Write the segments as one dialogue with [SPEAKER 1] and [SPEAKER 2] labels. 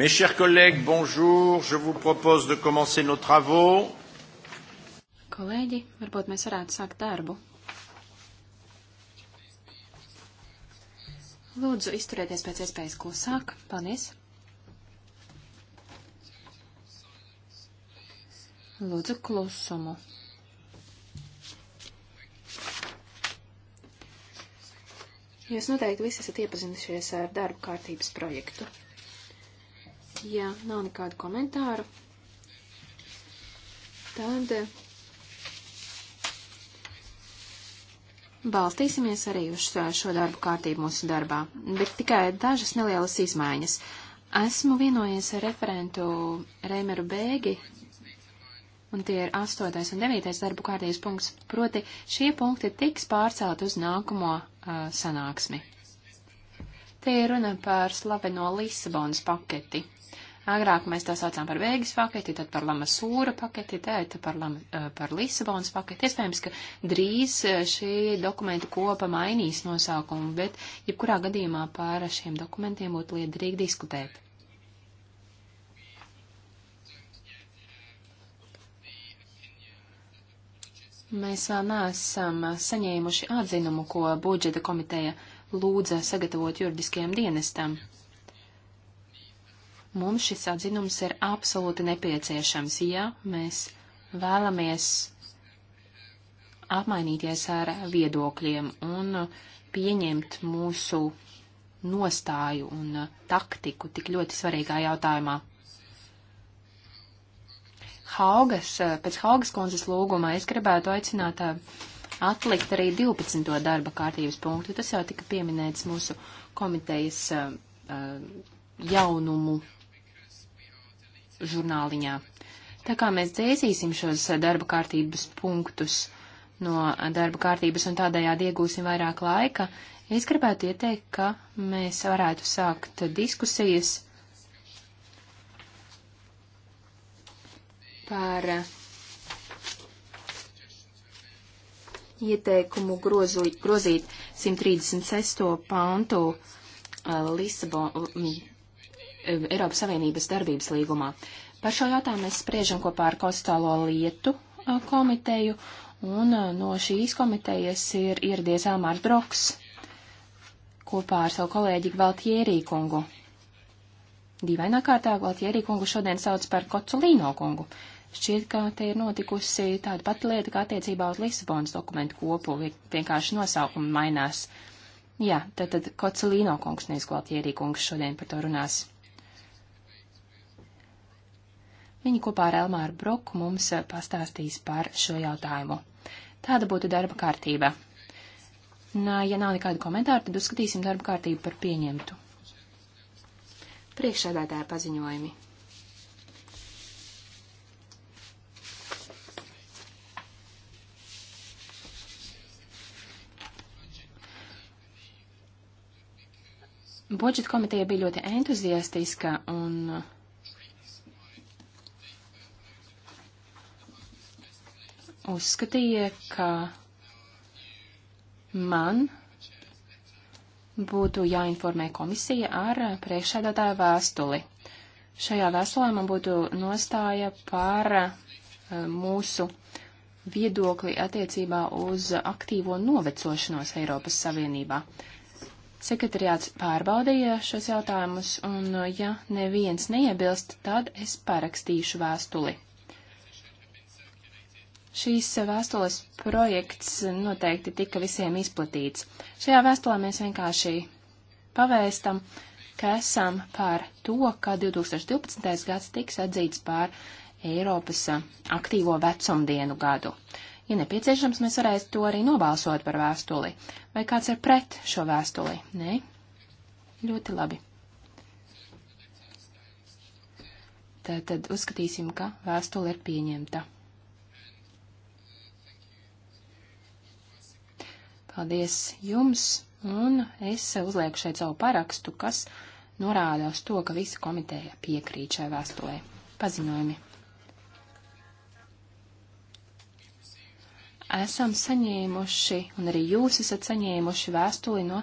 [SPEAKER 1] Mes chers collègues, bonjour. Je vous propose de commencer nos travaux.
[SPEAKER 2] Kolēģi, varbūt mēs varētu sākt darbu. Lūdzu, izturieties pēc iespējas klusāk. Paldies. Lūdzu, klusumu. Jūs noteikti visi esat iepazinušies ar darbu kārtības projektu. Ja nav nekādu komentāru, tad balstīsimies arī uz šo darbu kārtību mūsu darbā, bet tikai dažas nelielas izmaiņas. Esmu vienojies ar referentu Reimeru Bēgi, un tie ir 8. un 9. darbu kārtības punkts, proti šie punkti tiks pārcelt uz nākamo uh, sanāksmi. Te ir runa par slaveno Lisabonas paketi. Agrāk mēs to saucām par Vēgas paketi, tad par Lamasūra paketi, tad par, Lam, eh, par Lisabonas paketi. Iespējams, ka drīz eh, šī dokumentu kopa mainīs nosaukumu, bet jebkurā gadījumā par šiem dokumentiem būtu liederīgi diskutēt. Mēs vēl neesam saņēmuši atzinumu, ko budžeta komiteja lūdza sagatavot juridiskajam dienestam. Mums šis atzinums ir absolūti nepieciešams, ja mēs vēlamies apmainīties ar viedokļiem un pieņemt mūsu nostāju un taktiku tik ļoti svarīgā jautājumā. Haugas, pēc Haugas kundzes lūguma es gribētu aicināt atlikt arī 12. darba kārtības punktu. Tas jau tika pieminēts mūsu komitejas uh, jaunumu žurnāliņā. Tā kā mēs dzēsīsim šos darba kārtības punktus no darba kārtības un tādējādi iegūsim vairāk laika, es gribētu ieteikt, ka mēs varētu sākt diskusijas par ieteikumu grozu, grozīt 136. pantu eh, Lisabon, Eh, Eiropas Savienības darbības līgumā. Par šo jautājumu mēs spriežam kopā ar Kostālo lietu eh, komiteju, un eh, no šīs komitejas ir ieradies Elmārs Broks kopā ar savu kolēģi Gvaltjērī kungu. Dīvainā kārtā Gvaltjērī kungu šodien sauc par Koculīno kungu. Šķiet, ka te ir notikusi tāda pati lieta, kā attiecībā uz Lisabonas dokumentu kopu, vienkārši nosaukumi mainās. Jā, tad, tad Kocelīno kungs, nevis Gvaltjērī kungs šodien par to runās. Viņi kopā ar Elmāru Broku mums eh, pastāstīs par šo jautājumu. Tāda būtu darba kārtība. Nā, ja nav nekādu komentāru, tad uzskatīsim darba kārtību par pieņemtu. Priekšsēdētāja paziņojumi. Budžeta komiteja bija ļoti entuziastiska un uh, uzskatīja, ka man būtu jāinformē komisija ar priekšsēdētāju vēstuli. Šajā vēstulē man būtu nostāja par eh, mūsu viedokli attiecībā uz aktīvo novecošanos Eiropas Savienībā. Sekretariāts pārbaudīja šos jautājumus, un ja neviens neiebilst, tad es parakstīšu vēstuli. Šīs vēstules projekts noteikti tika visiem izplatīts. Šajā vēstulē mēs vienkārši pavēstam, ka esam par to, ka 2012. gads tiks atzīts par Eiropas aktīvo vecumdienu gadu. Ja nepieciešams, mēs varēsim to arī nobalsot par vēstuli. Vai kāds ir pret šo vēstuli? Nē? Ļoti labi. Tātad uzskatīsim, ka vēstule ir pieņemta. Paldies jums, un es uzlieku šeit savu parakstu, kas norāda uz to, ka visa komiteja piekrīt šai vēstulē. Paziņojumi. esam saņēmuši, un arī jūs esat saņēmuši vēstuli no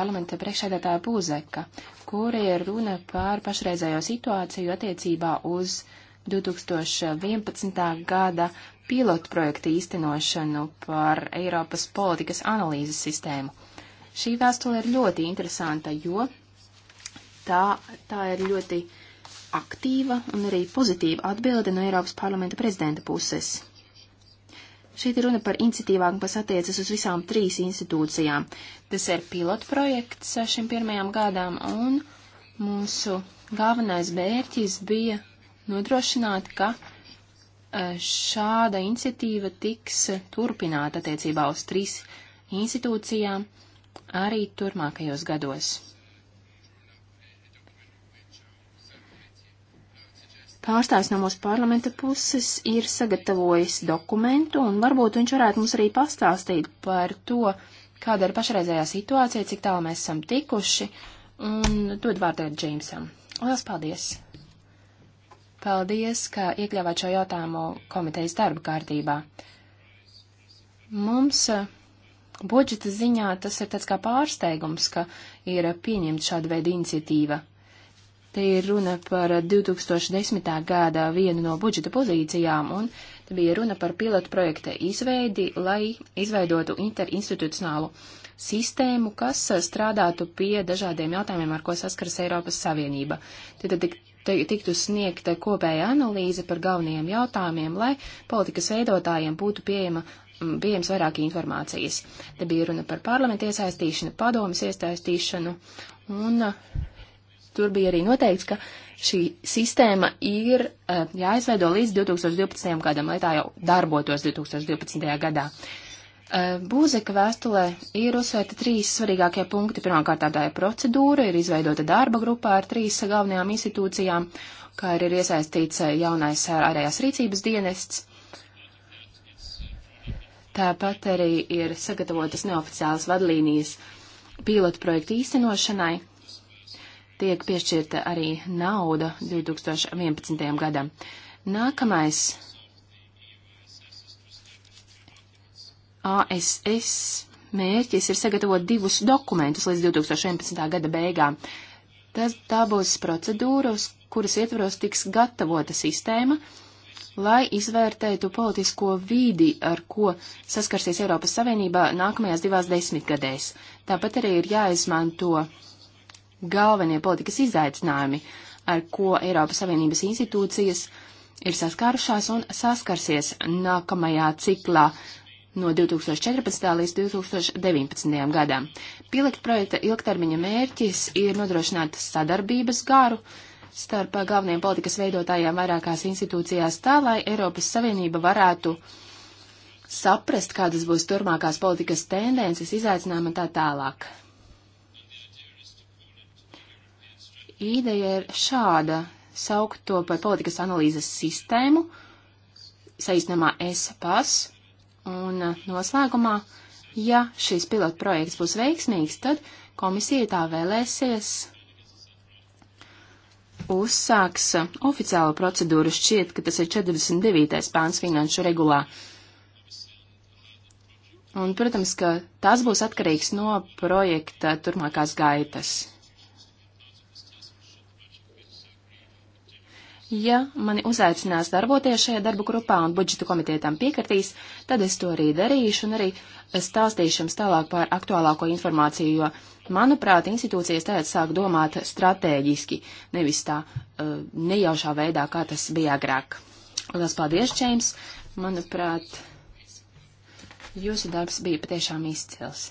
[SPEAKER 2] parlamenta priekšsēdētāja Būzeka, kur ir runa par pašreizējo situāciju attiecībā uz 2011. gada pilotu projektu īstenošanu par Eiropas politikas analīzes sistēmu. Šī vēstule ir ļoti interesanta, jo tā, tā ir ļoti aktīva un arī pozitīva atbilde no Eiropas parlamenta prezidenta puses. Šeit ir runa par iniciatīvām, kas attiecas uz visām trīs institūcijām. Tas ir pilotprojekts šim pirmajām gadām, un mūsu galvenais mērķis bija nodrošināt, ka Eh, šāda iniciatīva tiks turpināta attiecībā uz trīs institūcijām arī turmākajos gados. Pārstāvis no mūsu parlamenta puses ir sagatavojis dokumentu, un varbūt viņš varētu mums arī pastāstīt par to, kāda ir pašreizējā situācija, cik tālu mēs esam tikuši, un dod vārdu Džeimsam. Lielas paldies! Paldies, ka iekļāvāt šo jautājumu komitejas darba kārtībā. Mums eh, budžeta ziņā tas ir tāds kā pārsteigums, ka ir pieņemta šāda veida iniciatīva. Te ir runa par 2010. gada vienu no budžeta pozīcijām, un te bija runa par pilotu projekta izveidi, lai izveidotu interinstitucionālu sistēmu, kas eh, strādātu pie dažādiem jautājumiem, ar ko saskaras Eiropas Savienība. Tad tik tiktu sniegta kopēja analīze par galvenajiem jautājumiem, lai politikas veidotājiem būtu pieejama mm, pieejams vairāk informācijas. Te bija runa par parlamentu iesaistīšanu, padomas iesaistīšanu, un eh, tur bija arī noteikts, ka šī sistēma ir eh, jāizveido līdz 2012. gadam, lai tā jau darbotos 2012. gadā. Būzeka vēstulē ir uzsvērti trīs svarīgākie punkti. Pirmkārt, tā ir procedūra, ir izveidota darba grupā ar trīs galvenajām institūcijām, kā arī ir iesaistīts jaunais ārējās rīcības dienests. Tāpat arī ir sagatavotas neoficiālas vadlīnijas pilotu projektu īstenošanai. Tiek piešķirta arī nauda 2011. gadam. Nākamais ASS mērķis ir sagatavot divus dokumentus līdz 2011. gada beigām. Tas, tā būs procedūra, uz kuras ietvaros tiks gatavota sistēma, lai izvērtētu politisko vīdi, ar ko saskarsies Eiropas Savienībā nākamajās divās desmitgadēs. Tāpat arī ir jāizmanto galvenie politikas izaicinājumi, ar ko Eiropas Savienības institūcijas ir saskārušās un saskarsies nākamajā ciklā no 2014. līdz 2019. gadam. Pilekta projekta ilgtermiņa mērķis ir nodrošināt sadarbības garu starp galvenajiem politikas veidotājiem vairākās institūcijās tā, lai Eiropas Savienība varētu saprast, kādas būs turmākās politikas tendences, izaicinājumi un tā tālāk. Ideja ir šāda - saukt to par politikas analīzes sistēmu, saīsinamā S-PAS, Un eh, noslēgumā, ja šīs pilotu projekts būs veiksmīgs, tad komisija tā vēlēsies uzsāks eh, oficiālu procedūru, šķiet, ka tas ir 49. pāns finanšu regulā. Un, protams, ka tas būs atkarīgs no projekta turmākās gaitas. Ja mani uzaicinās darboties šajā darbu grupā un budžeta komiteja tam piekritīs, tad es to arī darīšu un arī stāstīšu jums tālāk par aktuālāko informāciju, jo, manuprāt, institūcijas tagad sāk domāt strateģiski, nevis tā uh, nejaušā veidā, kā tas bija agrāk. Lielas paldies, Čeims! Manuprāt, jūsu darbs bija patiešām izcils.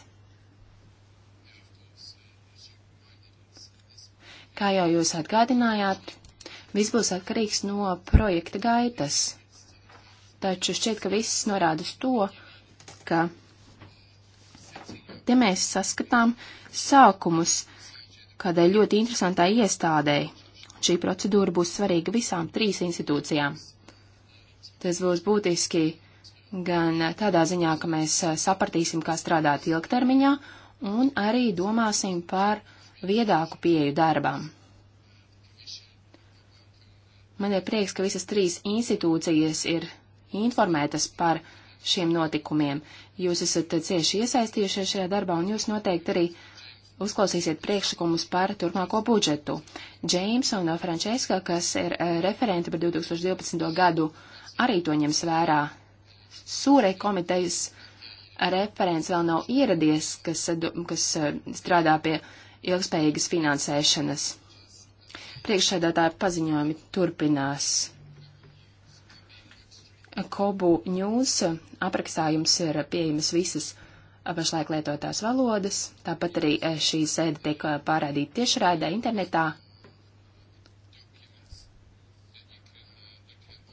[SPEAKER 2] Kā jau jūs atgādinājāt, Viss būs atkarīgs no projekta gaitas. Taču šķiet, ka viss norāda uz to, ka, ja mēs saskatām sākumus kādai ļoti interesantai iestādēji, šī procedūra būs svarīga visām trīs institūcijām. Tas būs būtiski gan tādā ziņā, ka mēs eh, sapratīsim, kā strādāt ilgtermiņā, un arī domāsim par viedāku pieeju darbam. Man ir prieks, ka visas trīs institūcijas ir informētas par šiem notikumiem. Jūs esat cieši iesaistījušies šajā darbā, un jūs noteikti arī uzklausīsiet priekšlikumus par turpmāko budžetu. Džeims un Frančeska, kas ir eh, referenti par 2012. gadu, arī to ņems vērā. Sūrei komitejas referents vēl nav ieradies, kas, kas eh, strādā pie ilgspējīgas finansēšanas. Priekšsēdētāja paziņojumi turpinās. Kobu ņūs aprakstā jums ir pieejamas visas pašlaik lietotās valodas, tāpat arī eh, šī sēde tiek eh, pārādīta tiešraidē internetā.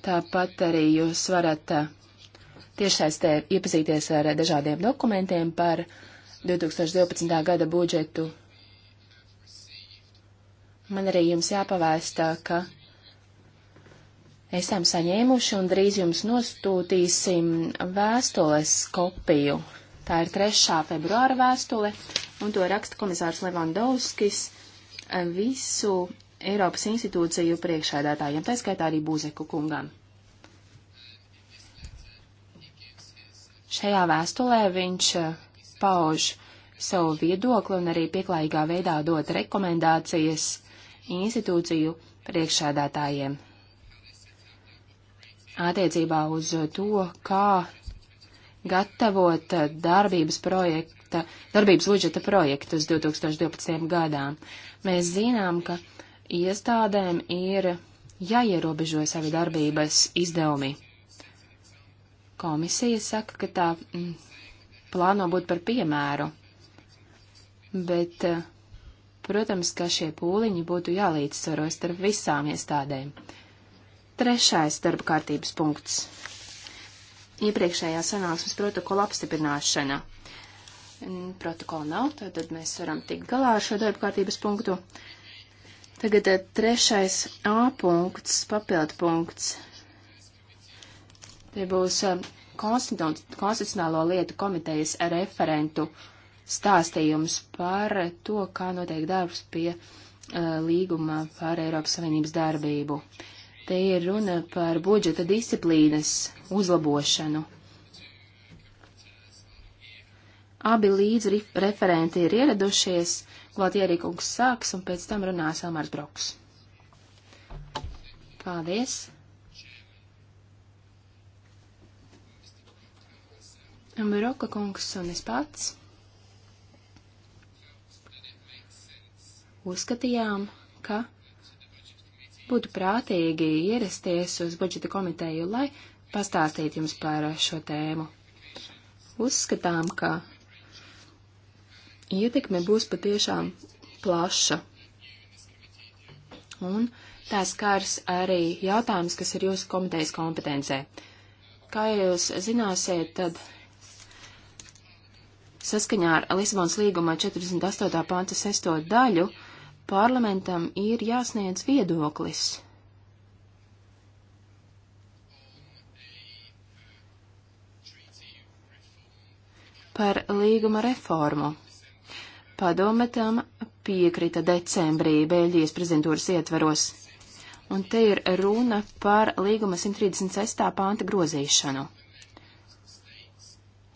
[SPEAKER 2] Tāpat arī jūs varat eh, tiešsaistē iepazīties ar dažādiem dokumentiem par 2012. gada budžetu Man arī jums jāpavēstā, ka esam saņēmuši un drīz jums nostūtīsim vēstules kopiju. Tā ir 3. februāra vēstule, un to raksta komisārs Levandovskis visu Eiropas institūciju priekšēdētājiem, tā skaitā arī Būzeku kungam. Šajā vēstulē viņš pauž savu viedokli un arī pieklājīgā veidā dot rekomendācijas institūciju priekšsēdētājiem attiecībā uz to, kā gatavot darbības projekta, darbības budžeta projektus 2012. gadām. Mēs zinām, ka iestādēm ir jāierobežo savi darbības izdevumi. Komisija saka, ka tā mm, plāno būt par piemēru, bet uh, Protams, ka šie pūliņi būtu jālīdzsvaro starp visām iestādēm. Trešais darba kārtības punkts. Iepriekšējā sanāksmes protokola apstiprināšana. Protokola nav, tad mēs varam tikt galā ar šo darba kārtības punktu. Tagad eh, trešais A punkts, papildu punkts. Te būs eh, konstitucionālo lietu komitejas referentu uh, stāstījums par to, kā notiek darbs pie uh, līguma par Eiropas Savienības darbību. Te ir runa par budžeta disciplīnas uzlabošanu. Abi līdz referenti ir ieradušies, Glatierī kungs sāks un pēc tam runās Elmars Broks. Paldies! Broka kungs un es pats. uzskatījām, ka būtu prātīgi ierasties uz budžeta komiteju, lai pastāstītu jums par šo tēmu. Uzskatām, ka ietekme būs patiešām plaša. Un tā skars arī jautājums, kas ir jūsu komitejas kompetencē. Kā jūs zināsiet, tad saskaņā ar Lisabonas līguma 48. panta 6. daļu parlamentam ir jāsniedz viedoklis. Par līguma reformu. Padome tam piekrita decembrī Bēļģijas prezidentūras ietveros, un te ir runa par līguma 136. pānta grozīšanu.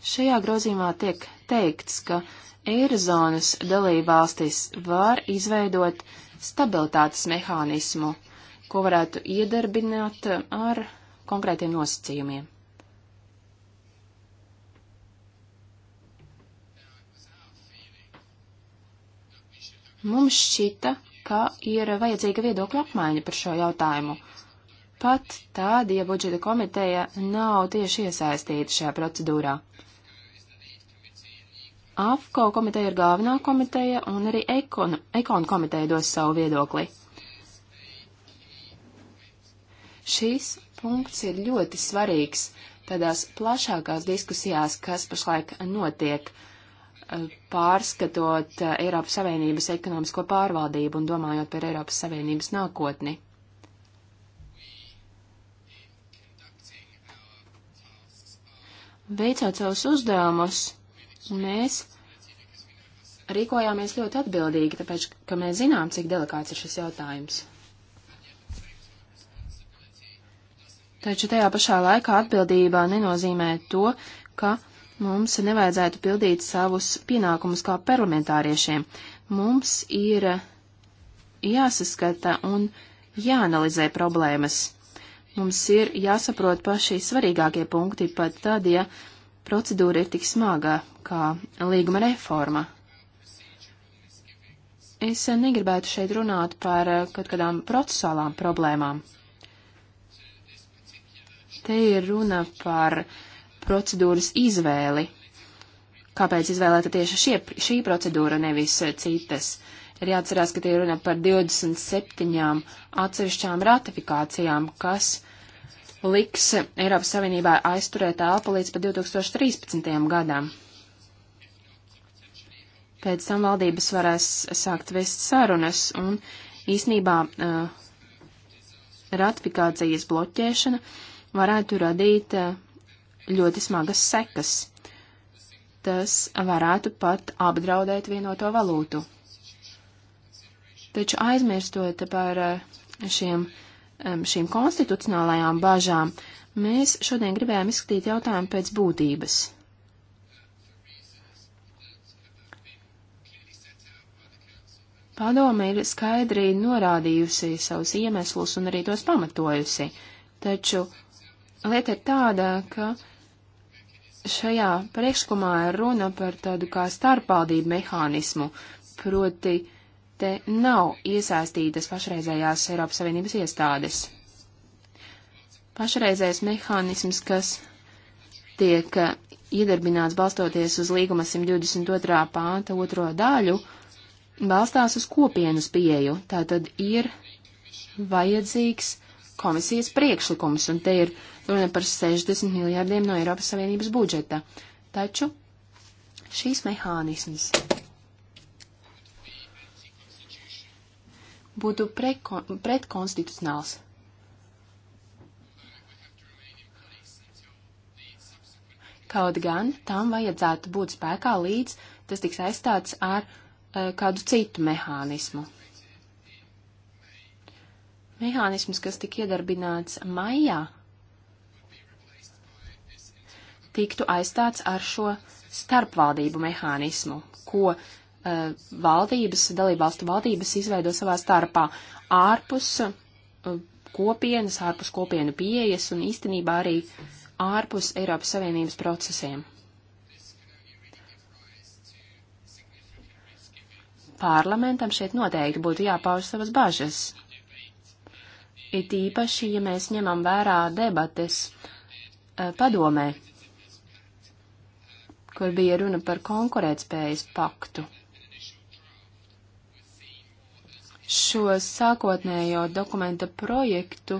[SPEAKER 2] Šajā grozījumā tiek teikts, ka Eirozonas dalībvalstis var izveidot stabilitātes mehānismu, ko varētu iedarbināt ar konkrētiem nosacījumiem. Mums šķita, ka ir vajadzīga viedokļa apmaiņa par šo jautājumu. Pat tādi, ja budžeta komiteja nav tieši iesaistīta šajā procedūrā. AFCO komiteja ir galvenā komiteja un arī ekonu, ekonu komiteja dos savu viedokli. Šīs punkts ir ļoti svarīgs tādās plašākās diskusijās, kas pašlaik notiek, eh, pārskatot eh, Eiropas Savienības ekonomisko pārvaldību un domājot par Eiropas Savienības nākotni. Veicot savus uzdevumus, Mēs rīkojāmies ļoti atbildīgi, tāpēc, ka mēs zinām, cik delikāts ir šis jautājums. Taču tajā pašā laikā atbildībā nenozīmē to, ka mums nevajadzētu pildīt savus pienākumus kā parlamentāriešiem. Mums ir jāsaskata un jāanalizē problēmas. Mums ir jāsaprot paši svarīgākie punkti, pat tad, ja procedūra ir tik smaga kā līguma reforma. Es negribētu šeit runāt par kaut kādām procesuālām problēmām. Te ir runa par procedūras izvēli. Kāpēc izvēlēta tieši šie, šī procedūra, nevis citas? Ir jāatcerās, ka te ir runa par 27 atsevišķām ratifikācijām, kas liks Eiropas Savienībā aizturēt elpu līdz pat 2013. gadam. Pēc tam valdības varēs sākt vest sarunas un īsnībā uh, ratifikācijas bloķēšana varētu radīt uh, ļoti smagas sekas. Tas varētu pat apdraudēt vienoto valūtu. Taču aizmirstot par uh, šiem uh, Um, šīm konstitucionālajām bažām, mēs šodien gribējām izskatīt jautājumu pēc būtības. Padome ir skaidri norādījusi savus iemeslus un arī tos pamatojusi, taču lieta ir tāda, ka šajā priekšlikumā ir runa par tādu kā starpvaldību mehānismu, proti uh, te nav iesaistītas pašreizējās Eiropas Savienības iestādes. Pašreizējais mehānisms, kas tiek iedarbināts balstoties uz līguma 122. pānta otro daļu, balstās uz kopienas pieeju. Tātad ir vajadzīgs komisijas priekšlikums, un te ir runa par 60 miljārdiem no Eiropas Savienības budžeta. Taču šīs mehānismas būtu pretkonstitucionāls. Kaut gan tam vajadzētu būt spēkā līdz tas tiks aizstāts ar uh, kādu citu mehānismu. Mehānisms, kas tika iedarbināts maijā, tiktu aizstāts ar šo starpvaldību mehānismu, ko uh, Uh, valdības, dalībvalstu valdības izveido savā starpā ārpus uh, kopienas, ārpus kopienu pieejas un īstenībā arī ārpus Eiropas Savienības procesiem. Parlamentam šeit noteikti būtu jāpauž savas bažas. It īpaši, ja mēs ņemam vērā debates uh, padomē, kur bija runa par konkurētspējas paktu. šo sākotnējo dokumenta projektu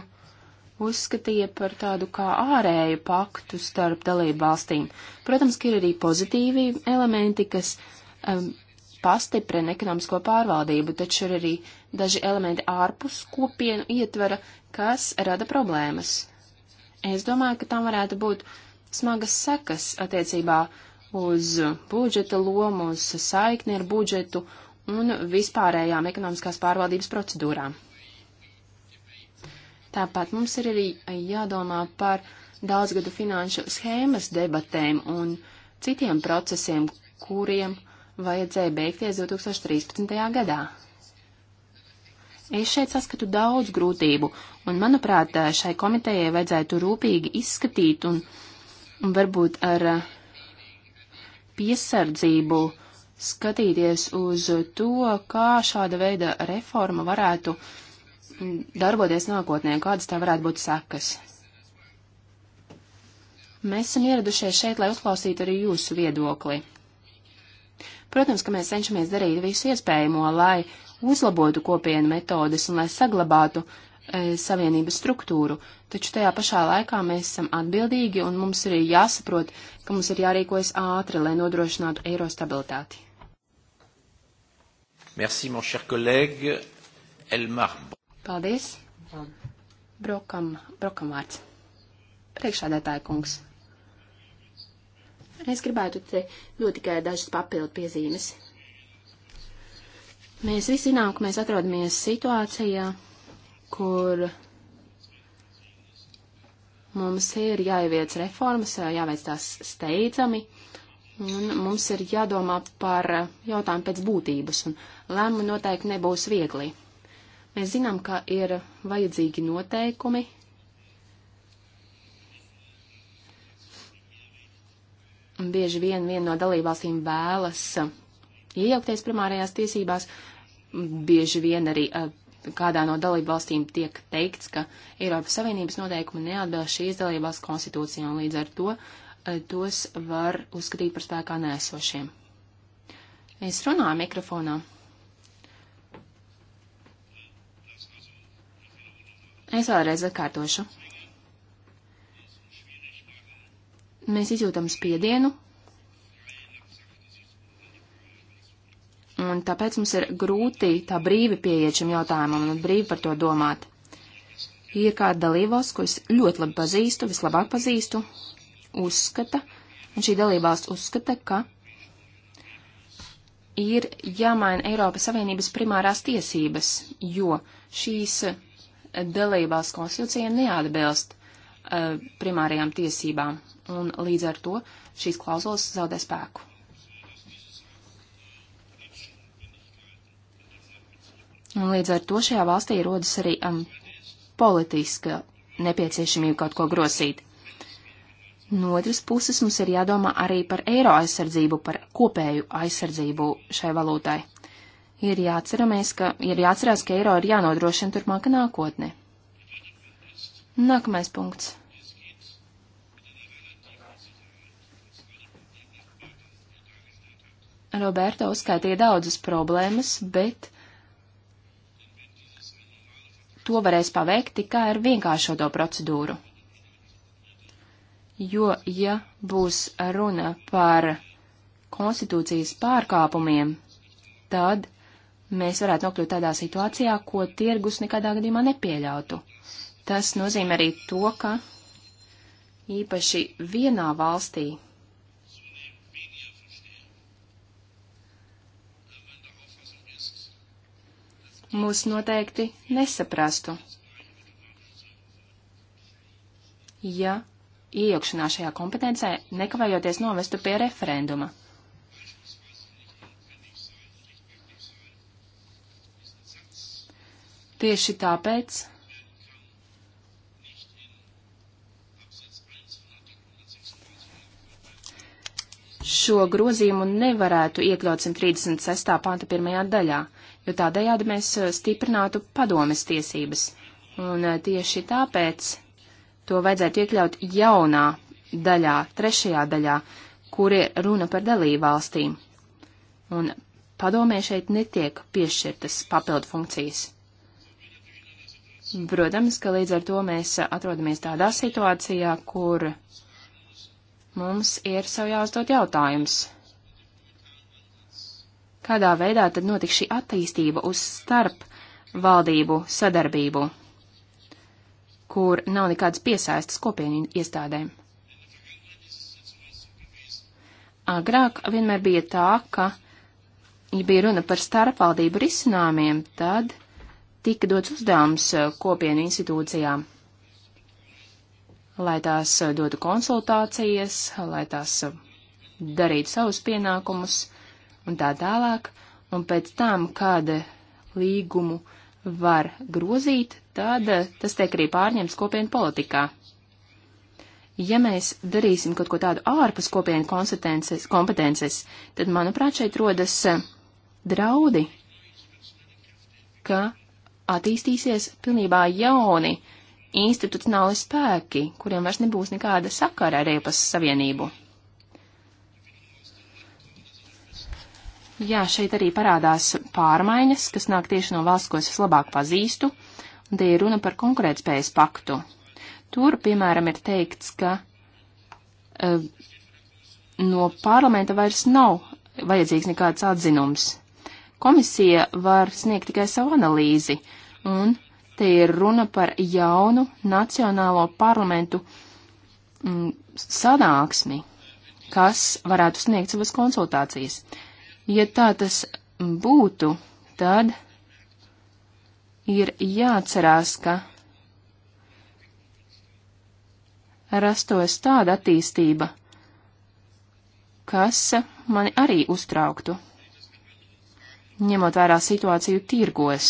[SPEAKER 2] uzskatīja par tādu kā ārēju paktu starp dalību valstīm. Protams, ka ir arī pozitīvi elementi, kas um, pastiprina ekonomisko pārvaldību, taču ir arī daži elementi ārpus kopienu ietvara, kas rada problēmas. Es domāju, ka tam varētu būt smagas sekas attiecībā uz budžeta lomu, uz saikni ar budžetu un vispārējām ekonomiskās pārvaldības procedūrām. Tāpat mums ir arī jādomā par daudzgadu finanšu schēmas debatēm un citiem procesiem, kuriem vajadzēja beigties 2013. gadā. Es šeit saskatu daudz grūtību, un, manuprāt, šai komitejai vajadzētu rūpīgi izskatīt un, un varbūt ar piesardzību uh, skatīties uz to, kā šāda veida reforma varētu darboties nākotnē, kādas tā varētu būt sekas. Mēs esam ieradušies šeit, lai uzklausītu arī jūsu viedokli. Protams, ka mēs cenšamies darīt visu iespējamo, lai uzlabotu kopienu metodes un lai saglabātu e, savienības struktūru, taču tajā pašā laikā mēs esam atbildīgi un mums ir jāsaprot, ka mums ir jārīkojas ātri, lai nodrošinātu eiro stabilitāti.
[SPEAKER 1] Merci, mon cher collègue. Elmar.
[SPEAKER 2] Paldies. Brokam, brokam vārds. Priekšādētāja kungs. Es gribētu te dot tikai dažas papildu piezīmes. Mēs visi zinām, ka mēs atrodamies situācijā, kur mums ir jāieviec reformas, jāveic tās steidzami. Un mums ir jādomā par jautājumu pēc būtības, un lēmumi noteikti nebūs viegli. Mēs zinām, ka ir vajadzīgi noteikumi. Un bieži vien viena no dalībvalstīm vēlas uh, iejaukties primārajās tiesībās, bieži vien arī uh, kādā no dalībvalstīm tiek teikts, ka Eiropas Savienības noteikumi neatbilst šīs dalībās konstitūcijām, līdz ar to Eh, tos var uzskatīt par spēkā nēsošiem. Es runāju mikrofonā. Es vēlreiz atkārtošu. Mēs izjūtam spiedienu, un tāpēc mums ir grūti tā brīvi pieiet šim jautājumam un brīvi par to domāt. Ir kāda dalībvalsts, ko es ļoti labi pazīstu, vislabāk pazīstu, uzskata, un šī dalībvalsts uzskata, ka ir jāmaina Eiropas Savienības primārās tiesības, jo šīs dalībās konstitūcija neatbilst uh, primārajām tiesībām, un līdz ar to šīs klauzulas zaudē spēku. Un līdz ar to šajā valstī rodas arī um, politiska nepieciešamība kaut ko grosīt. No otras puses mums ir jādomā arī par eiro aizsardzību, par kopēju aizsardzību šai valūtai. Ir, ka, ir jāatcerās, ka eiro ir jānodrošina turpmāka nākotne. Nākamais punkts. Roberta uzskaitīja daudzas problēmas, bet to varēs paveikt tikai ar vienkāršoto procedūru jo, ja būs runa par konstitūcijas pārkāpumiem, tad mēs varētu nokļūt tādā situācijā, ko tirgus nekādā gadījumā nepieļautu. Tas nozīmē arī to, ka īpaši vienā valstī mūs noteikti nesaprastu, ja iejaukšanās šajā kompetencē nekavējoties novestu pie referenduma. Tieši tāpēc šo grozījumu nevarētu iekļaut 136. panta pirmajā daļā, jo tādējādi mēs stiprinātu padomes tiesības. Un eh, tieši tāpēc to vajadzētu iekļaut jaunā daļā, trešajā daļā, kur ir runa par dalībvalstīm. Un padomē šeit netiek piešķirtas papildu funkcijas. Protams, ka līdz ar to mēs atrodamies tādā situācijā, kur mums ir sev jāuzdod jautājums. Kādā veidā tad notiks šī attīstība uz starp valdību sadarbību? kur nav nekādas piesaistas kopienu iestādēm. Agrāk vienmēr bija tā, ka, ja bija runa par starpvaldību risinājumiem, tad tika dots uzdevums eh, kopienu institūcijām, lai tās eh, dotu konsultācijas, lai tās eh, darītu savus pienākumus un tā tālāk, un pēc tam, kad līgumu var grozīt, tad eh, tas tiek arī pārņemts kopienu politikā. Ja mēs darīsim kaut ko tādu ārpus kopienu kompetences, tad, manuprāt, šeit rodas eh, draudi, ka attīstīsies pilnībā jauni institucionāli spēki, kuriem vairs nebūs nekāda sakara ar Eiropas Savienību. Jā, šeit arī parādās pārmaiņas, kas nāk tieši no valsts, ko es vislabāk pazīstu, un te ir runa par konkurētspējas paktu. Tur, piemēram, ir teikts, ka uh, no parlamenta vairs nav vajadzīgs nekāds atzinums. Komisija var sniegt tikai savu analīzi, un te ir runa par jaunu nacionālo parlamentu mm, sanāksmi, kas varētu sniegt savas konsultācijas. Ja tā tas būtu, tad ir jāatcerās, ka rastos tāda attīstība, kas mani arī uztrauktu, ņemot vērā situāciju tirgos.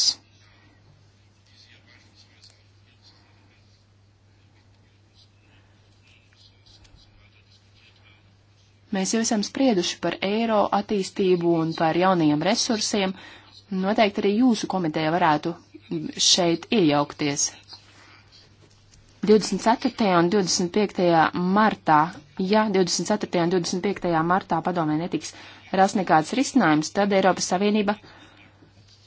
[SPEAKER 2] Mēs jau esam sprieduši par eiro attīstību un par jaunajiem resursiem. Noteikti arī jūsu komiteja varētu šeit iejaukties. 24. un 25. martā, ja 24. un 25. martā padomē netiks rast nekāds risinājums, tad Eiropas Savienība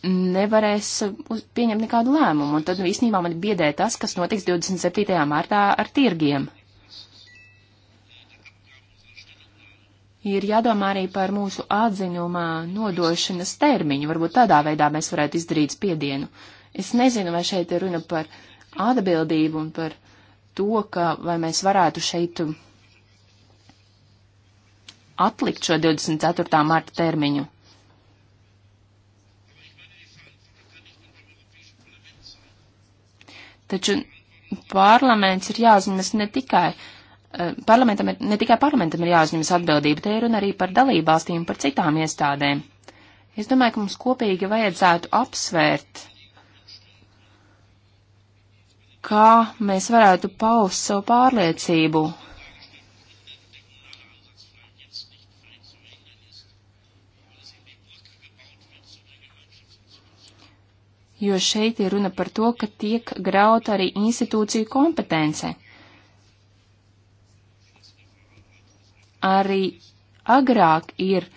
[SPEAKER 2] nevarēs uz, pieņemt nekādu lēmumu, un tad īstenībā man biedē tas, kas notiks 27. martā ar tirgiem. Ir jādomā arī par mūsu atziņumā nodošanas termiņu, varbūt tādā veidā mēs varētu izdarīt spiedienu. Uh, Es nezinu, vai šeit ir runa par atbildību un par to, ka vai mēs varētu šeit atlikt šo 24. marta termiņu. Taču parlaments ir jāuzņemas ne tikai. Eh, parlamentam ir, ne tikai parlamentam ir jāuzņemas atbildība, te ir runa arī par dalībvalstīm, par citām iestādēm. Es domāju, ka mums kopīgi vajadzētu apsvērt kā mēs varētu paust savu pārliecību. Jo šeit ir runa par to, ka tiek grauta arī institūciju kompetence. Arī agrāk ir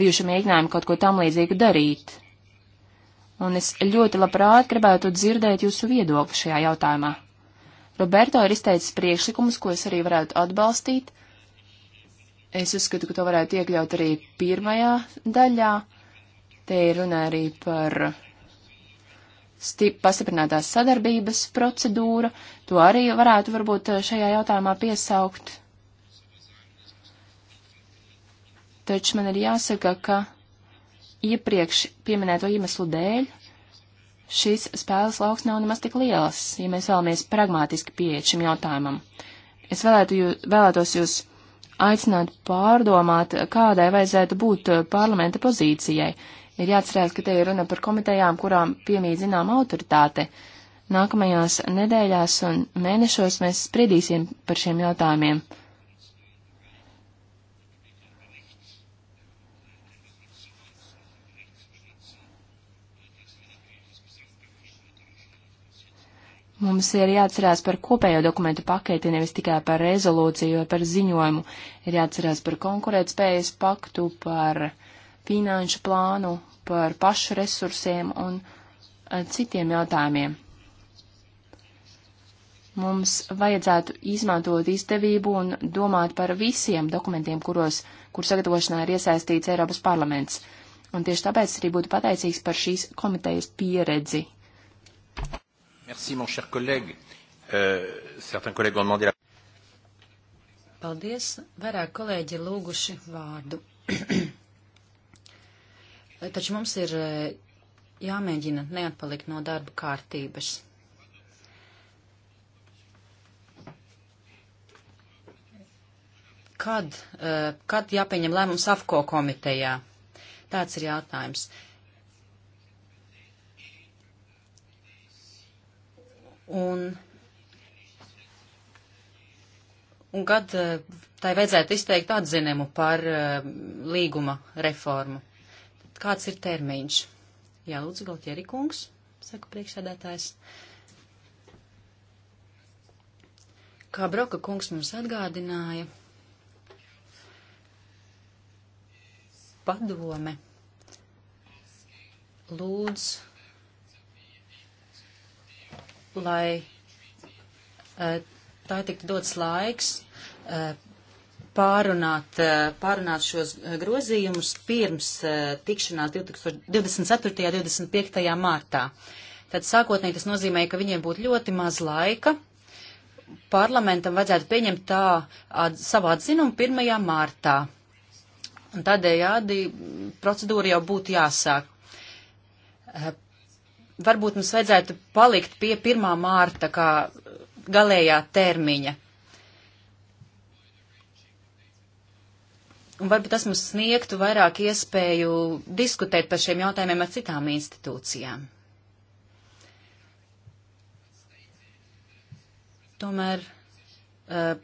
[SPEAKER 2] bijuši mēģinājumi kaut ko tam līdzīgu darīt un es ļoti labprāt gribētu dzirdēt jūsu viedokli šajā jautājumā. Roberto ir izteicis priekšlikumus, ko es arī varētu atbalstīt. Es uzskatu, ka to varētu iekļaut arī pirmajā daļā. Te ir runa arī par pastiprinātās sadarbības procedūru. To arī varētu varbūt šajā jautājumā piesaukt. Taču man ir jāsaka, ka iepriekš pieminēto iemeslu dēļ šis spēles lauks nav nemaz tik liels, ja mēs vēlamies pragmātiski pieiet šim jautājumam. Es vēlētu jūs, vēlētos jūs aicināt pārdomāt, kādai vajadzētu būt parlamenta pozīcijai. Ir jāatcerās, ka te ir runa par komitejām, kurām piemīt zinām autoritāte. Nākamajās nedēļās un mēnešos mēs spriedīsim par šiem jautājumiem. Mums ir jāatcerās par kopējo dokumentu paketi, nevis tikai par rezolūciju vai par ziņojumu. Ir jāatcerās par konkurētspējas paktu, par finanšu plānu, par pašu resursiem un eh, citiem jautājumiem. Mums vajadzētu izmantot izdevību un domāt par visiem dokumentiem, kuros, kur sagatavošanā ir iesaistīts Eiropas parlaments. Un tieši tāpēc arī būtu pateicīgs par šīs komitejas pieredzi
[SPEAKER 3] Merci, mon cher collègue. Uh, certains collègues ont demandé la...
[SPEAKER 4] Paldies. Vairāk kolēģi ir lūguši vārdu. Taču mums ir eh, jāmēģina neatpalikt no darba kārtības. Kad, eh, kad jāpieņem lēmums AFCO komitejā? Tāds ir jautājums. Uh, Un, un kad eh, tai vajadzētu izteikt atzinumu par eh, līguma reformu. Tad kāds ir termiņš? Jā, lūdzu, Galtieri kungs, saka priekšsēdētājs. Kā Broka kungs mums atgādināja, padome lūdz lai eh, tā tiktu dots laiks eh, pārunāt, eh, pārunāt šos grozījumus pirms tikšanās 24. un 25. martā. Tad sākotnēji tas nozīmē, ka viņiem būtu ļoti maz laika. Parlamentam vajadzētu pieņemt tā at, savu atzinumu 1. martā. Un tādējādi procedūra jau būtu jāsāk varbūt mums vajadzētu palikt pie 1. mārta kā galējā termiņa. Un varbūt tas mums sniegtu vairāk iespēju diskutēt par šiem jautājumiem ar citām institūcijām. Tomēr, eh,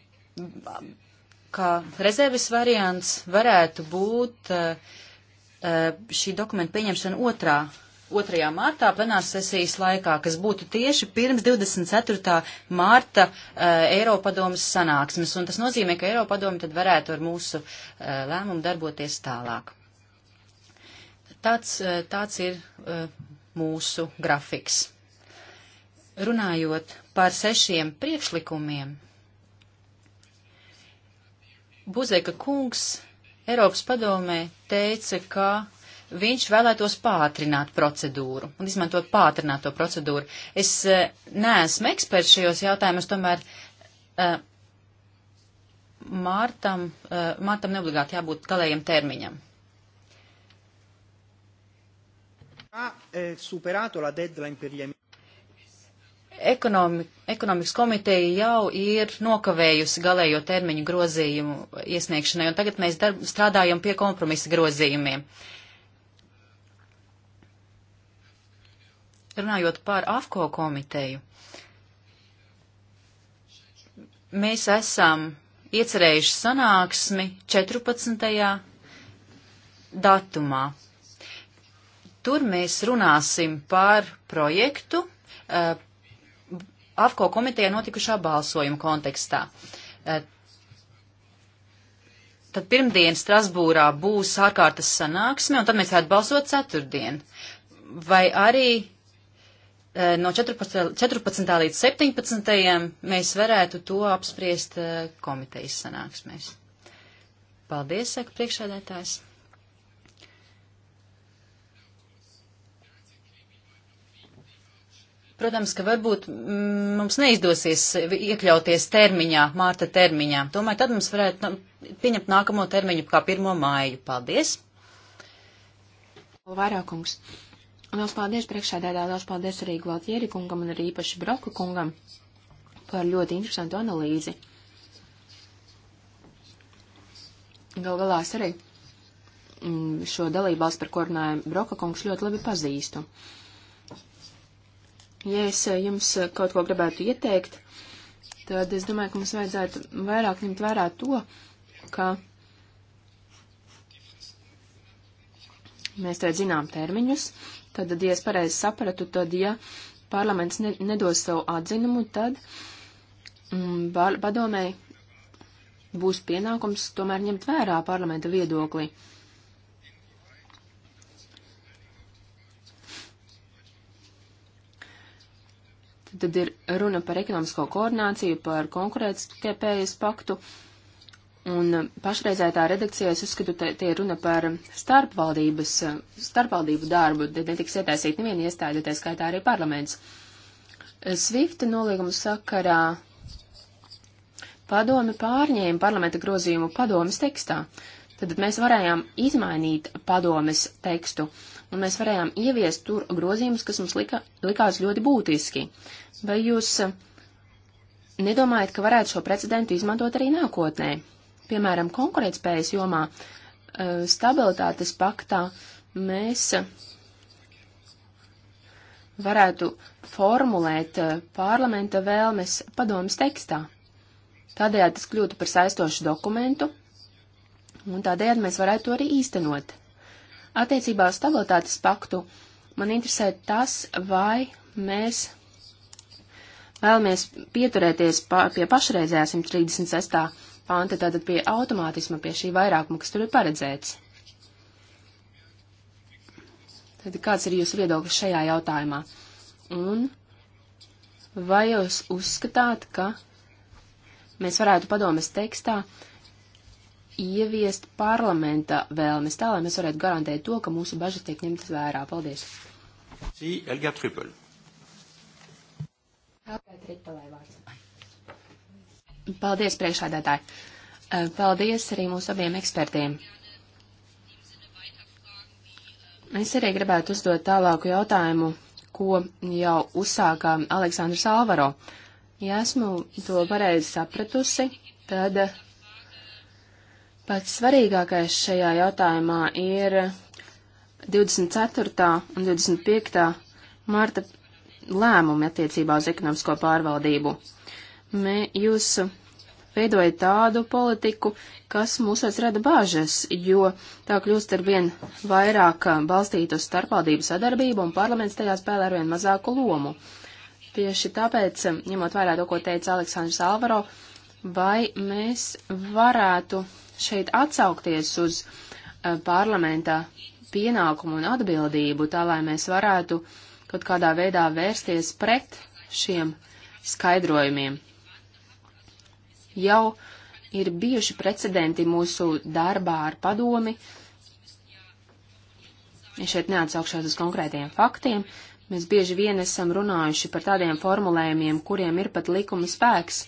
[SPEAKER 4] kā rezerves variants, varētu būt eh, eh, šī dokumenta pieņemšana otrā 2. martā plenāras sesijas laikā, kas būtu tieši pirms 24. marta uh, eh, Eiropadomas sanāksmes, un tas nozīmē, ka Eiropadoma tad varētu ar mūsu uh, lēmumu darboties tālāk. Tāds, uh, tāds ir uh, mūsu grafiks. Runājot par sešiem priekšlikumiem, Buzeka kungs Eiropas padomē teica, ka viņš vēlētos pātrināt procedūru un izmantot pātrināto procedūru. Es eh, neesmu eksperts šajos jautājumos, tomēr eh, Mārtam, eh, Mārtam neobligāti jābūt galējam termiņam. Ekonomi, ekonomikas komiteja jau ir nokavējusi galējo termiņu grozījumu iesniegšanai, un tagad mēs darb, strādājam pie kompromisa grozījumiem. Uh, runājot par AFCO komiteju, mēs esam iecerējuši sanāksmi 14. datumā. Tur mēs runāsim par projektu uh, AFCO komitejā notikušā balsojuma kontekstā. Uh, tad pirmdien Strasbūrā būs ārkārtas sanāksme, un tad mēs varētu balsot ceturtdien. Vai arī Eh, no 14. 14. līdz 17. mēs varētu to apspriest eh, komitejas sanāksmēs. Paldies, saka priekšādētājs. Protams, ka varbūt mm, mums neizdosies iekļauties termiņā, mārta termiņā. Tomēr tad mums varētu nu, pieņemt nākamo termiņu kā 1. māju. Paldies! Vairākums. Liels
[SPEAKER 2] paldies priekšsēdētā, liels paldies arī Glautieri kungam un arī īpaši Broka kungam par ļoti interesantu analīzi. Gal galā es arī mm, šo dalībvalstu, par ko runāja Broka kungs, ļoti labi pazīstu. Ja es eh, jums eh, kaut ko gribētu ieteikt, tad es domāju, ka mums vajadzētu vairāk ņemt vērā to, ka mēs te zinām termiņus, Tad, ja es pareizi sapratu, tad, ja parlaments ne, nedos savu atzinumu, tad mm, padomēji būs pienākums tomēr ņemt vērā parlamenta viedokli. Tad ir runa par ekonomisko koordināciju, par konkurētspējas paktu. Uh, Un pašreizē tā redakcijā es uzskatu, tie runa par starpvaldības, starpvaldību darbu, te netiks ietaisīt neviena iestāde, tā skaitā arī parlaments. Svifta nolīguma sakarā padomi pārņēma parlamenta grozījumu padomas tekstā. Tad mēs varējām izmainīt padomes tekstu, un mēs varējām ieviest tur grozījumus, kas mums lika, likās ļoti būtiski. Vai jūs nedomājat, ka varētu šo precedentu izmantot arī nākotnē? Piemēram, konkurētspējas jomā, eh, stabilitātes paktā mēs varētu formulēt eh, parlamenta vēlmes padomas tekstā. Tādējādi tas kļūtu par saistošu dokumentu, un tādējādi mēs varētu to arī īstenot. Attiecībā uz stabilitātes paktu man interesē tas, vai mēs vēlamies pieturēties pa, pie pašreizējā 136 panta, tātad pie automātisma, pie šī vairākuma, kas tur ir paredzēts. Tad kāds ir jūsu viedoklis šajā jautājumā? Un vai jūs uzskatāt, ka mēs varētu padomas tekstā ieviest parlamenta vēlmes tā, lai mēs varētu garantēt to, ka mūsu bažas tiek ņemtas vērā. Paldies!
[SPEAKER 1] Sī, Elga Tripel.
[SPEAKER 2] Elga Tripelai vārds. Paldies, priekšādātāji. Eh, paldies arī mūsu abiem ekspertiem. Es arī gribētu uzdot tālāku jautājumu, ko jau uzsāka Aleksandrs Alvaro. Ja esmu to pareizi sapratusi, tad pats svarīgākais šajā jautājumā ir 24. un 25. marta lēmumi attiecībā uz ekonomisko pārvaldību mē, jūs veidojat tādu politiku, kas mūsos rada bāžas, jo tā kļūst ar vien vairāk balstīt uz starpvaldību sadarbību un parlaments tajā spēlē ar vien mazāku lomu. Tieši tāpēc, ņemot vairāk to, ko teica Aleksandrs Alvaro, vai mēs varētu šeit atsaukties uz uh, eh, parlamentā pienākumu un atbildību, tā lai mēs varētu kaut kādā veidā vērsties pret šiem skaidrojumiem jau ir bijuši precedenti mūsu darbā ar padomi. Es šeit neatsaukšos uz konkrētajiem faktiem. Mēs bieži vien esam runājuši par tādiem formulējumiem, kuriem ir pat likuma spēks,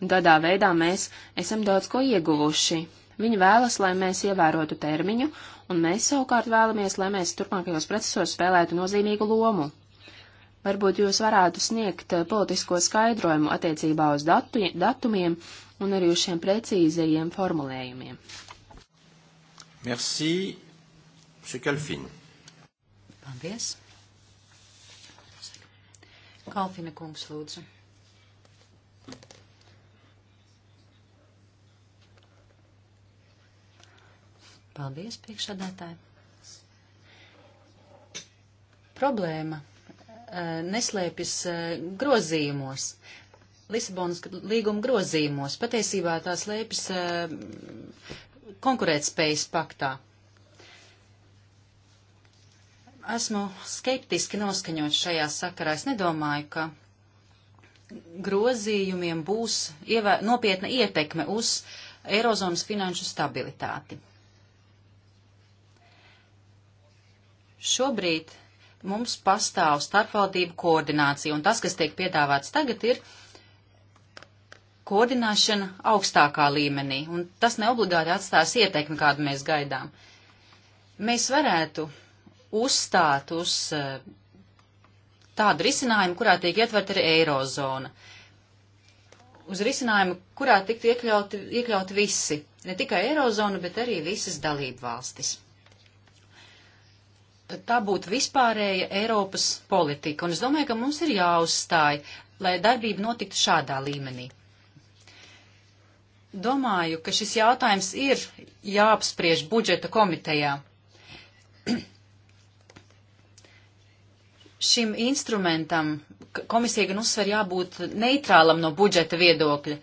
[SPEAKER 2] un tādā veidā mēs esam daudz ko ieguvuši. Viņi vēlas, lai mēs ievērotu termiņu, un mēs savukārt vēlamies, lai mēs turpmākajos procesos spēlētu nozīmīgu lomu. Varbūt jūs varētu sniegt eh, politisko skaidrojumu attiecībā uz datu, datumiem un arī uz šiem precīzajiem formulējumiem.
[SPEAKER 3] Merci, M.
[SPEAKER 1] Kalfin.
[SPEAKER 4] Paldies. Kalfina kungs, lūdzu. Paldies, priekšsādātāji. Problēma eh, neslēpjas eh, grozījumos. Lisabonas līguma grozījumos. Patiesībā tās lēpjas eh, konkurētspējas paktā. Esmu skeptiski noskaņots šajā sakarā. Es nedomāju, ka grozījumiem būs ievē, nopietna ietekme uz Eirozonas finanšu stabilitāti. Šobrīd mums pastāv starpvaldību koordinācija, un tas, kas tiek piedāvāts tagad, ir uh, koordinēšana augstākā līmenī, un tas neobligāti atstās ieteikmi, kādu mēs gaidām. Mēs varētu uzstāt uz eh, tādu risinājumu, kurā tiek ietvert arī eirozona. Uz risinājumu, kurā tiktu iekļauti, iekļauti visi, ne tikai eirozona, bet arī visas dalību valstis. Tā būtu vispārēja Eiropas politika, un es domāju, ka mums ir jāuzstāj, lai darbība notiktu šādā līmenī. Domāju, ka šis jautājums ir jāapspriež budžeta komitejā. Šim instrumentam komisija gan uzsver jābūt neitrālam no budžeta viedokļa,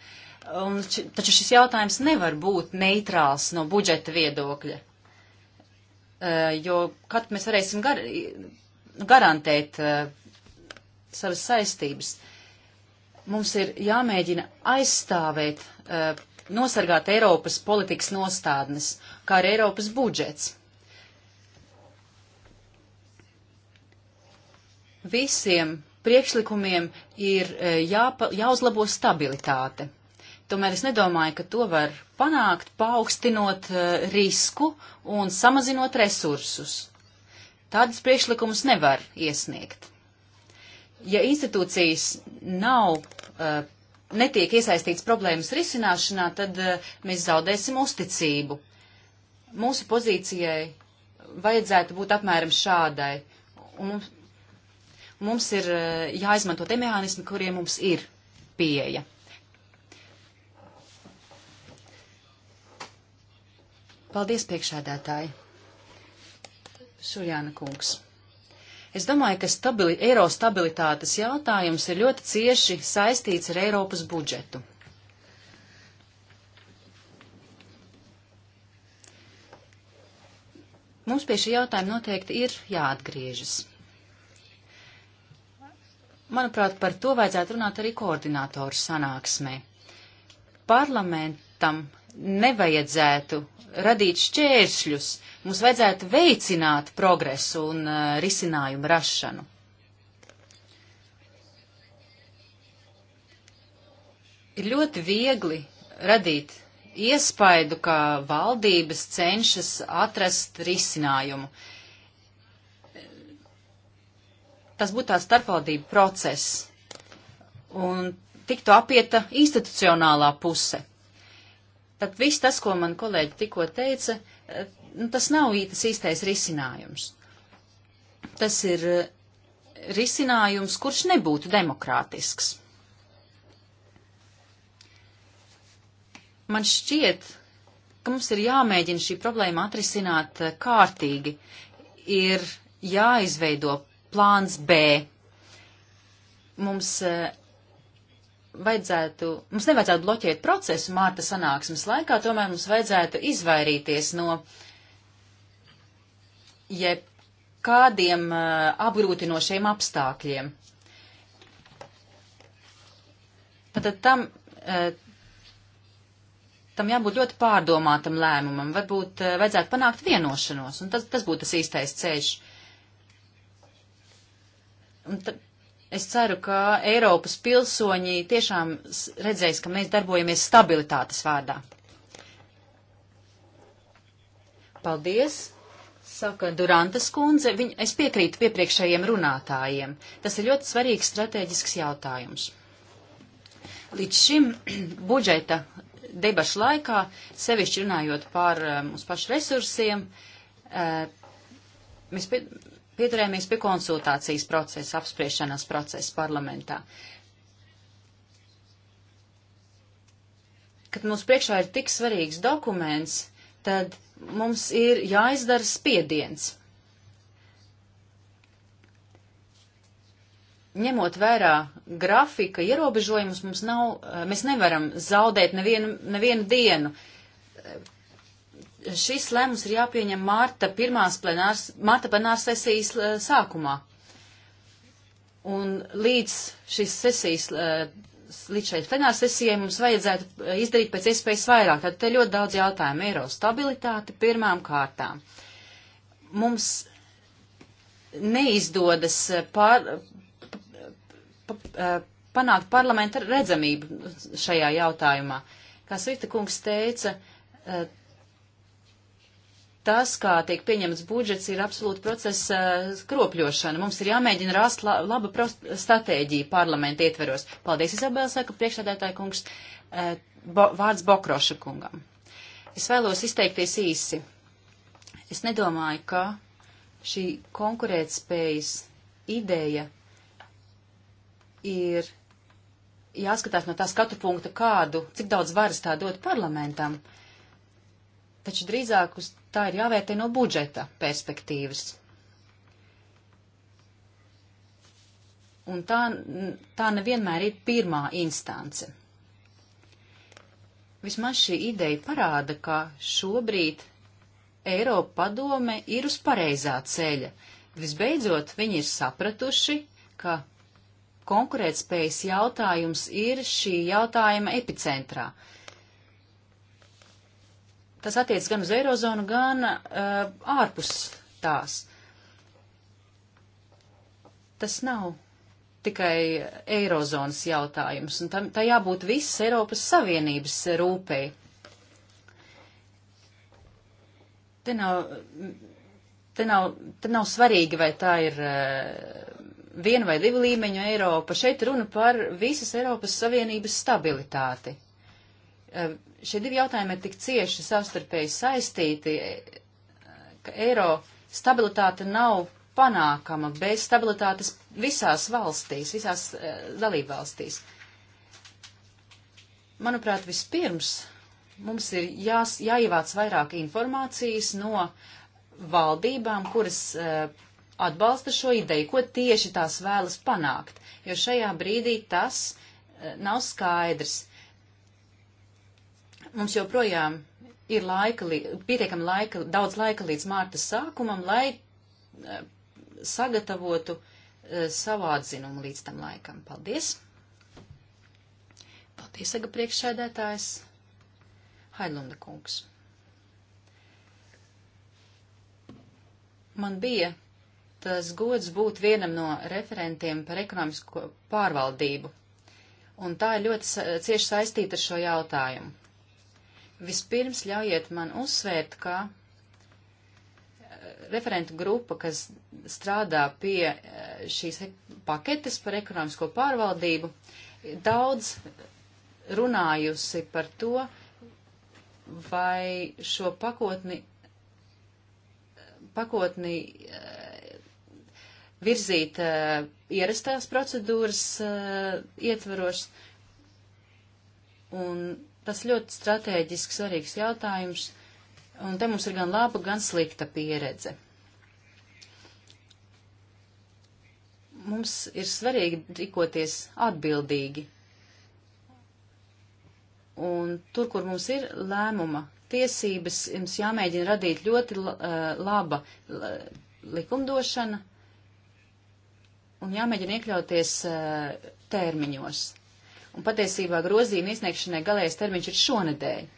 [SPEAKER 4] un, taču šis jautājums nevar būt neitrāls no budžeta viedokļa, uh, jo kad mēs varēsim gar, garantēt uh, savas saistības, mums ir jāmēģina aizstāvēt uh, nosargāt Eiropas politikas nostādnes, kā arī Eiropas budžets. Visiem priekšlikumiem ir e, jāpa, jāuzlabo stabilitāte. Tomēr es nedomāju, ka to var panākt, paaugstinot e, risku un samazinot resursus. Tādus priekšlikumus nevar iesniegt. Ja institūcijas nav uh, netiek iesaistīts problēmas risināšanā, tad eh, mēs zaudēsim uzticību. Mūsu pozīcijai vajadzētu būt apmēram šādai. Un mums, mums ir eh, jāizmanto tie mehānismi, kuriem mums ir pieeja. Paldies, priekšādātāji! Šurjāna kungs. Es domāju, ka stabili, eiro stabilitātes jautājums ir ļoti cieši saistīts ar Eiropas budžetu. Mums pie šī jautājuma noteikti ir jāatgriežas. Manuprāt, par to vajadzētu runāt arī koordinātoru sanāksmē. Parlamentam nevajadzētu radīt šķēršļus, mums vajadzētu veicināt progresu un uh, risinājumu rašanu. Ir ļoti viegli radīt iespaidu, ka valdības cenšas atrast risinājumu. Tas būtu tāds starpvaldību process un tiktu apieta institucionālā puse. Tad viss tas, ko man kolēģi tikko teica, eh, nu, tas nav īstais īstais risinājums. Tas ir eh, risinājums, kurš nebūtu demokrātisks. Man šķiet, ka mums ir jāmēģina šī problēma atrisināt eh, kārtīgi. Ir jāizveido plāns B. Mums vajadzētu, mums nevajadzētu bloķēt procesu mārta sanāksmes laikā, tomēr mums vajadzētu izvairīties no jebkādiem uh, apgrūtinošiem apstākļiem. Tātad tam, uh, tam jābūt ļoti pārdomātam lēmumam, varbūt uh, vajadzētu panākt vienošanos, un tas, tas būtu tas īstais ceļš. Un tad, Es ceru, ka Eiropas pilsoņi tiešām redzēs, ka mēs darbojamies stabilitātes vārdā. Paldies! Saka Durantas kundze, viņ, es piekrītu iepriekšējiem runātājiem. Tas ir ļoti svarīgs strateģisks jautājums. Līdz šim budžeta debašu laikā, sevišķi runājot par eh, mūsu pašu resursiem, eh, mēs, pie, pieturējāmies pie konsultācijas procesa, apspriešanās procesa parlamentā. Kad mums priekšā ir tik svarīgs dokuments, tad mums ir jāizdara spiediens. Ņemot vērā grafika ierobežojumus, mums nav, mēs nevaram zaudēt nevienu, nevienu dienu. Uh, šis lēmums ir jāpieņem Mārta pirmās plenārs, Mārta plenārs sesijas eh, sākumā. Un līdz šīs sesijas, eh, līdz šai plenārs sesijai mums vajadzētu eh, izdarīt pēc iespējas vairāk. Tad te ļoti daudz jautājumu. Eiro stabilitāte pirmām kārtām. Mums neizdodas pār, pa, pa, panākt parlamenta redzamību šajā jautājumā. Kā Svita kungs teica, tas, kā tiek pieņemts budžets, ir absolūti procesa skropļošana. Mums ir jāmēģina rast la, laba stratēģija parlamenta ietveros. Paldies, Izabela, saka priekšsēdētāja kungs, eh, bo, vārds Bokroša kungam. Es vēlos izteikties īsi. Es nedomāju, ka šī konkurētspējas ideja ir jāskatās no tā skatu punkta, kādu, cik daudz varas tā dot parlamentam. Taču drīzāk uz tā ir jāvērtē no budžeta perspektīvas. Un tā, tā nevienmēr ir pirmā instance. Vismaz šī ideja parāda, ka šobrīd Eiropa padome ir uz pareizā ceļa. Visbeidzot, viņi ir sapratuši, ka konkurētspējas jautājums ir šī jautājuma epicentrā. Uh, tas attiec gan uz Eirozonu, gan uh, ārpus tās. Tas nav tikai Eirozonas jautājums, un tam, tā jābūt visas Eiropas Savienības rūpei. Te nav, te nav, te nav svarīgi, vai tā ir uh, viena vai divu līmeņu Eiropa. Šeit runa par visas Eiropas Savienības stabilitāti. Uh, šie divi jautājumi ir tik cieši savstarpēji saistīti, ka eiro stabilitāte nav panākama bez stabilitātes visās valstīs, visās eh, dalību valstīs. Manuprāt, vispirms mums ir jās, jāievāc vairāk informācijas no valdībām, kuras eh, atbalsta šo ideju, ko tieši tās vēlas panākt, jo šajā brīdī tas eh, nav skaidrs Mums joprojām ir laika, pietiekami laika, daudz laika līdz mārta sākumam, lai uh, sagatavotu uh, savu atzinumu līdz tam laikam. Paldies! Paldies, Aga priekšsēdētājs! Haidlunda kungs! Man bija tas gods būt vienam no referentiem par ekonomisko pārvaldību, un tā ir ļoti cieši saistīta ar šo jautājumu. Vispirms ļaujiet man uzsvērt, ka eh, referentu grupa, kas strādā pie eh, šīs paketes par ekonomisko pārvaldību, daudz runājusi par to, vai šo pakotni, pakotni eh, virzīt ierastās procedūras ietvaros un Tas ļoti strateģiski svarīgs jautājums, un te mums ir gan laba, gan slikta pieredze. Mums ir svarīgi rīkoties atbildīgi. Un tur, kur mums ir lēmuma tiesības, mums jāmēģina radīt ļoti uh, laba likumdošana un jāmēģina iekļauties uh, termiņos un patiesībā grozījuma iesniegšanai galējais termiņš ir šonedēļ.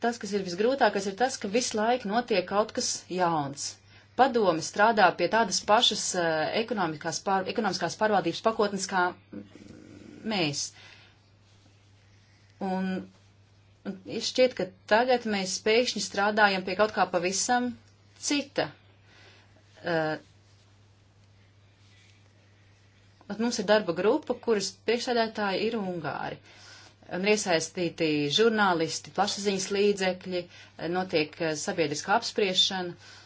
[SPEAKER 4] Tas, kas ir visgrūtākais, ir tas, ka visu laiku notiek kaut kas jauns. Padome strādā pie tādas pašas uh, ekonomiskās, pār, ekonomiskās pārvaldības pakotnes kā mēs. Un, un šķiet, ka tagad mēs pēkšņi strādājam pie kaut kā pavisam cita. Uh, mums ir darba grupa, kuras priekšsēdētāji ir Ungāri. Un iesaistīti žurnālisti, plašsaziņas līdzekļi, notiek eh, sabiedriska apspriešana.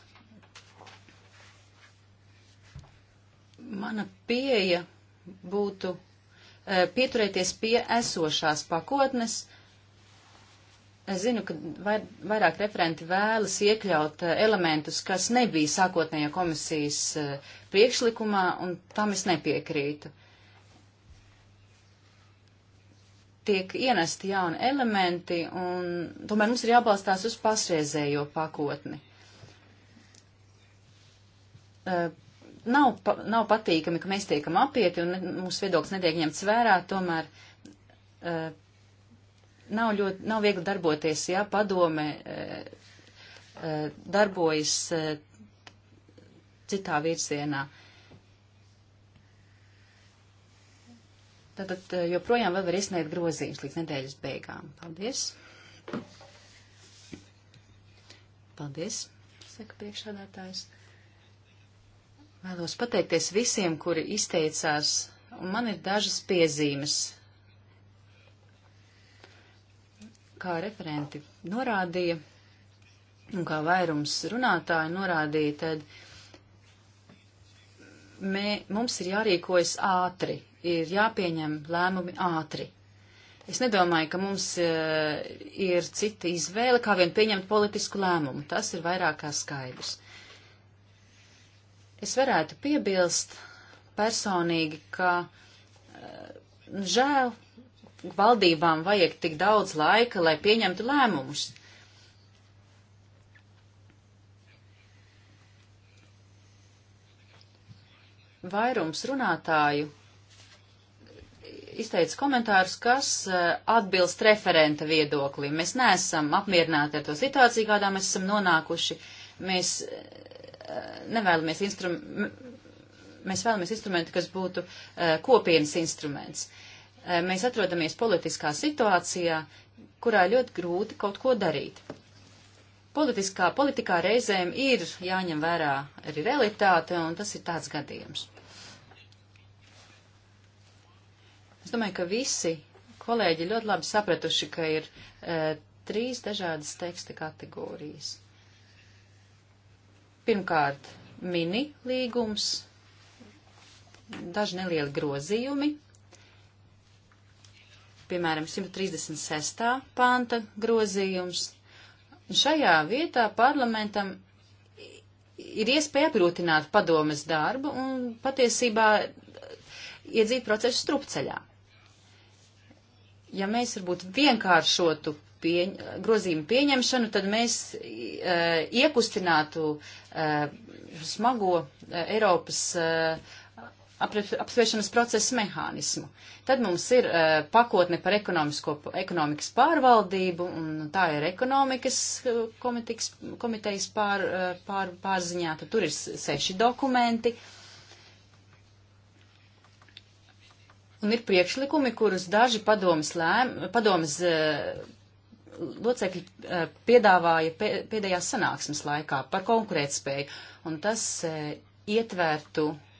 [SPEAKER 4] Mana pieeja būtu eh, pieturēties pie esošās pakotnes, Es zinu, ka vairāk referenti vēlas iekļaut eh, elementus, kas nebija sākotnējā komisijas eh, priekšlikumā, un tam es nepiekrītu. Tiek ienesti jauni elementi, un tomēr mums ir jābalstās uz pašreizējo pakotni. Eh, nav, pa, nav patīkami, ka mēs tiekam apieti un mūsu viedoklis netiek ņemts vērā, tomēr nav, ļoti, nav viegli darboties, ja padome eh, eh, darbojas eh, citā virzienā. Tātad joprojām vēl var iesniegt grozījumus līdz nedēļas beigām. Paldies! Paldies, saka priekšādātājs. Vēlos pateikties visiem, kuri izteicās, un man ir dažas piezīmes kā referenti norādīja, un kā vairums runātāji norādīja, tad mē, mums ir jārīkojas ātri, ir jāpieņem lēmumi ātri. Es nedomāju, ka mums uh, ir cita izvēle, kā vien pieņemt politisku lēmumu. Tas ir vairāk kā skaidrs. Es varētu piebilst personīgi, ka uh, žēl, valdībām vajag tik daudz laika, lai pieņemtu lēmumus. Vairums runātāju izteica komentārus, kas eh, atbilst referenta viedoklim. Mēs neesam apmierināti ar to situāciju, kādā mēs esam nonākuši. Mēs eh, nevēlamies instrumentu, mēs vēlamies instrumentu, kas būtu eh, kopienas instruments. Uh, Eh, mēs atrodamies politiskā situācijā, kurā ļoti grūti kaut ko darīt. Politiskā politikā reizēm ir jāņem vērā arī realitāte, un tas ir tāds gadījums. Es domāju, ka visi kolēģi ļoti labi sapratuši, ka ir e, trīs dažādas teksta kategorijas. Pirmkārt, mini līgums, daži nelieli grozījumi, piemēram, 136. panta grozījums. Šajā vietā parlamentam ir iespēja apgrūtināt padomes darbu un patiesībā iedzīt procesu strupceļā. Ja mēs varbūt vienkāršotu pieņ, grozījumu pieņemšanu, tad mēs e, iekustinātu e, smago e, Eiropas e, apspriešanas procesa mehānismu. Tad mums ir uh, pakotne par ekonomikas pārvaldību, un tā ir ekonomikas eh, komitejas, komitejas pār, eh, pār, pārziņā. Tad tur ir seši dokumenti. Un ir priekšlikumi, kurus daži padomas, lēm, padomas uh, locekļi uh, piedāvāja pē, pēdējās sanāksmes laikā par konkurētspēju. Un tas uh, ietvērtu uh,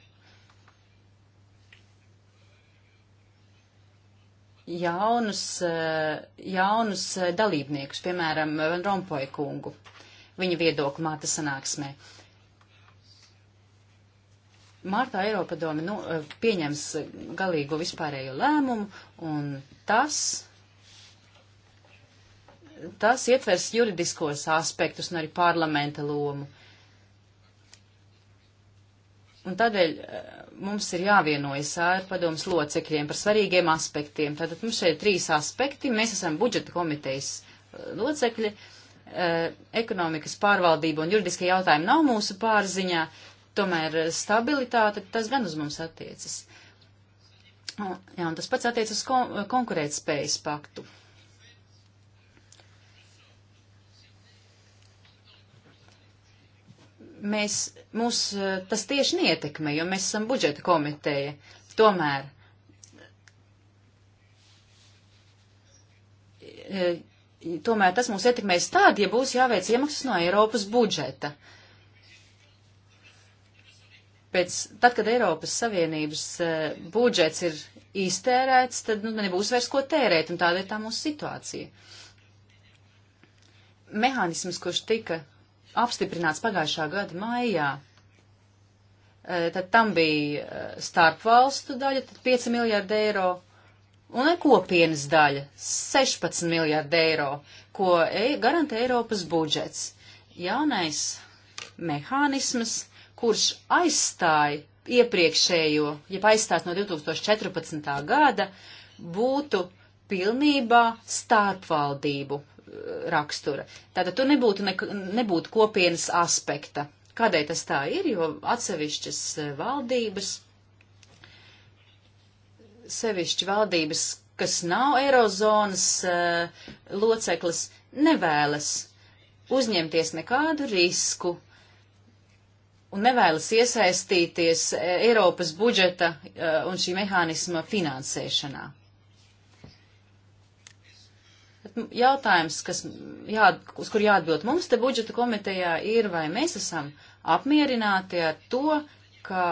[SPEAKER 4] jaunus, eh, jaunus eh, dalībniekus, piemēram, Van Rompoja kungu, viņa viedokli māta sanāksmē. Mārtā Eiropa doma nu, eh, pieņems galīgo vispārējo lēmumu, un tas, tas ietvers juridiskos aspektus un arī parlamenta lomu. Uh, Un tādēļ eh, mums ir jāvienojas ar padomus locekļiem par svarīgiem aspektiem. Tātad mums šeit ir trīs aspekti. Mēs esam budžeta komitejas eh, locekļi. Eh, ekonomikas pārvaldība un juridiskie jautājumi nav mūsu pārziņā, tomēr stabilitāte tas gan uz mums attiecas. Jā, un tas pats attiecas uz kon konkurētspējas paktu. mēs, mūs eh, tas tieši neietekmē, jo mēs esam budžeta komiteja. Tomēr eh, tomēr tas mūs ietekmēs tād, ja būs jāveic iemaksas no Eiropas budžeta. Pēc, tad, kad Eiropas Savienības uh, budžets ir iztērēts, tad nu, nebūs vairs ko tērēt, un tāda ir tā mūsu situācija. Mehānisms, kurš tika apstiprināts pagājušā gada maijā. E, tad tam bija e, starpvalstu daļa, tad 5 miljārdi eiro un e, kopienas daļa 16 miljārdi eiro, ko garantē Eiropas budžets. Jaunais mehānisms, kurš aizstāja iepriekšējo, ja aizstās no 2014. gada, būtu pilnībā starpvaldību rakstura. Tātad tur nebūtu, ne, nebūtu kopienas aspekta. Kādēļ tas tā ir? Jo atsevišķas eh, valdības, sevišķi valdības, kas nav Eirozonas uh, loceklis, nevēlas uzņemties nekādu risku un nevēlas iesaistīties eh, Eiropas budžeta uh, un šī mehānisma finansēšanā. Bet jautājums, kas jā, uz kur jāatbild mums te budžeta komitejā, ir, vai mēs esam apmierināti ar to, ka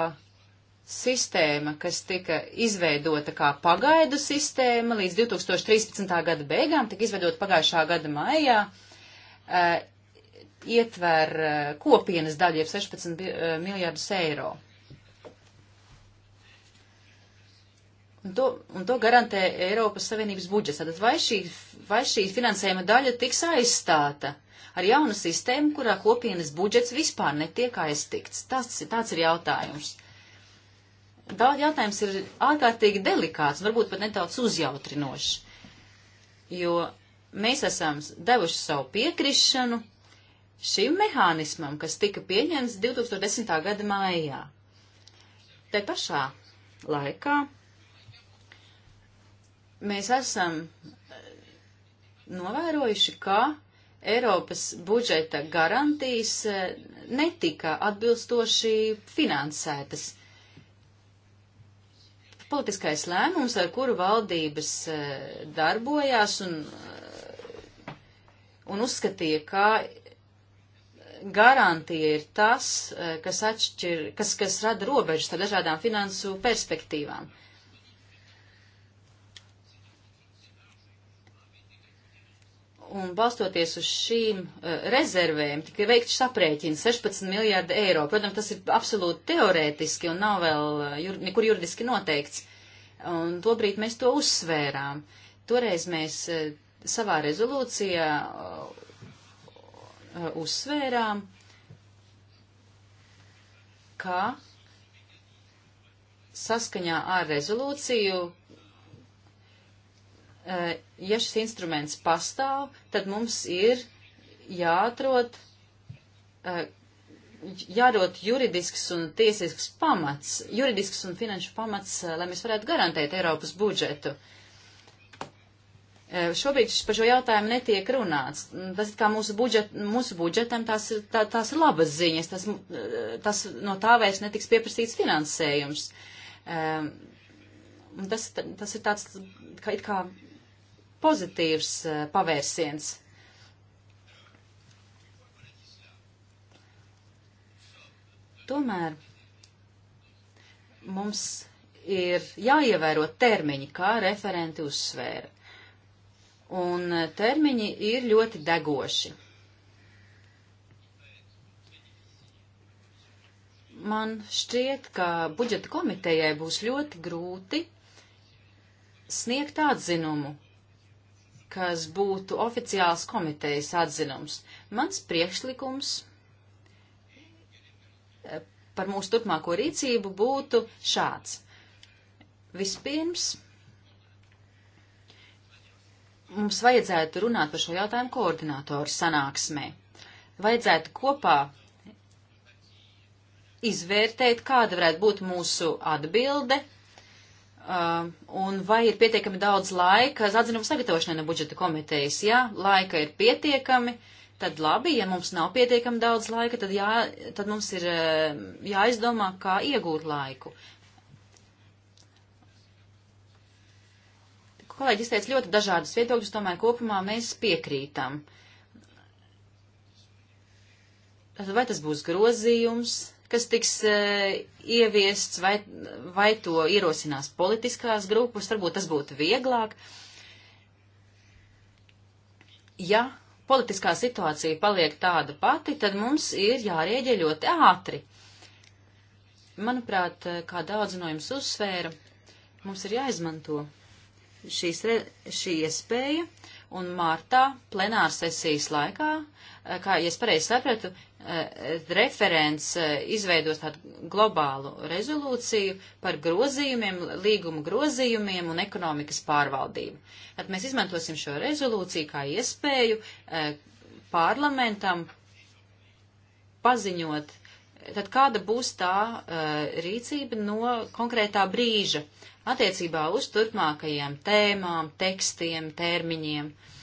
[SPEAKER 4] sistēma, kas tika izveidota kā pagaidu sistēma līdz 2013. gada beigām, tika izveidota pagājušā gada maijā, e, ietver e, kopienas daļu, jeb 16 e, eh, miljārdus eiro. Un to, un to garantē Eiropas Savienības budžets. Tātad vai šī vai šī finansējuma daļa tiks aizstāta ar jaunu sistēmu, kurā kopienas budžets vispār netiek aiztikts? Tas, tāds ir jautājums. Daudz jautājums ir ārkārtīgi delikāts, varbūt pat nedaudz uzjautrinošs, jo mēs esam devuši savu piekrišanu šim mehānismam, kas tika pieņemts 2010. gada mājā. Te pašā laikā mēs esam novērojuši, ka Eiropas budžeta garantijas e, netika atbilstoši finansētas. Politiskais lēmums, ar kuru valdības e, darbojās un, e, un uzskatīja, ka garantija ir tas, kas, atšķir, kas, kas rada robežas ar dažādām finansu perspektīvām. Uh, Un balstoties uz šīm uh, rezervēm, tika veikts aprēķins 16 miljārdi eiro. Protams, tas ir absolūti teorētiski un nav vēl uh, jur, nekur juridiski noteikts. Un tobrīd mēs to uzsvērām. Toreiz mēs uh, savā rezolūcijā uzsvērām, ka saskaņā ar rezolūciju Eh, ja šis instruments pastāv, tad mums ir jāatrod, eh, jādod juridisks un tiesisks pamats, juridisks un finanšu pamats, eh, lai mēs varētu garantēt Eiropas budžetu. Šobrīd par šo jautājumu netiek runāts. Mm, tas ir kā mūsu, budžet, mūsu budžetam, tās ir, tā, tās ir labas ziņas, tas, tas no tā vairs netiks pieprasīts finansējums. Um, tas, tas ir tāds, kā, kā pozitīvs eh, pavērsiens. Tomēr mums ir jāievēro termiņi, kā referenti uzsvēra. Un eh, termiņi ir ļoti degoši. Man šķiet, ka budžeta komitejai būs ļoti grūti sniegt atzinumu kas būtu oficiāls komitejas atzinums. Mans priekšlikums eh, par mūsu turpmāko rīcību būtu šāds. Vispirms mums vajadzētu runāt par šo jautājumu koordinātoru sanāksmē. Vajadzētu kopā izvērtēt, kāda varētu būt mūsu atbilde Uh, un vai ir pietiekami daudz laika atzinumu sagatavošanai no budžeta komitejas? Ja laika ir pietiekami, tad labi, ja mums nav pietiekami daudz laika, tad, jā, tad mums ir uh, jāizdomā, kā iegūt laiku. Kolēģis izteica ļoti dažādas viedokļas, tomēr kopumā mēs piekrītam. Tad vai tas būs grozījums? kas tiks eh, ieviests, vai, vai to ierosinās politiskās grupas, varbūt tas būtu vieglāk. Ja politiskā situācija paliek tāda pati, tad mums ir jārieģē ļoti ātri. Manuprāt, eh, kā daudz no jums uzsvēra, mums ir jāizmanto šīs, šī iespēja, un martā plenāra sesijas laikā, eh, kā, ja es pareizi sapratu, Eh, referents eh, izveidos tādu globālu rezolūciju par grozījumiem, līguma grozījumiem un ekonomikas pārvaldību. Tad mēs izmantosim šo rezolūciju kā iespēju eh, parlamentam paziņot, tad kāda būs tā rīcība no konkrētā brīža attiecībā uz turpmākajām tēmām, tekstiem, termiņiem. Uh,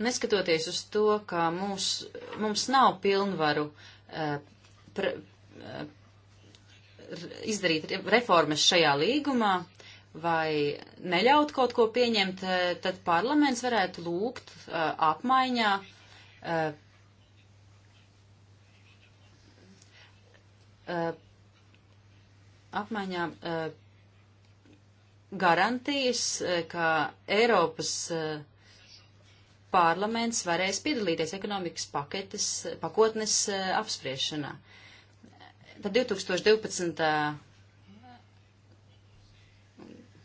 [SPEAKER 4] Neskatoties uz to, ka mūs, mums nav pilnvaru uh, pre, uh, izdarīt reformas šajā līgumā vai neļaut kaut ko pieņemt, uh, tad parlaments varētu lūgt apmaiņā apmaiņā garantijas, ka Eiropas uh, parlaments varēs piedalīties ekonomikas paketes, pakotnes eh, apspriešanā. Tad 2012.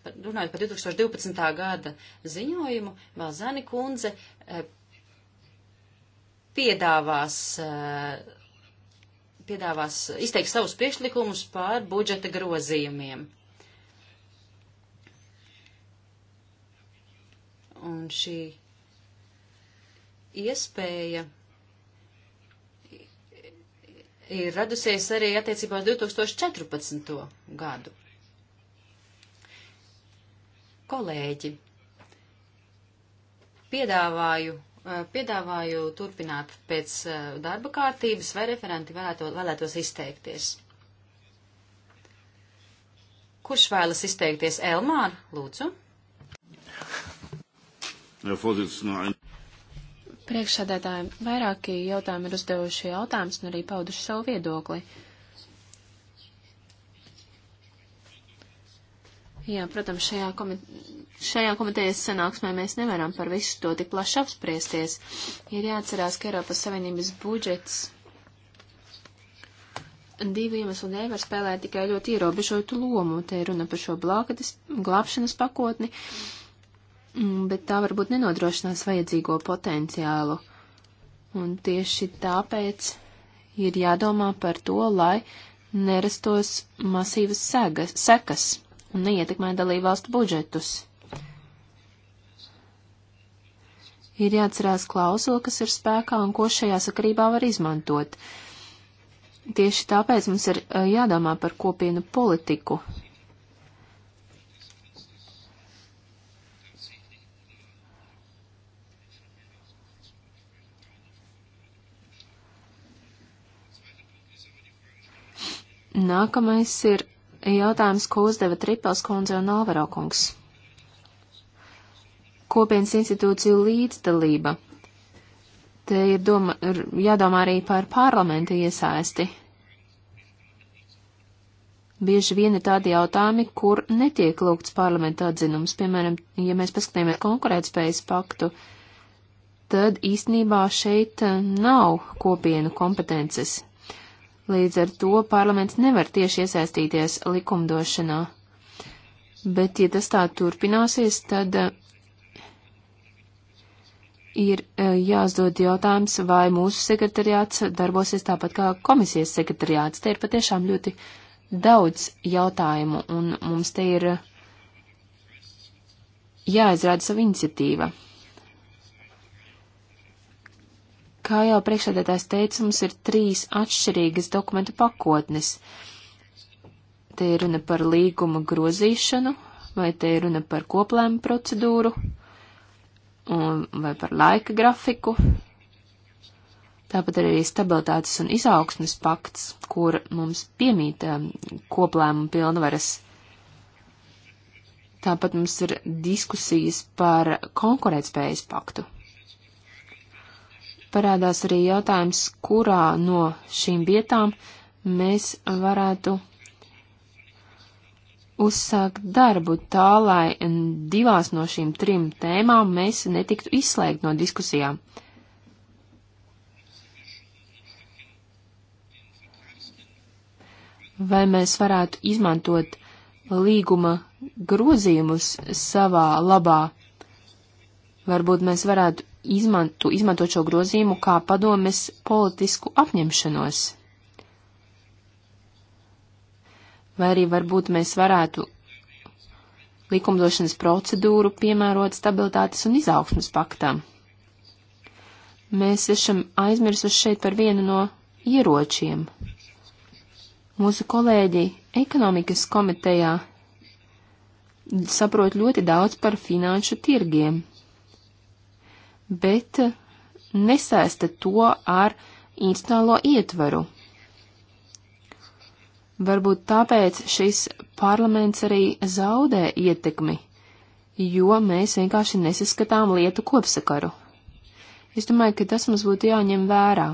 [SPEAKER 4] Runājot par 2012. gada ziņojumu, Balzani kundze eh, piedāvās, eh, piedāvās izteikt savus priekšlikumus par budžeta grozījumiem. Un šī iespēja ir radusies arī attiecībā uz 2014. gadu. Kolēģi, piedāvāju, eh, piedāvāju turpināt pēc eh, darba kārtības, vai referenti vēlēto, vēlētos izteikties. Kurš vēlas izteikties? Elmār, lūdzu.
[SPEAKER 3] Ja,
[SPEAKER 2] Priekšsēdētājiem vairāki jautājumi ir uzdevuši jautājumus un arī pauduši savu viedokli. Jā, protams, šajā, komite šajā komitejas sanāksmē mēs nevaram par visu to tik plaši apspriesties. Ir jāatcerās, ka Eiropas Savienības budžets divu iemeslu dēļ var spēlēt tikai ļoti ierobežotu lomu. Te ir runa par šo blākatis, glābšanas pakotni Mm, bet tā varbūt nenodrošinās vajadzīgo potenciālu. Un tieši tāpēc ir jādomā par to, lai nerastos masīvas segas, sekas un neietekmē dalībvalstu budžetus. Ir jāatcerās klausula, kas ir spēkā un ko šajā sakarībā var izmantot. Tieši tāpēc mums ir jādomā par kopienu politiku, Nākamais ir jautājums, ko uzdeva Tripels kundze un Alvaro kungs. Kopienas institūciju līdzdalība. Te ir doma, ir jādomā arī par parlamenta iesaisti. Bieži vien ir tādi jautājumi, kur netiek lūgts parlamenta atzinums. Piemēram, ja mēs paskatāmies konkurētspējas paktu, tad īstenībā šeit eh, nav kopienu kompetences. Līdz ar to parlaments nevar tieši iesaistīties likumdošanā. Bet, ja tas tā turpināsies, tad eh, ir eh, jāuzdod jautājums, vai mūsu sekretariāts darbosies tāpat kā komisijas sekretariāts. Te ir patiešām ļoti daudz jautājumu, un mums te ir eh, jāizrāda sava iniciatīva. Kā jau priekšsēdētājs teica, mums ir trīs atšķirīgas dokumentu pakotnes. Te ir runa par līguma grozīšanu, vai te ir runa par koplēmu procedūru, un, vai par laika grafiku. Tāpat arī stabilitātes un izaugsmes pakts, kur mums piemīta koplēmu pilnvaras. Tāpat mums ir diskusijas par konkurētspējas paktu parādās arī jautājums, kurā no šīm vietām mēs varētu uzsākt darbu tā, lai divās no šīm trim tēmām mēs netiktu izslēgt no diskusijām. Vai mēs varētu izmantot līguma grozījumus savā labā? Varbūt mēs varētu izmantu, izmantot šo grozījumu kā padomes politisku apņemšanos. Vai arī varbūt mēs varētu likumdošanas procedūru piemērot stabilitātes un izaugsmas paktām. Mēs esam aizmirsuši šeit par vienu no ieročiem. Mūsu kolēģi ekonomikas komitejā saprot ļoti daudz par finanšu tirgiem, bet nesaista to ar institucionālo ietvaru. Varbūt tāpēc šis parlaments arī zaudē ietekmi, jo mēs vienkārši nesaskatām lietu kopsakaru. Es domāju, ka tas mums būtu jāņem vērā.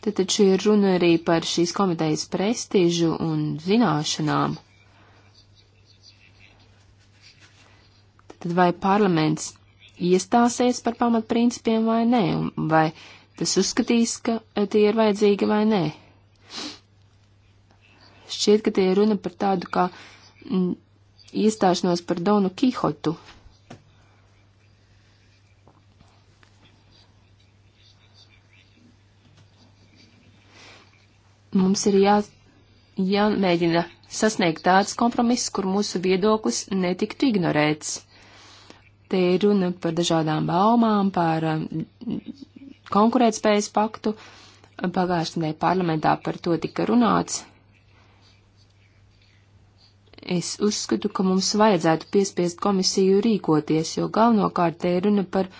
[SPEAKER 2] Tad taču ir runa arī par šīs komitejas prestižu un zināšanām. tad vai parlaments iestāsies par pamatprincipiem vai nē, un vai tas uzskatīs, ka eh, tie ir vajadzīgi vai nē. Šķiet, ka tie ir runa par tādu kā m, mm, iestāšanos par Donu Kihotu. Mums ir jā, jāmēģina sasniegt tāds kompromiss, kur mūsu viedoklis netiktu ignorēts. Te ir runa par dažādām baumām, par um, konkurētspējas paktu. Pagājušajā nedēļā parlamentā par to tika runāts. Es uzskatu, ka mums vajadzētu piespiest komisiju rīkoties, jo galvenokārt te ir runa par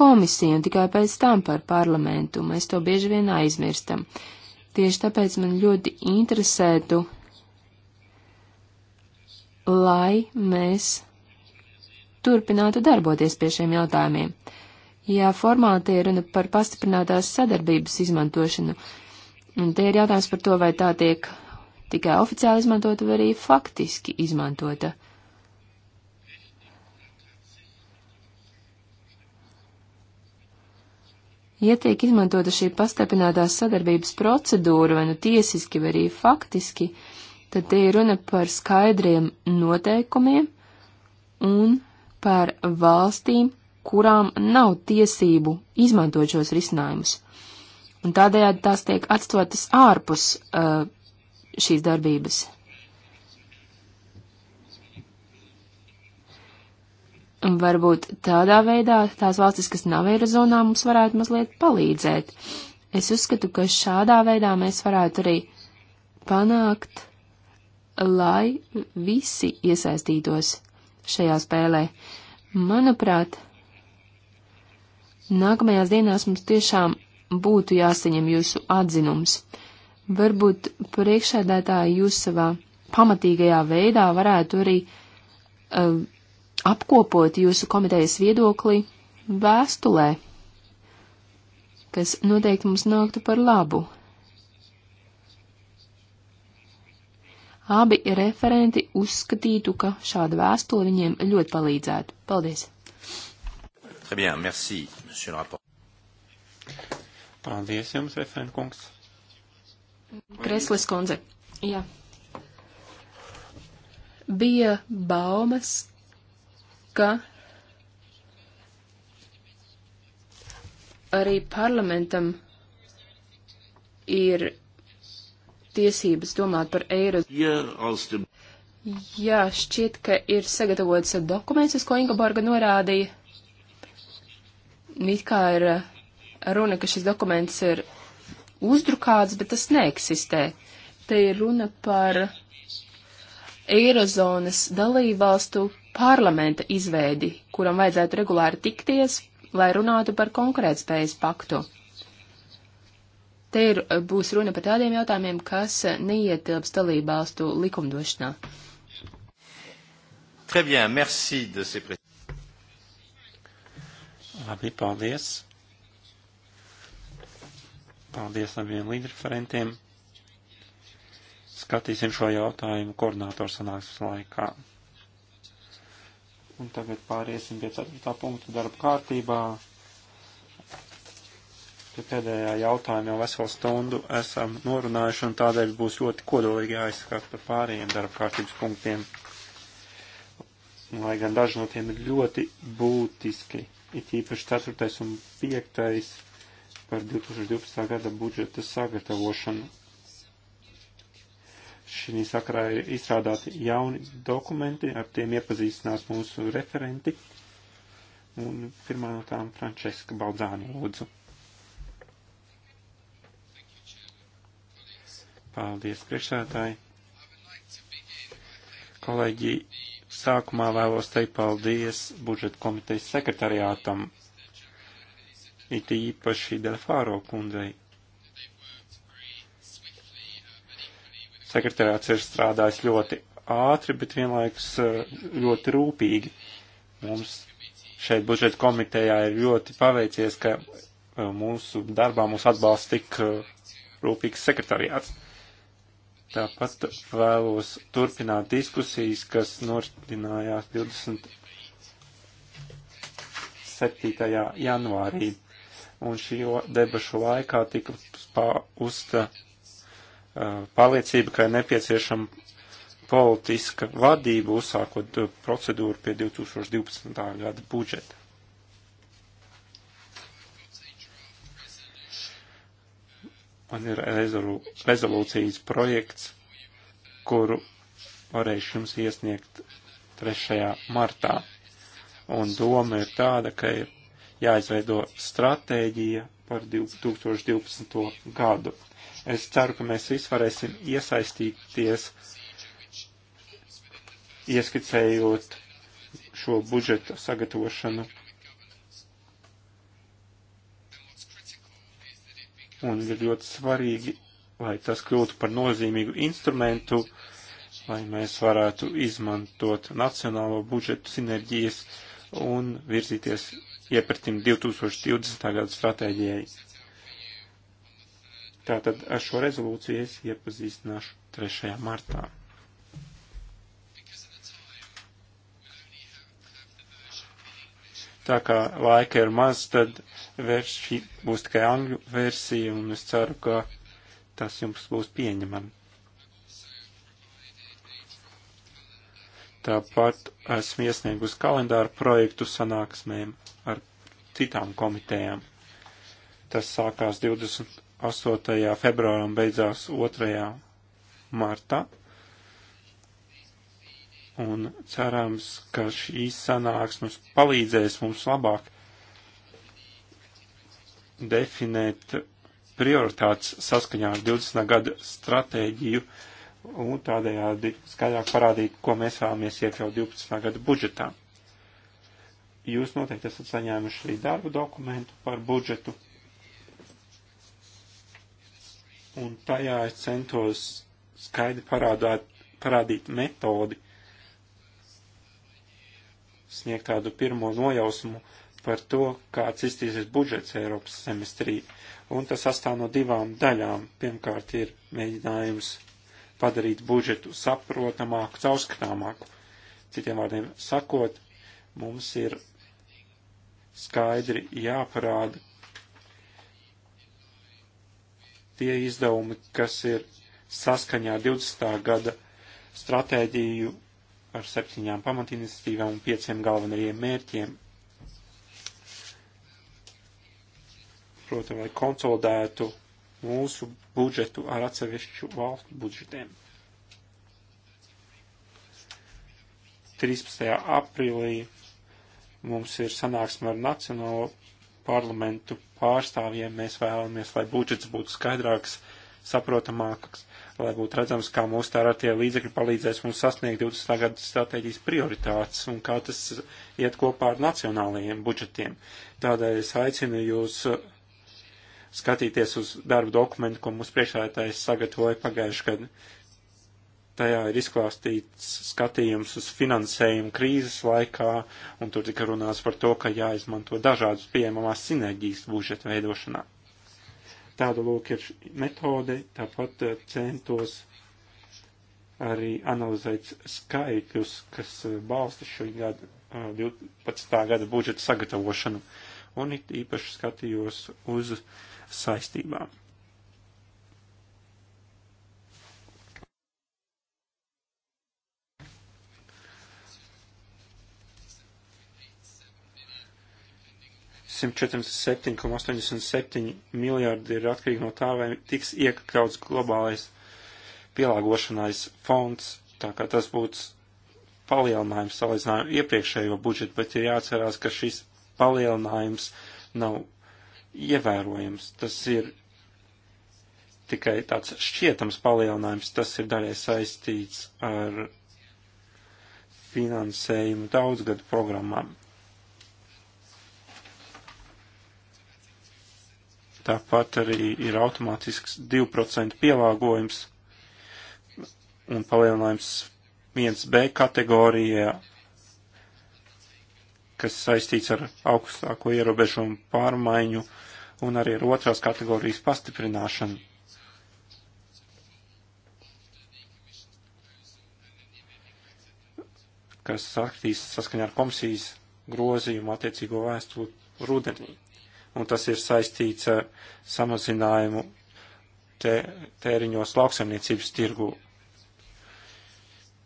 [SPEAKER 2] komisiju un tikai pēc tam par parlamentu. Mēs to bieži vien aizmirstam. Tieši tāpēc man ļoti interesētu, lai mēs turpinātu darboties pie šiem jautājumiem. Ja formāli ir runa par pastiprinātās sadarbības izmantošanu, un te ir jautājums par to, vai tā tiek tikai oficiāli izmantota vai arī faktiski izmantota. Ja tiek izmantota šī pastiprinātās sadarbības procedūra, vai nu tiesiski, vai arī faktiski, tad te ir runa par skaidriem noteikumiem un par valstīm, kurām nav tiesību izmantot šos risinājumus. Un tādējādi tās tiek atstotas ārpus uh, šīs darbības. Un varbūt tādā veidā tās valstis, kas nav eirozonā, mums varētu mazliet palīdzēt. Es uzskatu, ka šādā veidā mēs varētu arī panākt, lai visi iesaistītos šajā spēlē. Manuprāt, nākamajās dienās mums tiešām būtu jāsaņem jūsu atzinums. Varbūt priekšēdētāji jūs savā pamatīgajā veidā varētu arī uh, apkopot jūsu komitejas viedokli vēstulē, kas noteikti mums nāktu par labu. abi referenti uzskatītu, ka šāda vēstule viņiem ļoti palīdzētu. Paldies!
[SPEAKER 1] Très bien, merci, monsieur le rapport. Paldies jums, referent kungs.
[SPEAKER 2] Kreslis kundze, jā. Bija baumas, ka arī parlamentam ir tiesības domāt par eiro. Jā, šķiet, ka ir sagatavots dokuments, uz ko Ingeborga norādīja. It kā ir eh, runa, ka šis dokuments ir uzdrukāts, bet tas neeksistē. Te ir runa par Eirozonas dalībvalstu parlamenta izveidi, kuram vajadzētu regulāri tikties, lai runātu par konkurētspējas paktu. Te ir, būs runa par tādiem jautājumiem, kas neietilps dalībvalstu likumdošanā.
[SPEAKER 1] Très bien, merci
[SPEAKER 3] de ces précisions.
[SPEAKER 1] Labi, paldies. Paldies abiem līderreferentiem. Skatīsim šo jautājumu koordinātoru sanāksmes laikā. Un tagad pāriesim pie 4. punktu darba kārtībā pie pēdējā jautājuma jau veselu stundu esam norunājuši, un tādēļ būs ļoti kodolīgi jāizskata par pārējiem darba kārtības punktiem. Lai gan daži no tiem ir ļoti būtiski, it īpaši 4. un 5. par 2012. gada budžeta sagatavošanu šī sakarā ir izstrādāti jauni dokumenti, ar tiem iepazīstinās mūsu referenti. Un pirmā no tām Frančeska Baldzāni lūdzu. Paldies, priekšsētāji. Kolēģi, sākumā vēlos teikt paldies budžeta komitejas sekretariātam, it īpaši Delfāro kundzei. Sekretariāts ir strādājis ļoti ātri, bet vienlaikus eh, ļoti rūpīgi. Mums šeit budžeta komitejā ir ļoti paveicies, ka eh, mūsu darbā mūs atbalsta tik eh, rūpīgs sekretariāts. Tāpat vēlos turpināt diskusijas, kas noritinājās 27. janvārī. Un šo debašu laikā tika pausta uh, pārliecība, ka ir nepieciešama politiska vadība uzsākot uh, procedūru pie 2012. gada budžeta. Man ir rezolū, rezolūcijas projekts, kuru varēšu jums iesniegt 3. martā. Un doma ir tāda, ka ir jāizveido stratēģija par 2012. gadu. Es ceru, ka mēs visi varēsim iesaistīties, ieskicējot šo budžeta sagatavošanu un ir ļoti svarīgi, lai tas kļūtu par nozīmīgu instrumentu, lai mēs varētu izmantot nacionālo budžetu sinerģijas un virzīties iepratim 2020. gada stratēģijai. Tātad ar šo rezolūciju es iepazīstināšu 3. martā. Tā kā laika ir maz, tad verši būs tikai angļu versija, un es ceru, ka tas jums būs pieņemami. Tāpat esmu iesniegus kalendāru projektu sanāksmēm ar citām komitējām. Tas sākās 28. februārā un beidzās 2. martā un cerams, ka šīs sanāksmes palīdzēs mums labāk definēt prioritātes saskaņā ar 20. gada stratēģiju un tādējādi skaļāk parādīt, ko mēs vēlamies iekļaut 12. gada budžetā. Jūs noteikti esat saņēmuši arī darbu dokumentu par budžetu, un tajā es centos skaidri parādāt, parādīt metodi, sniegt tādu pirmo nojausmu par to, kāds iztīsies budžets Eiropas semestrī. Un tas sastāv no divām daļām. Pirmkārt ir mēģinājums padarīt budžetu saprotamāku, caurskatāmāku. Citiem vārdiem sakot, mums ir skaidri jāparāda tie izdevumi, kas ir saskaņā 20. gada stratēģiju par septiņām pamatiniciatīvām un pieciem galvenajiem mērķiem. Protams, lai konsolidētu mūsu budžetu ar atsevišķu valstu budžetiem. 13. aprīlī mums ir sanāksme ar Nacionālo parlamentu pārstāvjiem. Mēs vēlamies, lai budžets būtu skaidrāks, saprotamāks, lai būtu redzams, kā mūsu tērētie līdzekļi palīdzēs mums sasniegt 20. gada stratēģijas prioritātes un kā tas iet kopā ar nacionālajiem budžetiem. Tādēļ es aicinu jūs uh, skatīties uz darbu dokumentu, ko mūsu priekšētājs sagatavoja pagājušajā gadā. Tajā ir izklāstīts skatījums uz finansējumu krīzes laikā, un tur tika runāts par to, ka jāizmanto dažādas pieejamās sinerģijas budžeta veidošanā. Tāda lūk ir metode, tāpat eh, centos arī analizēt skaitļus, kas eh, balsta šī gada, 12. Eh, gada budžeta sagatavošanu, un it īpaši skatījos uz saistībām. 147,87 miljārdi ir atkarīgi no tā, vai tiks iekļauts globālais pielāgošanais fonds, tā kā tas būtu palielinājums salīdzinājumā iepriekšējo budžetu, bet ir jāatcerās, ka šis palielinājums nav ievērojams. Tas ir tikai tāds šķietams palielinājums, tas ir daļai saistīts ar finansējumu daudzgadu programmām. Tāpat arī ir automātisks 2% pielāgojums un palielinājums 1B kategorijā, kas saistīts ar augstāko ierobežojumu pārmaiņu un arī ar otrās kategorijas pastiprināšanu. kas saktīs saskaņā ar komisijas grozījumu attiecīgo vēstuli rudenī un tas ir saistīts ar samazinājumu tē, tēriņos lauksaimniecības tirgu.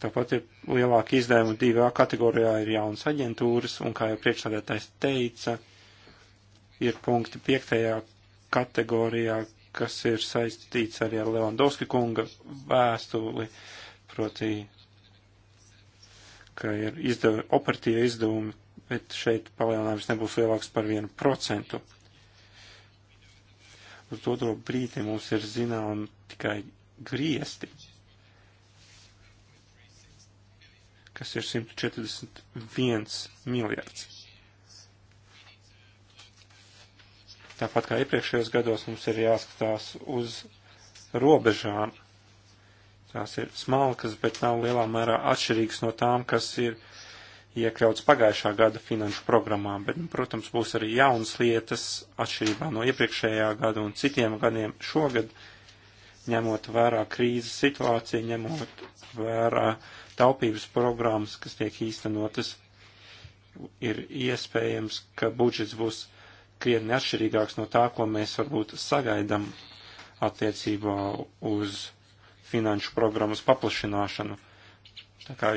[SPEAKER 1] Tāpat ir lielāka izdevuma divā kategorijā ir jaunas aģentūras, un kā jau priekšsādētājs teica, ir punkti piektajā kategorijā, kas ir saistīts arī ar Levandovski kunga vēstuli, proti, ka ir izdev, operatīvi izdevumi, bet šeit palielinājums nebūs lielāks par vienu procentu uz doto brīdi mums ir zinām tikai griesti, kas ir 141 miljards. Tāpat kā iepriekšējos gados mums ir jāskatās uz robežām. Tās ir smalkas, bet nav lielā mērā atšķirīgas no tām, kas ir uh, iekļauts pagājušā gada finanšu programmā, bet, nu, protams, būs arī jaunas lietas atšķirībā no iepriekšējā gada un citiem gadiem šogad, ņemot vērā krīzes situāciju, ņemot vērā taupības programmas, kas tiek īstenotas, ir iespējams, ka budžets būs krietni atšķirīgāks no tā, ko mēs varbūt sagaidam attiecībā uz finanšu programmas paplašināšanu. Tā kā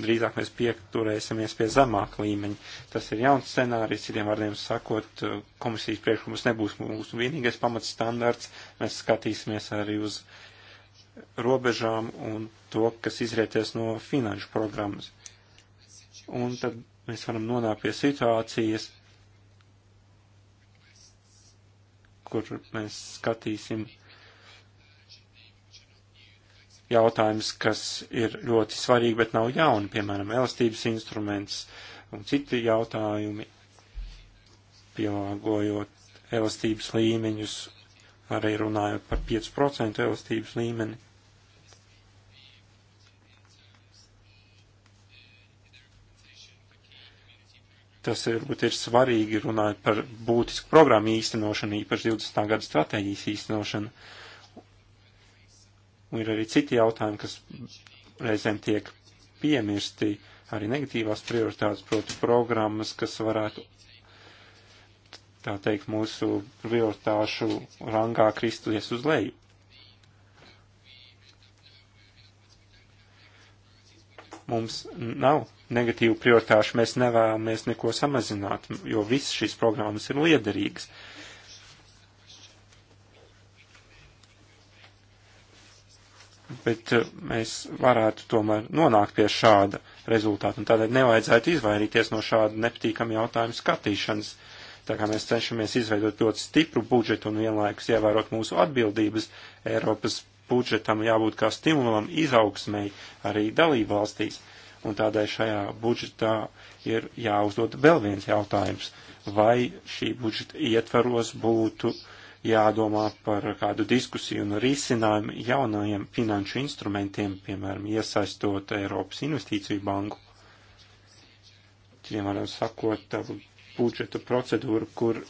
[SPEAKER 1] drīzāk mēs pieturēsimies pie zemāka līmeņa. Tas ir jauns scenārijs, citiem vārdiem sakot, komisijas priekšlikums nebūs mūsu vienīgais pamatstandards, mēs skatīsimies arī uz robežām un to, kas izrieties no finanšu programmas. Un tad mēs varam nonākt pie situācijas, kur mēs skatīsim jautājums, kas ir ļoti svarīgi, bet nav jauni, piemēram, elastības instruments un citi jautājumi, pielāgojot elastības līmeņus, arī runājot par 5% elastības līmeni. Tas varbūt ir svarīgi runājot par būtisku programmu īstenošanu, īpaši 20. gada stratēģijas īstenošanu. Uh, Un ir arī citi jautājumi, kas reizēm tiek piemirsti, arī negatīvās prioritātes, proti programmas, kas varētu, tā teikt, mūsu prioritāšu rangā kristies uz leju. Mums nav negatīvu prioritāšu, mēs nevēlamies neko samazināt, jo visas šīs programmas ir liederīgas. Uh, bet eh, mēs varētu tomēr nonākt pie šāda rezultāta, un tādēļ nevajadzētu izvairīties no šāda nepatīkama jautājuma skatīšanas. Tā kā mēs cenšamies izveidot ļoti stipru budžetu un vienlaikus ievērot mūsu atbildības, Eiropas budžetam jābūt kā stimulam izaugsmēji arī dalību valstīs, un tādēļ šajā budžetā ir jāuzdod vēl viens jautājums, vai šī budžeta ietvaros būtu uh, jādomā par kādu diskusiju un risinājumu jaunajiem finanšu instrumentiem, piemēram, iesaistot Eiropas investīciju banku. Piemēram, sakot budžetu procedūru, kur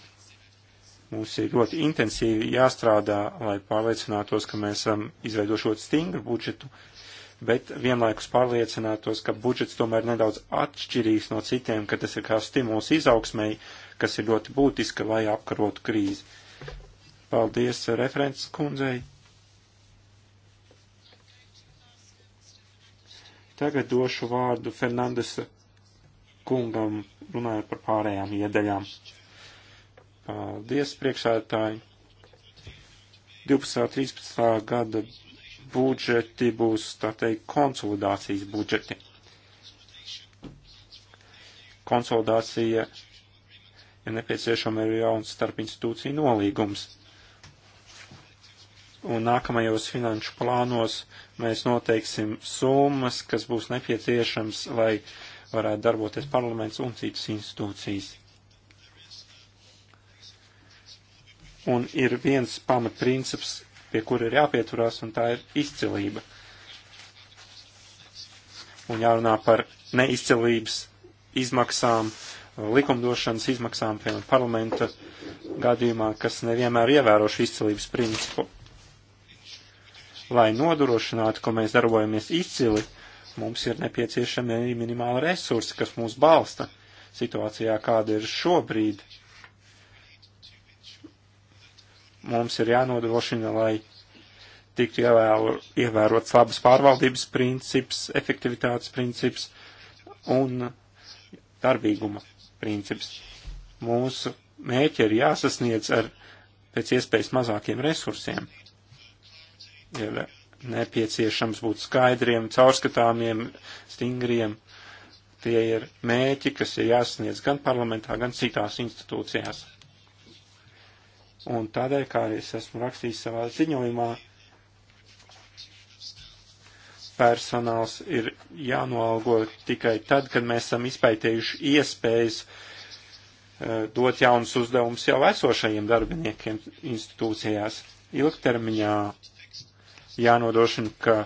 [SPEAKER 1] mums ir ļoti intensīvi jāstrādā, lai pārliecinātos, ka mēs esam izveidošot stingru budžetu, bet vienlaikus pārliecinātos, ka budžets tomēr nedaudz atšķirīgs no citiem, ka tas ir kā stimuls izaugsmēji, kas ir ļoti būtiska, lai apkarotu krīzi. Paldies eh, referents kundzei. Tagad došu vārdu Fernandesa kungam runājot par pārējām iedaļām. Paldies, priekšsētāji. 12. 13. gada budžeti būs, tā teikt, konsolidācijas budžeti. Konsolidācija, ja nepieciešama, ir jauns starp institūciju nolīgums un nākamajos finanšu plānos mēs noteiksim summas, kas būs nepieciešams, lai varētu darboties parlaments un citas institūcijas. Un ir viens pamatprincips, pie kura ir jāpieturās, un tā ir izcilība. Un jārunā par neizcilības izmaksām, likumdošanas izmaksām, piemēram, parlamenta gadījumā, kas nevienmēr ievēro šo izcilības principu Lai nodrošinātu, ka mēs darbojamies izcili, mums ir nepieciešami minimāli resursi, kas mūs balsta situācijā, kāda ir šobrīd. Mums ir jānodrošina, lai tiktu ievēro, ievērots labas pārvaldības princips, efektivitātes princips un darbīguma princips. Mūsu mēķi ir jāsasniedz ar pēc iespējas mazākiem resursiem ir nepieciešams būt skaidriem, caurskatāmiem, stingriem. Tie ir mēķi, kas ir jāsniedz gan parlamentā, gan citās institūcijās. Un tādēļ, kā es esmu rakstījis savā ziņojumā, personāls ir jānoalgo tikai tad, kad mēs esam izpētējuši iespējas uh, dot jaunus uzdevumus jau esošajiem darbiniekiem institūcijās. Ilgtermiņā jānodrošina, ka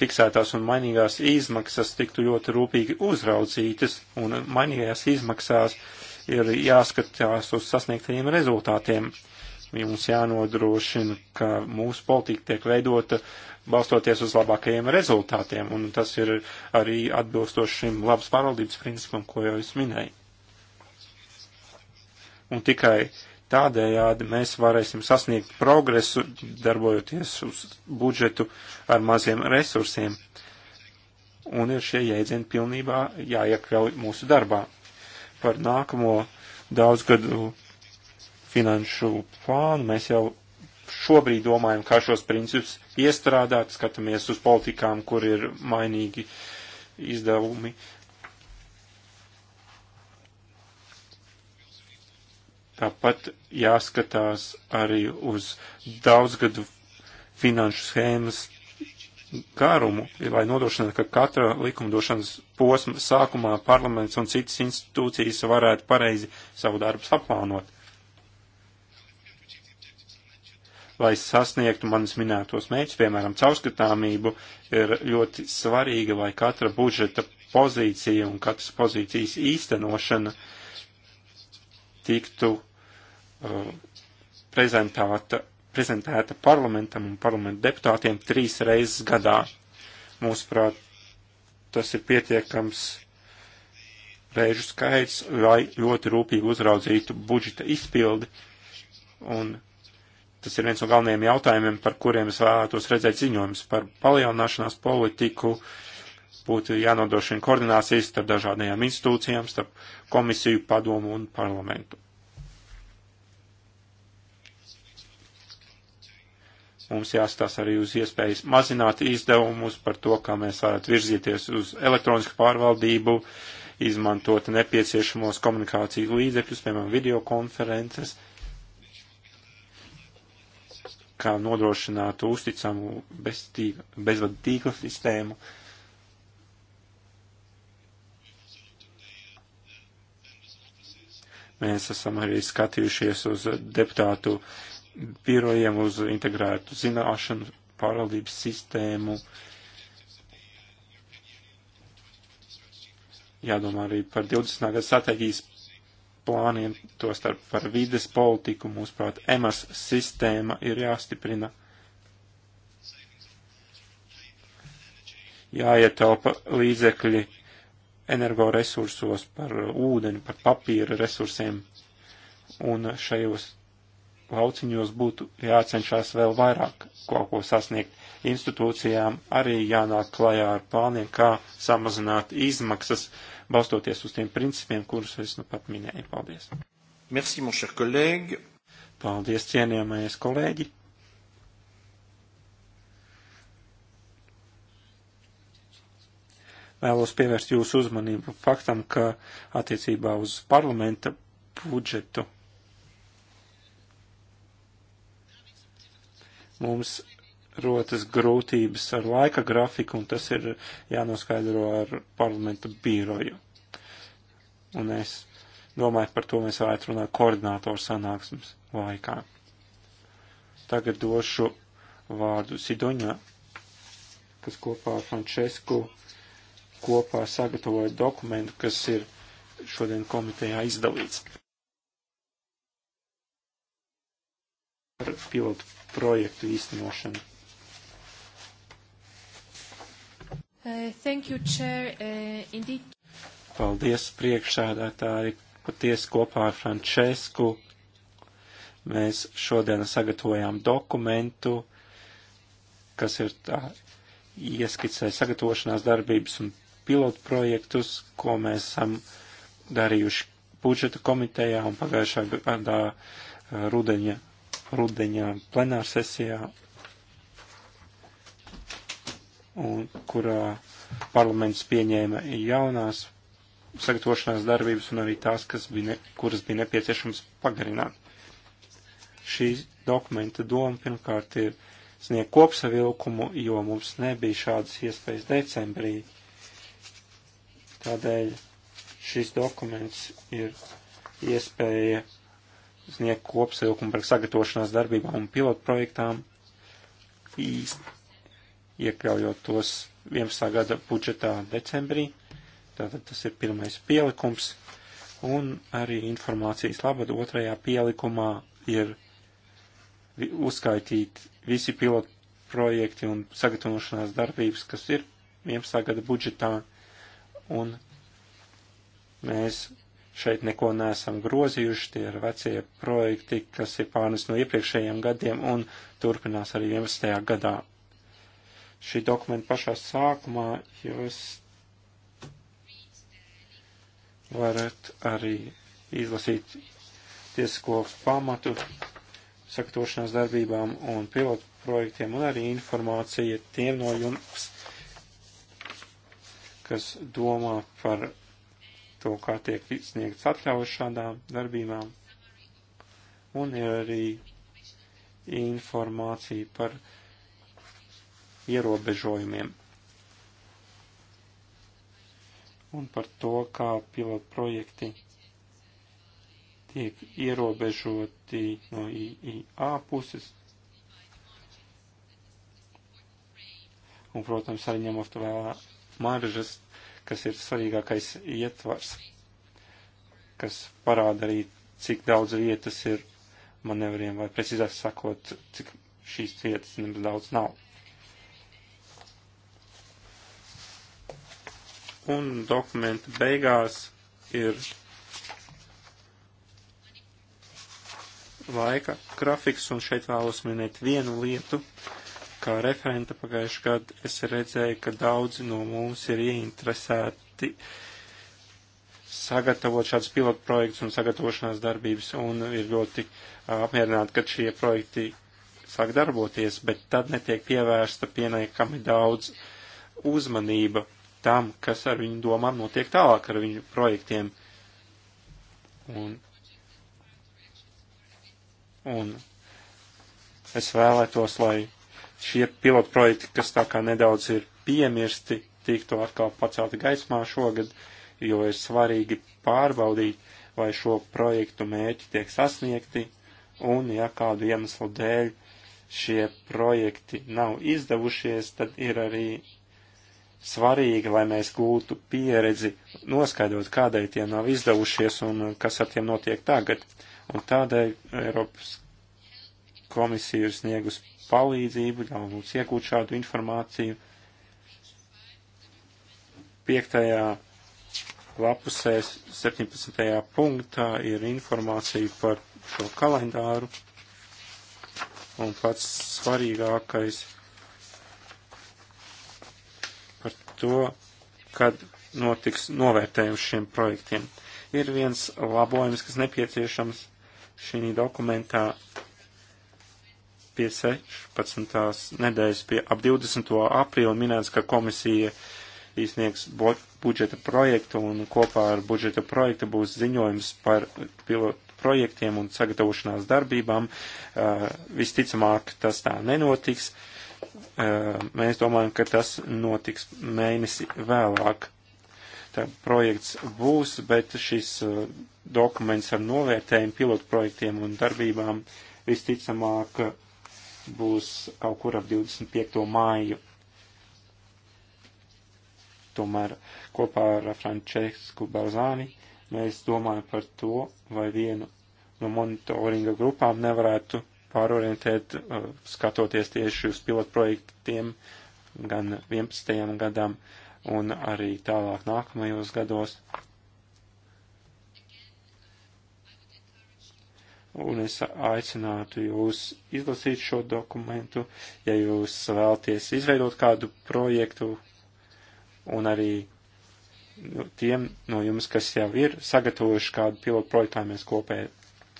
[SPEAKER 1] fiksētās un mainīgās izmaksas tiktu ļoti rūpīgi uzraudzītas, un mainīgajās izmaksās ir jāskatās uz sasniegtajiem rezultātiem. Mums jānodrošina, ka mūsu politika tiek veidota balstoties uz labākajiem rezultātiem, un tas ir arī atbilstoši šim labas pārvaldības principam, ko jau es minēju. Un tikai uh, Tādējādi mēs varēsim sasniegt progresu, darbojoties uz budžetu ar maziem resursiem. Un ir šie jēdzieni pilnībā jāiekļauj mūsu darbā. Par nākamo daudzgadu finanšu plānu mēs jau šobrīd domājam, kā šos principus iestrādāt, skatāmies uz politikām, kur ir mainīgi izdevumi, uh, Tāpat jāskatās arī uz daudzgadu finanšu schēmas garumu, lai nodrošinātu, ka katra likumdošanas posma sākumā parlaments un citas institūcijas varētu pareizi savu darbu saplānot. Lai sasniegtu manis minētos mērķus, piemēram, caurskatāmību, ir ļoti svarīga, lai katra budžeta pozīcija un katras pozīcijas īstenošana uh, tiktu uh, prezentēta, prezentēta parlamentam un parlamentu deputātiem trīs reizes gadā. Mūsuprāt, tas ir pietiekams reižu skaits, lai ļoti rūpīgi uzraudzītu budžeta izpildi. Un tas ir viens no galvenajiem jautājumiem, par kuriem es vēlētos redzēt ziņojumus par palielināšanās politiku, uh, būtu jānodrošina koordinācijas starp dažādajām institūcijām, starp komisiju, padomu un parlamentu. Mums jāstās arī uz iespējas mazināt izdevumus par to, kā mēs varētu virzīties uz elektronisku pārvaldību, izmantot nepieciešamos komunikāciju līdzekļus, piemēram, videokonferences, kā nodrošināt uzticamu bezvadu tīkla sistēmu. Uh, Mēs esam arī skatījušies uz deputātu birojiem, uz integrētu zināšanu pārvaldības sistēmu. Jādomā arī par 20. gadu strateģijas plāniem, to starp par vides politiku, mūsuprāt, EMAS sistēma ir jāstiprina. Jāietaupa līdzekļi energoresursos, par ūdeni, par papīra resursiem. Un šajos lauciņos būtu jācenšas vēl vairāk kaut ko sasniegt. Institūcijām arī jānāk klajā ar plāniem, kā samazināt izmaksas, balstoties uz tiem principiem, kurus es nu pat minēju. Paldies! Merci, mon cher collègue! Paldies, cienījamais kolēģi! vēlos pievērst jūsu uzmanību faktam, ka attiecībā uz parlamenta budžetu mums rotas grūtības ar laika grafiku, un tas ir jānoskaidro ar parlamenta bīroju. Un es domāju, par to mēs varētu runāt koordinātoru sanāksmes laikā. Tagad došu vārdu Sidoņā, kas kopā ar Francesku kopā sagatavoja dokumentu, kas ir šodien komitejā izdalīts. Par pilotu projektu īstenošanu.
[SPEAKER 2] Uh, thank you, Chair. Uh, indeed.
[SPEAKER 1] Paldies, priekšsēdētāji. Paties kopā ar Frančesku mēs šodien sagatavojām dokumentu, kas ir tā ieskicēja sagatavošanās darbības un pilotprojektus, ko mēs esam darījuši budžeta komitejā un pagājušā gadā eh, rudeņa, rudeņa plenārsesijā, un kurā parlaments pieņēma jaunās sagatavošanās darbības un arī tās, kas bija ne, kuras bija nepieciešams pagarināt. Šī dokumenta doma pirmkārt ir sniegt kopsavilkumu, jo mums nebija šādas iespējas decembrī Tādēļ šis dokuments ir iespēja sniegt kopsavilkumu par sagatavošanās darbībām un pilotprojektām, iekļaujot tos 11. gada budžetā decembrī. Tātad tas ir pirmais pielikums. Un arī informācijas labad otrajā pielikumā ir uzskaitīt visi pilotu projekti un sagatavošanās darbības, kas ir 11. gada budžetā un mēs šeit neko neesam grozījuši, tie ir vecie projekti, kas ir pārnes no iepriekšējiem gadiem un turpinās arī 11. gadā. Šī dokumenta pašā sākumā jūs varat arī izlasīt tiesisko pamatu sagatavošanās darbībām un pilotu projektiem un arī informācija tiem no jums, kas domā par to, kā tiek sniegts atļaujas šādām darbībām. Un ir arī informācija par ierobežojumiem un par to, kā pilotu projekti tiek ierobežoti no IIA puses. Un, protams, arī ņemot vērā maržas, kas ir svarīgākais ietvars, kas parāda arī, cik daudz vietas ir manevriem, vai precīzāk sakot, cik šīs vietas nemaz daudz nav. Un dokumenta beigās ir laika grafiks, un šeit vēlos minēt vienu lietu, uh, kā referenta pagājušajā gadā, es redzēju, ka daudzi no mums ir ieinteresēti sagatavot šādus pilotu projektus un sagatavošanās darbības, un ir ļoti apmierināti, ka šie projekti sāk darboties, bet tad netiek pievērsta pienākami daudz uzmanība tam, kas ar viņu domām notiek tālāk ar viņu projektiem. Un, un es vēlētos, lai šie pilotprojekti, kas tā kā nedaudz ir piemirsti, tiktu atkal pacelti gaismā šogad, jo ir svarīgi pārbaudīt, vai šo projektu mērķi tiek sasniegti, un ja kādu iemeslu dēļ šie projekti nav izdevušies, tad ir arī svarīgi, lai mēs gūtu pieredzi, noskaidrot, kādēļ tie nav izdevušies un kas ar tiem notiek tagad. Un tādēļ Eiropas komisija ir sniegus palīdzību, ļauj mums iegūt šādu informāciju. Piektajā lapusē 17. punktā ir informācija par šo kalendāru. Un pats svarīgākais par to, kad notiks novērtējums šiem projektiem. Ir viens labojums, kas nepieciešams šī dokumentā pie 16. nedēļas, pie ap 20. aprīli minēts, ka komisija izsniegs budžeta projektu un kopā ar budžeta projektu būs ziņojums par pilotu projektiem un sagatavošanās darbībām. Uh, visticamāk, tas tā nenotiks. Uh, mēs domājam, ka tas notiks mēnesi vēlāk. Tā projekts būs, bet šis uh, dokuments ar novērtējumu pilotu projektiem un darbībām visticamāk būs kaut kur ap 25. māju. Tomēr kopā ar Francesku Balzāni mēs domājam par to, vai vienu no monitoringa grupām nevarētu pārorientēt, uh, skatoties tieši uz pilotprojektiem gan 11. gadam un arī tālāk nākamajos gados. un es aicinātu jūs izlasīt šo dokumentu, ja jūs vēlties izveidot kādu projektu, un arī nu, tiem no jums, kas jau ir sagatavojuši kādu pilotu projektu, lai mēs kopē,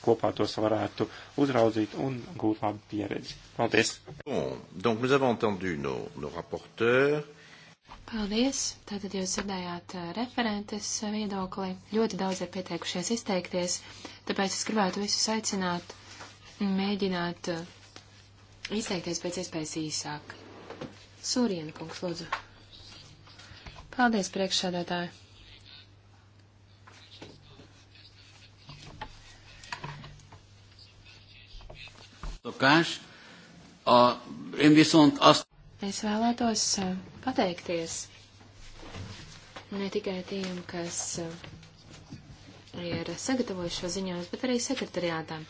[SPEAKER 1] kopā tos varētu uzraudzīt un gūt labu pieredzi. Paldies! Bon, donc nous avons entendu nos, nos rapporteurs.
[SPEAKER 2] Paldies! Tātad jūs dzirdējāt referentes viedokli. Ļoti daudz ir pieteikušies izteikties, tāpēc es gribētu visus aicināt, mēģināt izteikties pēc iespējas īsāk. Sūriena kungs, lūdzu. Paldies, priekšsādātāji!
[SPEAKER 3] Tokás, a, én viszont azt
[SPEAKER 2] Es vēlētos eh, pateikties ne tikai tiem, kas eh, ir sagatavojuši šo ziņojumu, bet arī sekretariātām.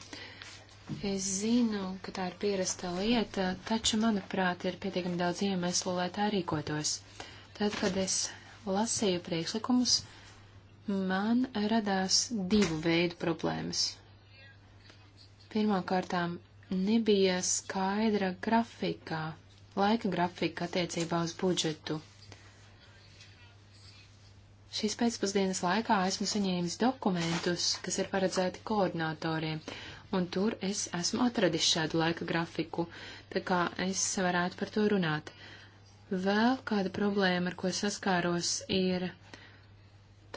[SPEAKER 2] Es zinu, ka tā ir pierasta lieta, taču, manuprāt, ir pietiekami daudz iemeslu, lai tā rīkotos. Tad, kad es lasīju priekšlikumus, man radās divu veidu problēmas. Pirmkārtām, nebija skaidra grafikā laika grafika attiecībā uz budžetu. Šīs pēcpusdienas laikā esmu saņēmis dokumentus, kas ir paredzēti koordinatoriem, un tur es esmu atradis šādu laika grafiku, tā kā es varētu par to runāt. Vēl kāda problēma, ar ko saskāros, ir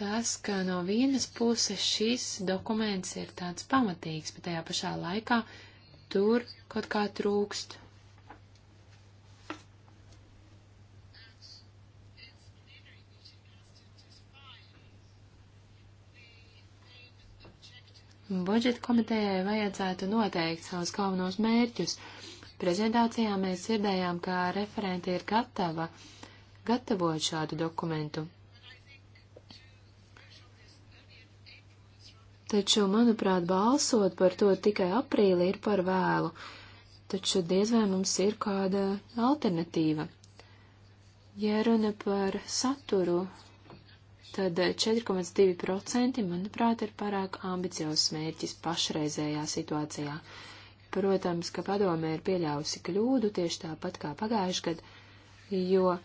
[SPEAKER 2] tas, ka no vienas puses šis dokuments ir tāds pamatīgs, bet tajā pašā laikā tur kaut kā trūkst Budžeta komitejai vajadzētu noteikt savus galvenos mērķus. Prezentācijā mēs dzirdējām, ka referenti ir gatava gatavot šādu dokumentu. Taču, manuprāt, balsot par to tikai aprīlī ir par vēlu, taču diez vai mums ir kāda alternatīva. Ja runa par saturu tad 4,2% eh, manuprāt ir pārāk ambiciozs mērķis pašreizējā situācijā. Protams, ka padome ir pieļāvusi kļūdu tieši tāpat kā pagājuši gad, jo,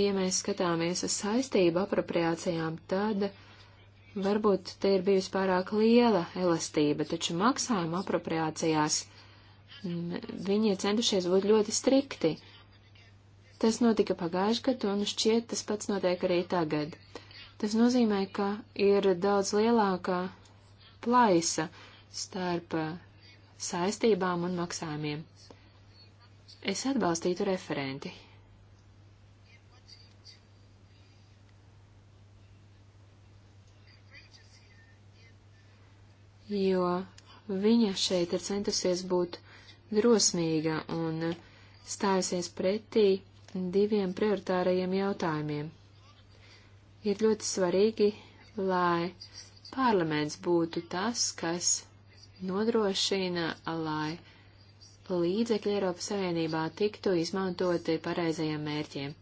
[SPEAKER 2] ja mēs skatāmies uz saistību apropriācijām, tad varbūt te ir bijusi pārāk liela elastība, taču maksājuma apropriācijās mm, viņi ir centušies būt ļoti strikti. Uh, Tas notika pagājušajā gadā, un šķiet tas pats notiek arī tagad. Tas nozīmē, ka ir daudz lielākā plaisa starp uh, saistībām un maksājumiem. Es atbalstītu referenti. Jo viņa šeit ir centusies būt drosmīga un stājusies pretī diviem prioritārajiem jautājumiem. Ir ļoti svarīgi, lai parlaments būtu tas, kas nodrošina, lai līdzekļi Eiropas Savienībā tiktu izmantoti pareizajiem mērķiem.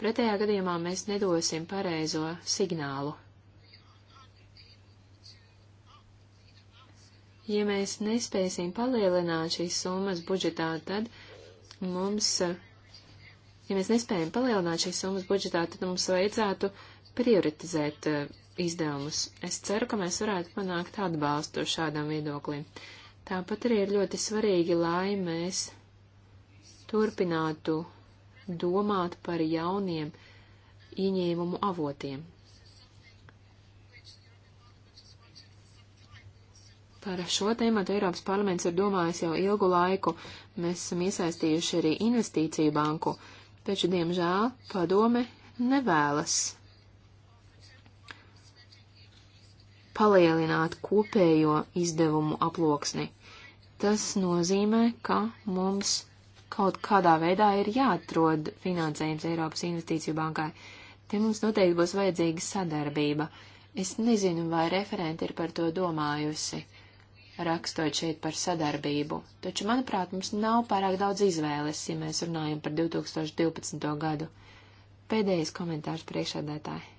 [SPEAKER 2] Pretējā gadījumā mēs nedosim pareizo signālu. Ja mēs nespēsim palielināt šīs summas budžetā, tad mums Ja mēs nespējam palielināt šīs summas budžetā, tad mums vajadzētu prioritizēt eh, izdevumus. Es ceru, ka mēs varētu panākt atbalstu šādam viedoklim. Tāpat arī ir ļoti svarīgi, lai mēs turpinātu domāt par jauniem ieņēmumu avotiem. Par šo tēmu Eiropas parlaments ir domājis jau ilgu laiku. Mēs esam iesaistījuši arī investīciju banku taču, diemžēl, padome nevēlas palielināt kopējo izdevumu aploksni. Tas nozīmē, ka mums kaut kādā veidā ir jāatrod finansējums Eiropas Investīciju bankai. Te mums noteikti būs vajadzīga sadarbība. Es nezinu, vai referenti ir par to domājusi rakstot šeit par sadarbību, taču, manuprāt, mums nav pārāk daudz izvēles, ja mēs runājam par 2012. gadu. Pēdējais komentārs priekšādētāji.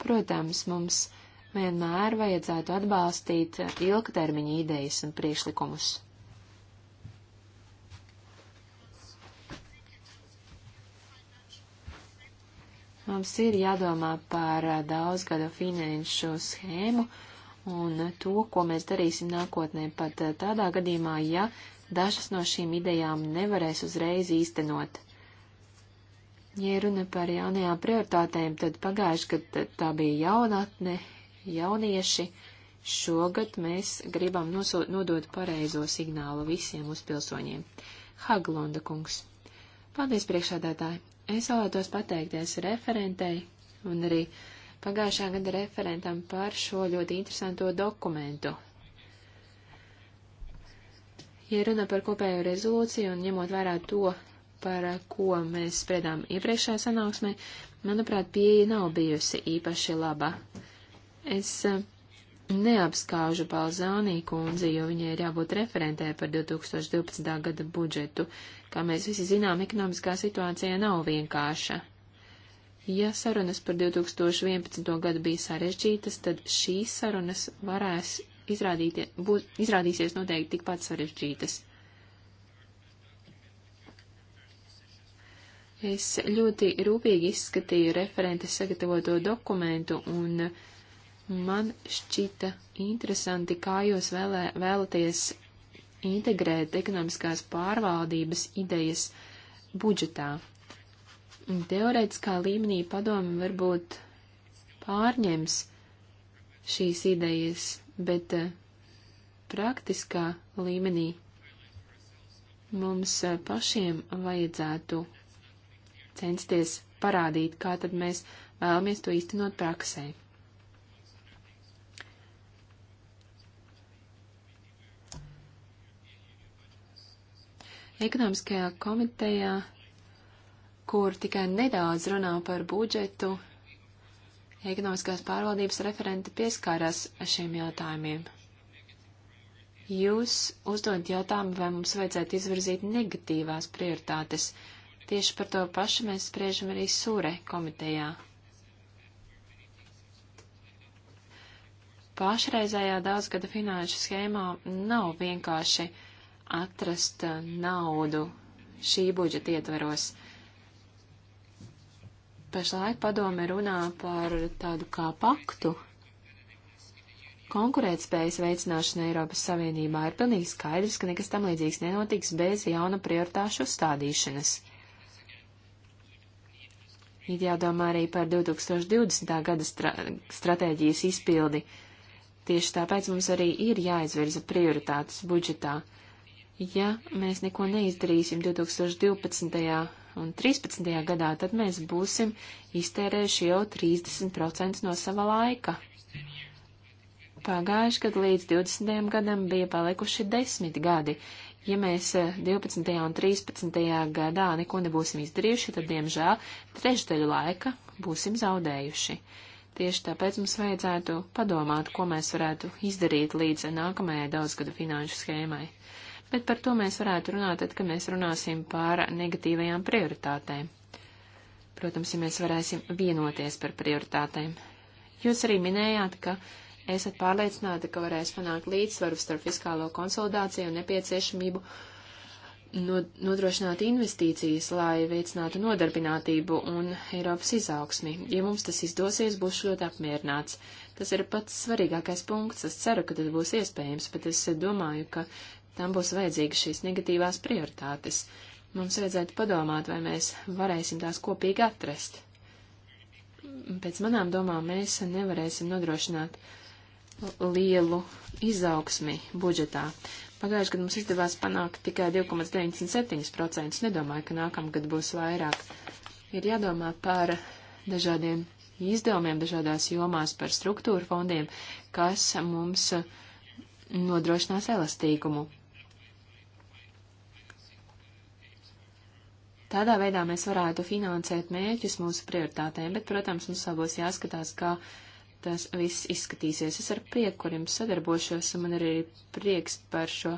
[SPEAKER 2] Protams, mums vienmēr vajadzētu atbalstīt ilgtermiņa idejas un priekšlikumus. Mums ir jādomā par daudzgadu finanšu schēmu, uh, un to, ko mēs darīsim nākotnē, pat eh, tādā gadījumā, ja dažas no šīm idejām nevarēs uzreiz īstenot. Ja runa par jaunajām prioritātēm, tad pagājuši, kad tā bija jaunatne, jaunieši, šogad mēs gribam nosot, nodot pareizo signālu visiem uzpilsoņiem. Haglonda kungs. Paldies priekšādātāji! Es vēlētos pateikties referentei un arī uh, pagājušā gada referentam par šo ļoti interesanto dokumentu. Ja runa par kopējo rezolūciju un ņemot vērā to, par ko mēs spriedām iepriekšējā sanāksmē, manuprāt, pieeja nav bijusi īpaši laba. Es eh, neapskāžu Balzānī kundzi, jo viņai ir jābūt referentē par 2012. gada budžetu. Kā mēs visi zinām, ekonomiskā situācija nav vienkārša. Ja sarunas par 2011. gadu bija sarežģītas, tad šīs sarunas varēs izrādīt, būs, izrādīsies noteikti tikpat sarežģītas. Es ļoti rūpīgi izskatīju referentes sagatavoto dokumentu, un man šķita interesanti, kā jūs vēlē, vēlaties integrēt ekonomiskās pārvaldības idejas budžetā teorētiskā līmenī padomi varbūt pārņems šīs idejas, bet eh, praktiskā līmenī mums eh, pašiem vajadzētu censties parādīt, kā tad mēs vēlamies to īstenot praksē. Ekonomiskajā komitejā kur tikai nedaudz runā par budžetu, ekonomiskās pārvaldības referenti pieskaras šiem jautājumiem. Jūs uzdod jautājumu, vai mums vajadzētu izvirzīt negatīvās prioritātes. Tieši par to pašu mēs spriežam arī Sūre komitejā. Pašreizējā daudzgada finanšu schēmā nav vienkārši atrast naudu šī budžeta ietveros. Pašlaik padome runā par tādu kā paktu konkurētspējas veicināšana Eiropas Savienībā ir pilnīgi skaidrs, ka nekas tam līdzīgs nenotiks bez jauna prioritāšu uzstādīšanas. Ir jādomā arī par 2020. gada stra stratēģijas izpildi. Tieši tāpēc mums arī ir jāizvirza prioritātes budžetā. Ja mēs neko neizdarīsim 2012 un 13. gadā, tad mēs būsim iztērējuši jau 30% no sava laika. Pagājuši gadu līdz 20. gadam bija palikuši 10 gadi. Ja mēs 12. Eh, un 13. gadā neko nebūsim izdarījuši, tad, diemžēl, trešdaļu laika būsim zaudējuši. Tieši tāpēc mums vajadzētu padomāt, ko mēs varētu izdarīt līdz nākamajai daudzgadu finanšu schēmai bet par to mēs varētu runāt, tad, kad mēs runāsim par negatīvajām prioritātēm. Protams, ja mēs varēsim vienoties par prioritātēm. Jūs arī minējāt, ka esat pārliecināti, ka varēs panākt līdzsvaru starp fiskālo konsolidāciju un nepieciešamību nodrošināt investīcijas, lai veicinātu nodarbinātību un Eiropas izaugsmi. Ja mums tas izdosies, būšu ļoti apmierināts. Tas ir pats svarīgākais punkts. Es ceru, ka tas būs iespējams, bet es domāju, ka Tam būs vajadzīgas šīs negatīvās prioritātes. Mums vajadzētu padomāt, vai mēs varēsim tās kopīgi atrast. Pēc manām domām mēs nevarēsim nodrošināt lielu izaugsmi budžetā. Pagājušajā gadā mums izdevās panākt tikai 2,97%. Nedomāju, ka nākamgad būs vairāk. Ir jādomā par dažādiem izdevumiem dažādās jomās, par struktūru fondiem, kas mums nodrošinās elastīgumu. Tādā veidā mēs varētu finansēt mērķus mūsu prioritātēm, bet, protams, mums vēl būs jāskatās, kā tas viss izskatīsies. Es ar prieku ar jums sadarbošos, un man arī prieks par šo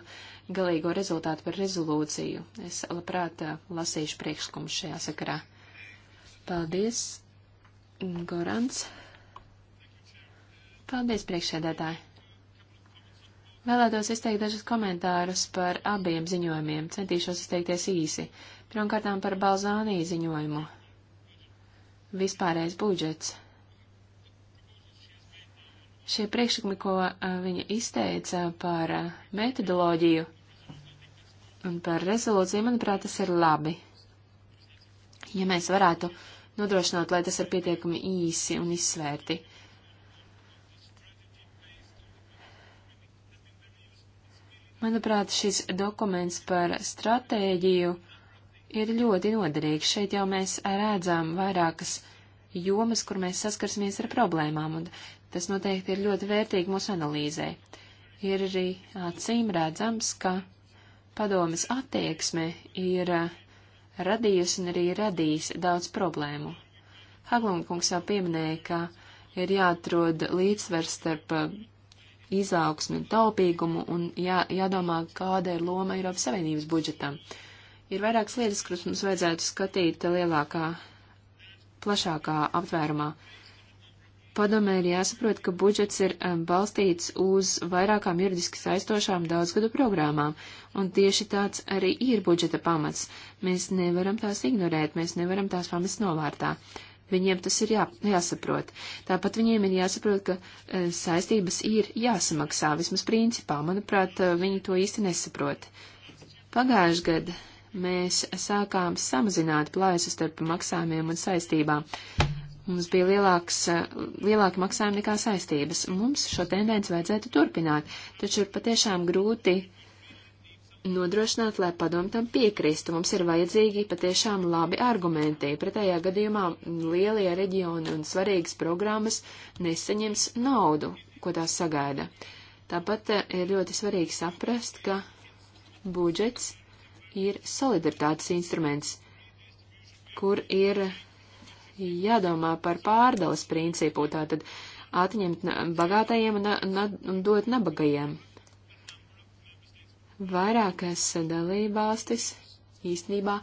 [SPEAKER 2] galīgo rezultātu par rezolūciju. Es labprāt lasīšu priekšlikumu šajā sakarā. Paldies, Gorants. Paldies, priekšsēdētāji. Vēlētos izteikt dažus komentārus par abiem ziņojumiem, centīšos izteikties īsi. Pirmkārtām par Balzānī ziņojumu. Vispārējais budžets. Šie priekšlikumi, ko viņa izteica par metodoloģiju un par rezolūciju, manuprāt, tas ir labi. Ja mēs varētu nodrošināt, lai tas ir pietiekami īsi un izsvērti. Manuprāt, šis dokuments par stratēģiju ir ļoti noderīgs. Šeit jau mēs redzam vairākas jomas, kur mēs saskarsimies ar problēmām, un tas noteikti ir ļoti vērtīgi mūsu analīzē. Ir arī acīm redzams, ka padomas attieksme ir uh, radījusi un arī radījis daudz problēmu. Haglunkungs jau pieminēja, ka ir jāatrod līdzsvers starp uh, izaugsmi un taupīgumu un jā, jādomā, kāda ir loma Eiropas Savienības budžetam. Uh, Ir vairākas lietas, kuras mums vajadzētu skatīt lielākā, plašākā aptvērumā. Padomē ir jāsaprot, ka budžets ir um, balstīts uz vairākām juridiski saistošām daudzgadu programmām, un tieši tāds arī ir budžeta pamats. Mēs nevaram tās ignorēt, mēs nevaram tās pamats novārtā. Viņiem tas ir jā, jāsaprot. Tāpat viņiem ir jāsaprot, ka uh, saistības ir jāsamaksā, vismaz principā. Manuprāt, uh, viņi to īsti nesaprot. Pagājuši gadu mēs sākām samazināt plaisu starp maksājumiem un saistībām. Mums bija lielāks, lielāki maksājumi nekā saistības. Mums šo tendenci vajadzētu turpināt, taču ir patiešām grūti nodrošināt, lai padomu tam piekristu. Mums ir vajadzīgi patiešām labi argumenti. Pretējā gadījumā lielie reģioni un svarīgas programmas nesaņems naudu, ko tās sagaida. Tāpat eh, ir ļoti svarīgi saprast, ka budžets ir solidaritātes instruments, kur ir jādomā par pārdales principu, tātad atņemt bagātajiem un, un dot nabagajiem. Vairākas dalībvalstis īstenībā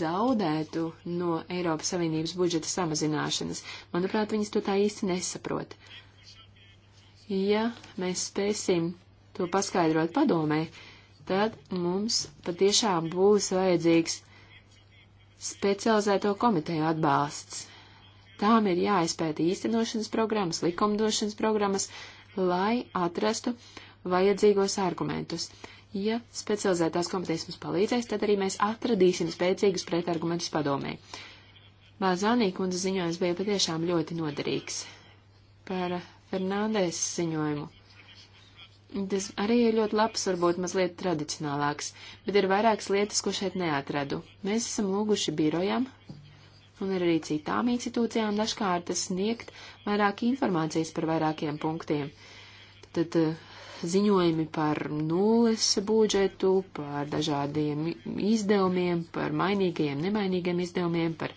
[SPEAKER 2] zaudētu no Eiropas Savienības budžeta samazināšanas. Manuprāt, viņas to tā īsti nesaprot. Ja mēs spēsim to paskaidrot padomē, tad mums patiešām būs vajadzīgs specializēto komiteju atbalsts. Tām ir jāizpēta īstenošanas programmas, likumdošanas programmas, lai atrastu vajadzīgos argumentus. Ja specializētās komitejas mums palīdzēs, tad arī mēs atradīsim spēcīgus pretargumentus padomē. Bāzānī kundze ziņojums bija patiešām ļoti noderīgs. Par Fernandes ziņojumu. Tas arī ir ļoti labs, varbūt mazliet tradicionālāks, bet ir vairākas lietas, ko šeit neatradu. Mēs esam lūguši birojam un arī citām institūcijām dažkārt sniegt vairāk informācijas par vairākiem punktiem. Tad, tad eh, ziņojumi par nulles budžetu, par dažādiem izdevumiem, par mainīgajiem, nemainīgiem izdevumiem, par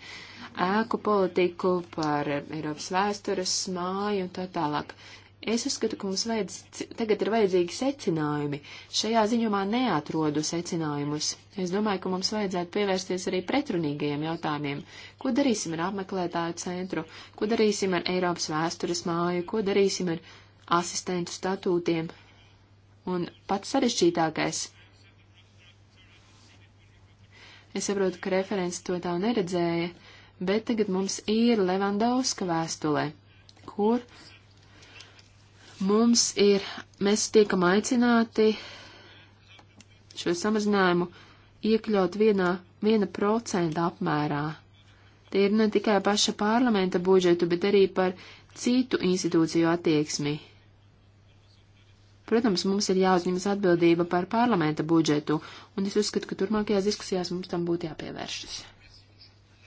[SPEAKER 2] ēku politiku, par Eiropas vēstures māju un tā tālāk. Es uzskatu, ka mums vajadz, tagad ir vajadzīgi secinājumi. Šajā ziņumā neatrodu secinājumus. Es domāju, ka mums vajadzētu pievērsties arī pretrunīgajiem jautājumiem. Ko darīsim ar apmeklētāju centru? Ko darīsim ar Eiropas vēstures māju? Ko darīsim ar asistentu statūtiem? Un pats sarežģītākais. Es saprotu, ka referents to tā neredzēja, bet tagad mums ir Levandauska vēstulē, kur Mums ir, mēs tiekam aicināti šo samazinājumu iekļaut vienā, viena procenta apmērā. Te ir ne tikai paša parlamenta budžetu, bet arī par citu institūciju attieksmi. Protams, mums ir jāuzņemas atbildība par parlamenta budžetu, un es uzskatu, ka turmākajās diskusijās mums tam būtu jāpievēršas.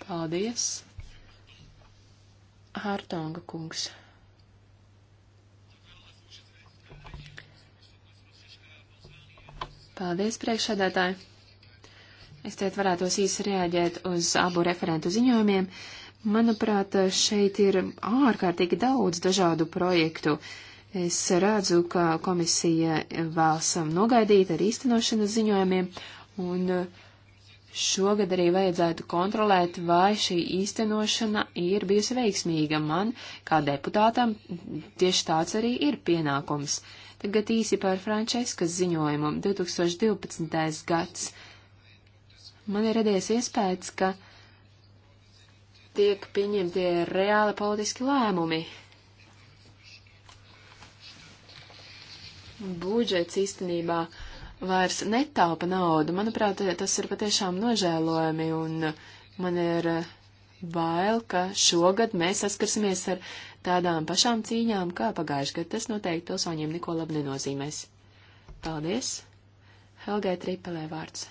[SPEAKER 2] Paldies! Hārtonga kungs. Paldies, priekšsēdētāji! Es teikt, varētos īsi reaģēt uz abu referentu ziņojumiem. Manuprāt, šeit ir ārkārtīgi daudz dažādu projektu. Es redzu, ka komisija vēlas nogaidīt ar īstenošanas ziņojumiem, un šogad arī vajadzētu kontrolēt, vai šī īstenošana ir bijusi veiksmīga. Man, kā deputātam, tieši tāds arī ir pienākums. Tagad īsi par Frančeskas ziņojumu 2012. gads. Man ir radies iespējas, ka tiek pieņemtie reāli politiski lēmumi. Budžets īstenībā vairs netaupa naudu. Manuprāt, tas ir patiešām nožēlojami, un man ir bail, ka šogad mēs saskarsimies ar tādām pašām cīņām kā pagājuši, kad tas noteikti pilsoņiem neko labu nenozīmēs. Paldies! Helgai Tripelē vārds.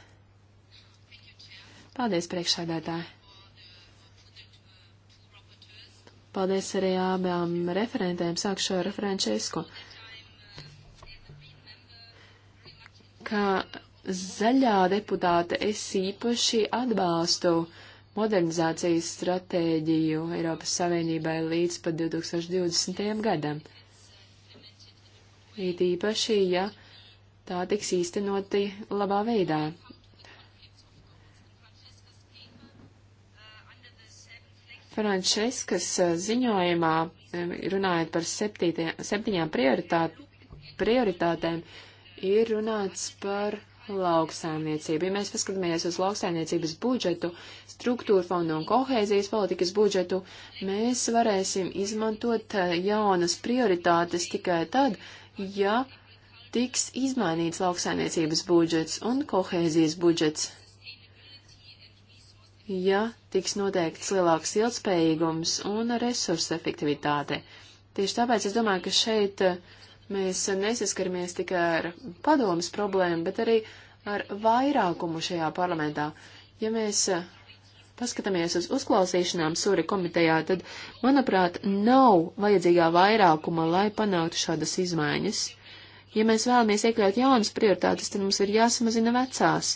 [SPEAKER 2] Paldies, priekšsādātāji! Paldies arī abām referentēm, sākšu ar Frančesku. Kā zaļā deputāte es īpaši atbalstu uh, modernizācijas stratēģiju Eiropas Savienībai līdz pat 2020. gadam. It īpaši, ja tā tiks īstenoti labā veidā. Frančeskas uh, ziņojumā, um, runājot par septītajā, septiņām prioritāt, prioritātēm, ir runāts par lauksaimniecību. Ja mēs paskatāmies uz lauksaimniecības budžetu, struktūra fondu un kohēzijas politikas budžetu, mēs varēsim izmantot eh, jaunas prioritātes tikai tad, ja tiks izmainīts lauksaimniecības budžets un kohēzijas budžets. Ja tiks noteikts lielāks ilgspējīgums un resursa efektivitāte. Tieši tāpēc es domāju, ka šeit uh, Mēs nesaskaramies tikai ar padomas problēmu, bet arī ar vairākumu šajā parlamentā. Ja mēs eh, paskatāmies uz uzklausīšanām Sūri komitejā, tad, manuprāt, nav vajadzīgā vairākuma, lai panāktu šādas izmaiņas. Ja mēs vēlamies iekļaut jaunas prioritātes, tad mums ir jāsamazina vecās.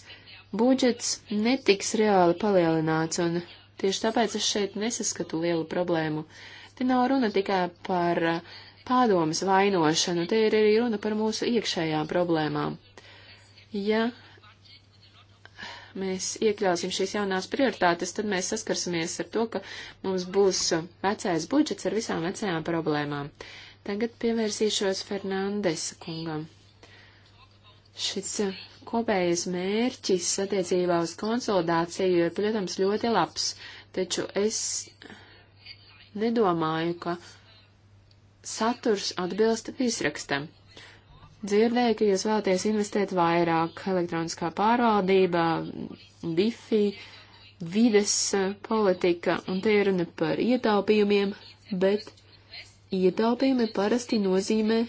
[SPEAKER 2] Budžets netiks reāli palielināts, un tieši tāpēc es šeit nesaskatu lielu problēmu. Te nav runa tikai par uh, padomas vainošanu, te ir arī runa par mūsu iekšējām problēmām. Ja mēs iekļausim šīs jaunās prioritātes, tad mēs saskarsimies ar to, ka mums būs vecais budžets ar visām vecajām problēmām. Tagad pievērsīšos Fernandesa kungam. Šis kopējais mērķis attiecībā uz konsolidāciju ir, protams, ļoti labs, taču es nedomāju, ka saturs atbilst virsrakstam. Dzirdēju, ka jūs vēlaties investēt vairāk elektroniskā pārvaldībā, bifi, vides politika, un te ir runa par ietaupījumiem, bet ietaupījumi parasti nozīmē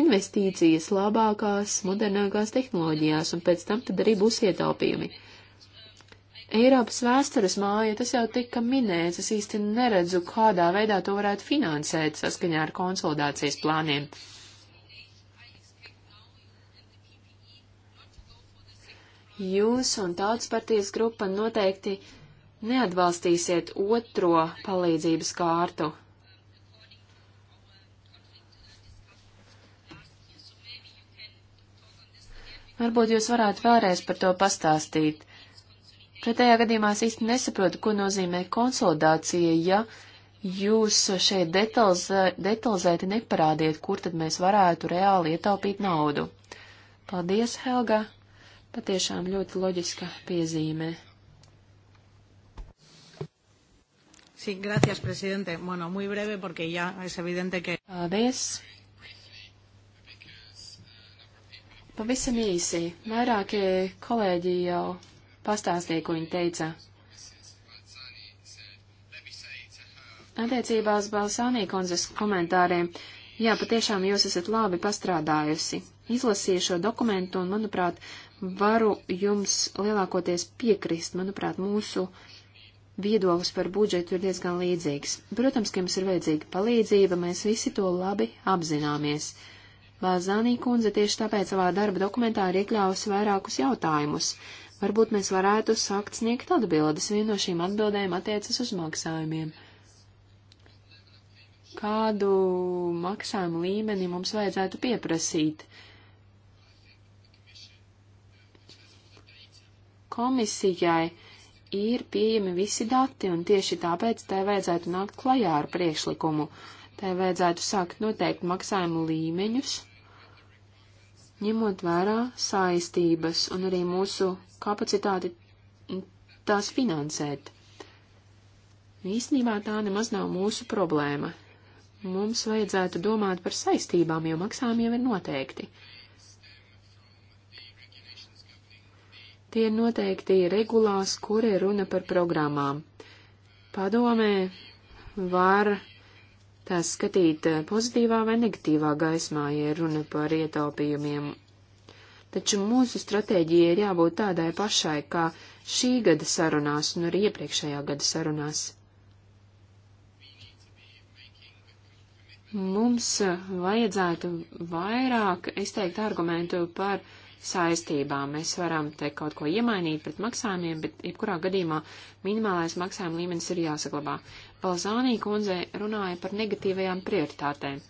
[SPEAKER 2] investīcijas labākās, modernākās tehnoloģijās, un pēc tam tad arī būs ietaupījumi. Eiropas vēstures māja, tas jau tika minēts, es īsti neredzu, kādā veidā to varētu finansēt saskaņā ar konsolidācijas plāniem. Jūs un tautas partijas grupa noteikti neatbalstīsiet otro palīdzības kārtu. Varbūt jūs varētu vēlreiz par to pastāstīt. Pretējā gadījumā es īsti nesaprotu, ko nozīmē konsolidācija, ja jūs šeit detalizē, detalizēti neparādiet, kur tad mēs varētu reāli ietaupīt naudu. Paldies, Helga! Patiešām ļoti loģiska
[SPEAKER 4] piezīme.
[SPEAKER 3] Sí, gracias,
[SPEAKER 4] presidente. Bueno, muy breve porque ya es evidente que. Paldies.
[SPEAKER 2] Pavisam īsi. Vairākie kolēģi jau pastāstīja, ko viņa teica. Attiecībā uz Balsānī kundzes komentāriem, jā, patiešām jūs esat labi pastrādājusi. Izlasīju šo dokumentu un, manuprāt, varu jums lielākoties piekrist. Manuprāt, mūsu viedoklis par budžetu ir diezgan līdzīgs. Protams, ka jums ir vajadzīga palīdzība, mēs visi to labi apzināmies. Lāzānī kundze tieši tāpēc savā darba dokumentā ir iekļāvusi vairākus jautājumus. Varbūt mēs varētu sākt sniegt atbildes. Viena no šīm atbildēm attiecas uz maksājumiem. Kādu maksājumu līmeni mums vajadzētu pieprasīt? Komisijai ir pieejami visi dati, un tieši tāpēc tai vajadzētu nākt klajā ar priekšlikumu. Tai vajadzētu sākt noteikt maksājumu līmeņus ņemot vērā saistības un arī mūsu kapacitāti tās finansēt. Īsnībā tā nemaz nav mūsu problēma. Mums vajadzētu domāt par saistībām, jo maksājumi jau ir noteikti. Tie ir noteikti regulās, kur ir runa par programmām. Padomē var tās skatīt eh, pozitīvā vai negatīvā gaismā, ja runa par ietaupījumiem. Taču mūsu stratēģija ir jābūt tādai pašai, kā šī gada sarunās un arī iepriekšējā gada sarunās. Mums eh, vajadzētu vairāk izteikt argumentu par saistībām. Mēs varam te kaut ko iemainīt pret maksājumiem, bet jebkurā gadījumā minimālais maksājuma līmenis ir jāsaglabā. Balzānī kundze runāja par negatīvajām prioritātēm.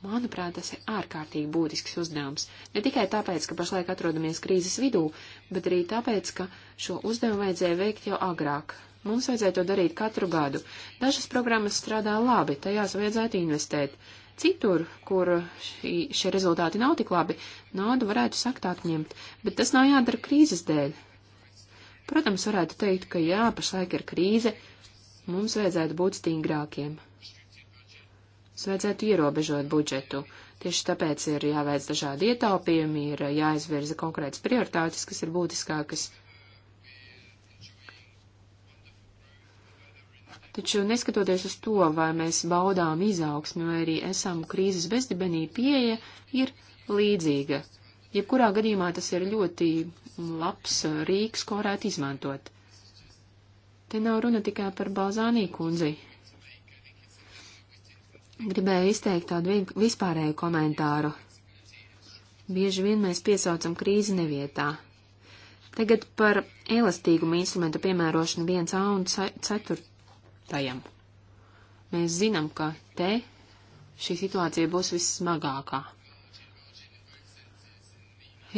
[SPEAKER 2] Manuprāt, tas ir ārkārtīgi būtisks uzdevums. Ne tikai tāpēc, ka pašlaik atrodamies krīzes vidū, bet arī tāpēc, ka šo uzdevumu vajadzēja veikt jau agrāk. Mums vajadzēja to darīt katru gadu. Dažas programmas strādā labi, tajās vajadzētu investēt. Citur, kur šī, šie rezultāti nav tik labi, naudu varētu sakt atņemt, bet tas nav jādara krīzes dēļ. Protams, varētu teikt, ka jā, pašlaik ir krīze, Mums vajadzētu būt stingrākiem. Mums vajadzētu ierobežot budžetu. Tieši tāpēc ir jāveic dažādi ietaupījumi, ir jāizvirza konkrētas prioritātes, kas ir būtiskākas. Taču neskatoties uz to, vai mēs baudām izaugsmi vai arī esam krīzes bezdibenī, pieeja ir līdzīga. Jebkurā gadījumā tas ir ļoti labs rīks, ko varētu izmantot. Te nav runa tikai par Balzānī kundzi. Gribēju izteikt tādu vispārēju komentāru. Bieži vien mēs piesaucam krīzi nevietā. Tagad par elastīgumu instrumentu piemērošanu 1A un 4. Mēs zinām, ka te šī situācija būs vissmagākā.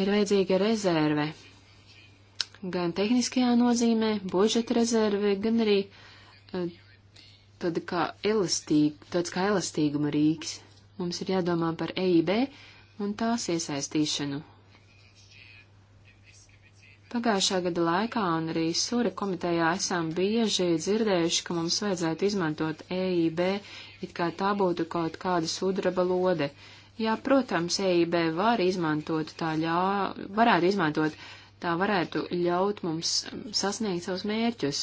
[SPEAKER 2] Ir vajadzīga rezerve gan tehniskajā nozīmē, budžeta rezerve, gan arī e, tāda kā elastīga, tāds kā elastīguma rīks. Mums ir jādomā par EIB un tās iesaistīšanu. Pagājušā gada laikā un arī Sūra komitejā esam bieži dzirdējuši, ka mums vajadzētu izmantot EIB, it kā tā būtu kaut kāda sudraba lode. Jā, protams, EIB var izmantot tā ļā, varētu izmantot Tā varētu ļaut mums um, sasniegt savus mērķus,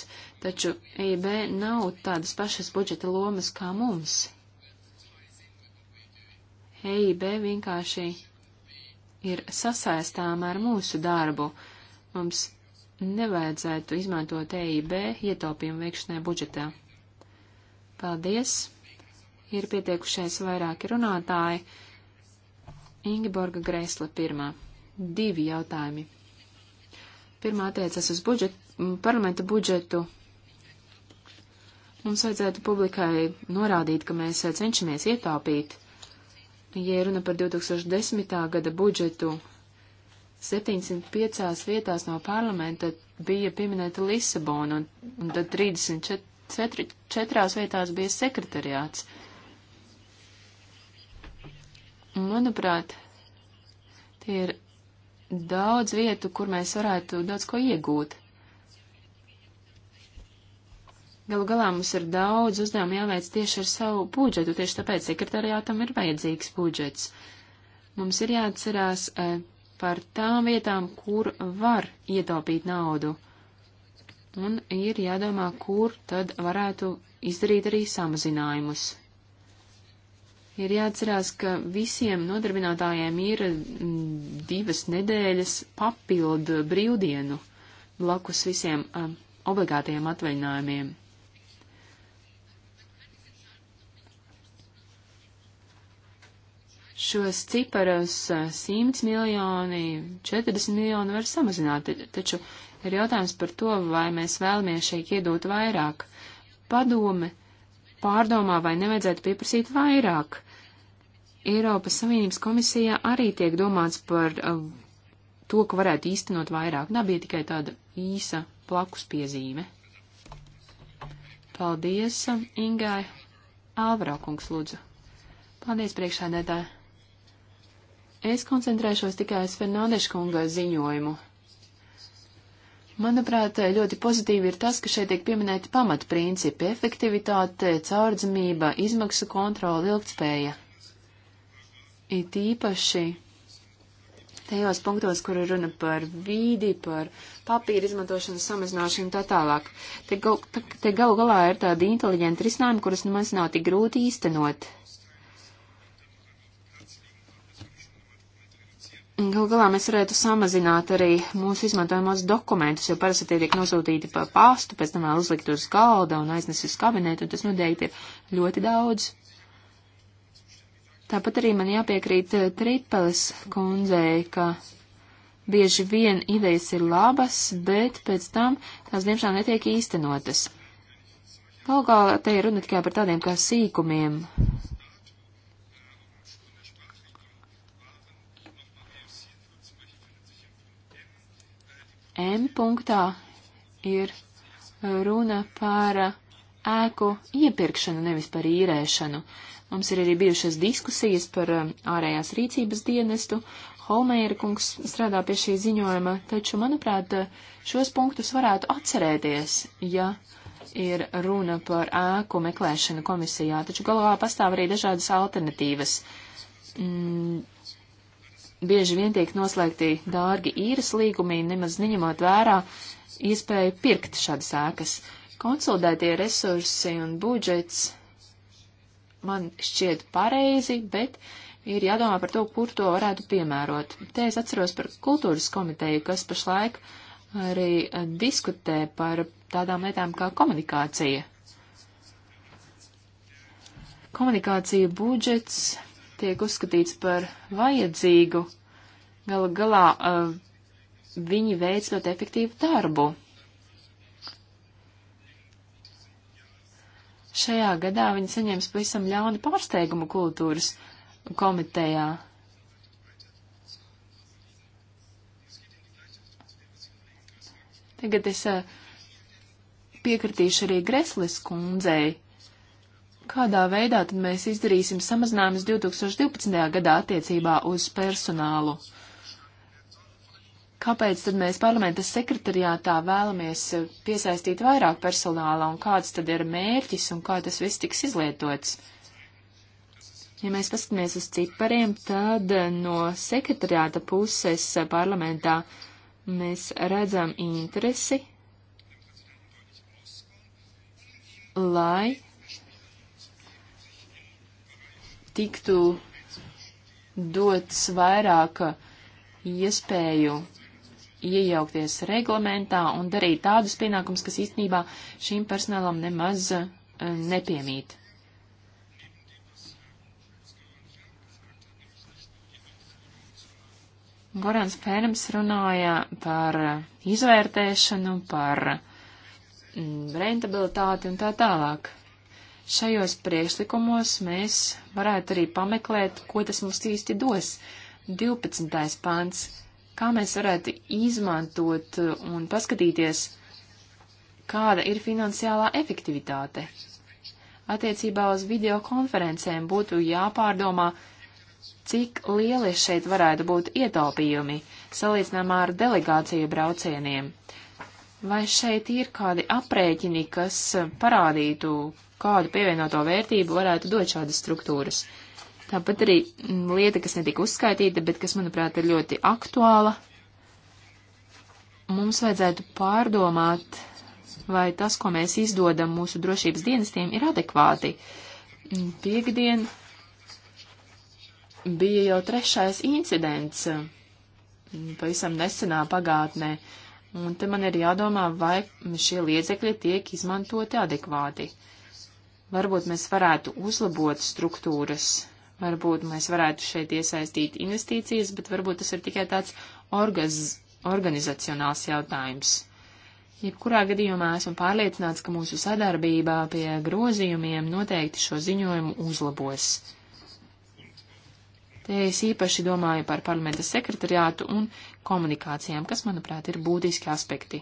[SPEAKER 2] taču EIB nav tādas pašas budžeta lomas kā mums. EIB vienkārši ir sasaistāma ar mūsu darbu. Mums nevajadzētu izmantot EIB ietaupījumu veikšanai budžetā. Paldies! Ir pietiekušies vairāki runātāji. Ingeborga Grēsla pirmā. Divi jautājumi. Pirmā attiecas uz budžet, parlamenta budžetu. Mums vajadzētu publikai norādīt, ka mēs eh, cenšamies ietaupīt. Ja runa par 2010. gada budžetu, 705 vietās no parlamenta bija pieminēta Lisabona, un, un tad 34 vietās bija sekretariāts. Manuprāt, tie ir daudz vietu, kur mēs varētu daudz ko iegūt. Galu galā mums ir daudz uzdevumu jāveic tieši ar savu budžetu, tieši tāpēc sekretariātam ir vajadzīgs budžets. Mums ir jāatcerās e, par tām vietām, kur var ietaupīt naudu, un ir jādomā, kur tad varētu izdarīt arī samazinājumus ir jāatcerās, ka visiem nodarbinātājiem ir mm, divas nedēļas papildu brīvdienu blakus visiem um, obligātajiem atvaļinājumiem. Šos ciparus 100 uh, miljoni, 40 miljoni var samazināt, taču ir jautājums par to, vai mēs vēlamies šeit iedot vairāk. Padome pārdomā, vai nevajadzētu pieprasīt vairāk Eiropas Savienības komisijā arī tiek domāts par uh, to, ka varētu īstenot vairāk. Tā bija tikai tāda īsa plakus piezīme. Paldies, Ingai. Alvaro kungs, lūdzu. Paldies, priekšādētāji. Es koncentrēšos tikai uz Fernandeša kunga ziņojumu. Manuprāt, ļoti pozitīvi ir tas, ka šeit tiek pieminēti pamatprincipi - efektivitāte, caurdzamība, izmaksu kontrola, ilgtspēja. It īpaši tajos punktos, kur ir runa par vīdi, par papīra izmantošanu, samazināšanu un tā tālāk. Te, gal, te, te galu galā ir tādi inteliģenti risinājumi, kurus nemaz nav tik grūti īstenot. Galu galā mēs varētu samazināt arī mūsu izmantojamos dokumentus, jo parasti tie tiek nosūtīti pa pastu, pēc tam vēl uzlikt uz galda un aiznesi uz kabinetu, un tas noteikti ir ļoti daudz. Tāpat arī man jāpiekrīt eh, Tripeles kundzei, ka bieži vien idejas ir labas, bet pēc tam tās diemžēl netiek īstenotas. Galu galā te ir runa tikai par tādiem kā sīkumiem. M punktā ir eh, runa par eh, ēku iepirkšanu, nevis par īrēšanu. Uh, Mums ir arī bijušas diskusijas par um, ārējās rīcības dienestu. Holmēra kungs strādā pie šī ziņojuma, taču, manuprāt, uh, šos punktus varētu atcerēties, ja ir runa par ēku meklēšanu komisijā, taču galvā pastāv arī dažādas alternatīvas. Mm, bieži vien tiek noslēgti dārgi īres līgumi, nemaz neņemot vērā iespēju pirkt šādas ēkas. Konsolidētie resursi un budžets man šķiet pareizi, bet ir jādomā par to, kur to varētu piemērot. Te es atceros par kultūras komiteju, kas pašlaik arī eh, diskutē par tādām lietām kā komunikācija. Komunikācija budžets tiek uzskatīts par vajadzīgu. Galu galā uh, viņi veic ļoti efektīvu darbu. Šajā gadā viņi saņems pavisam ļaunu pārsteigumu kultūras komitejā. Tagad es eh, piekritīšu arī Greslis kundzei. Kādā veidā tad mēs izdarīsim samazinājumus 2012. gadā attiecībā uz personālu? Kāpēc tad mēs parlamenta sekretariātā vēlamies eh, piesaistīt vairāk personāla un kāds tad ir mērķis un kā tas viss tiks izlietots? Ja mēs paskatāmies uz cipariem, tad eh, no sekretariāta puses eh, parlamentā mēs redzam interesi, lai tiktu dots vairāk iespēju iejaukties reglamentā un darīt tādus pienākumus, kas īstenībā šīm personālam nemaz uh, nepiemīt. Gorans Pērns runāja par izvērtēšanu, par mm, rentabilitāti un tā tālāk. Šajos priekšlikumos mēs varētu arī pameklēt, ko tas mums īsti dos. 12. pāns kā mēs varētu izmantot un paskatīties, kāda ir finansiālā efektivitāte. Attiecībā uz videokonferencēm būtu jāpārdomā, cik lieli šeit varētu būt ietaupījumi, salīdzinājumā ar delegāciju braucieniem. Vai šeit ir kādi aprēķini, kas parādītu, kādu pievienoto vērtību varētu dot šādas struktūras? Tāpat arī mm, lieta, kas netika uzskaitīta, bet kas, manuprāt, ir ļoti aktuāla. Mums vajadzētu pārdomāt, vai tas, ko mēs izdodam mūsu drošības dienestiem, ir adekvāti. Mm, Piektdien bija jau trešais incidents mm, pavisam nesenā pagātnē, un te man ir jādomā, vai šie liedzekļi tiek izmantoti adekvāti. Varbūt mēs varētu uzlabot struktūras, Varbūt mēs varētu šeit iesaistīt investīcijas, bet varbūt tas ir tikai tāds orgaz, organizacionāls jautājums. Jebkurā gadījumā esmu pārliecināts, ka mūsu sadarbībā pie grozījumiem noteikti šo ziņojumu uzlabos. Te es īpaši domāju par parlamenta sekretariātu un komunikācijām, kas, manuprāt, ir būtiski aspekti.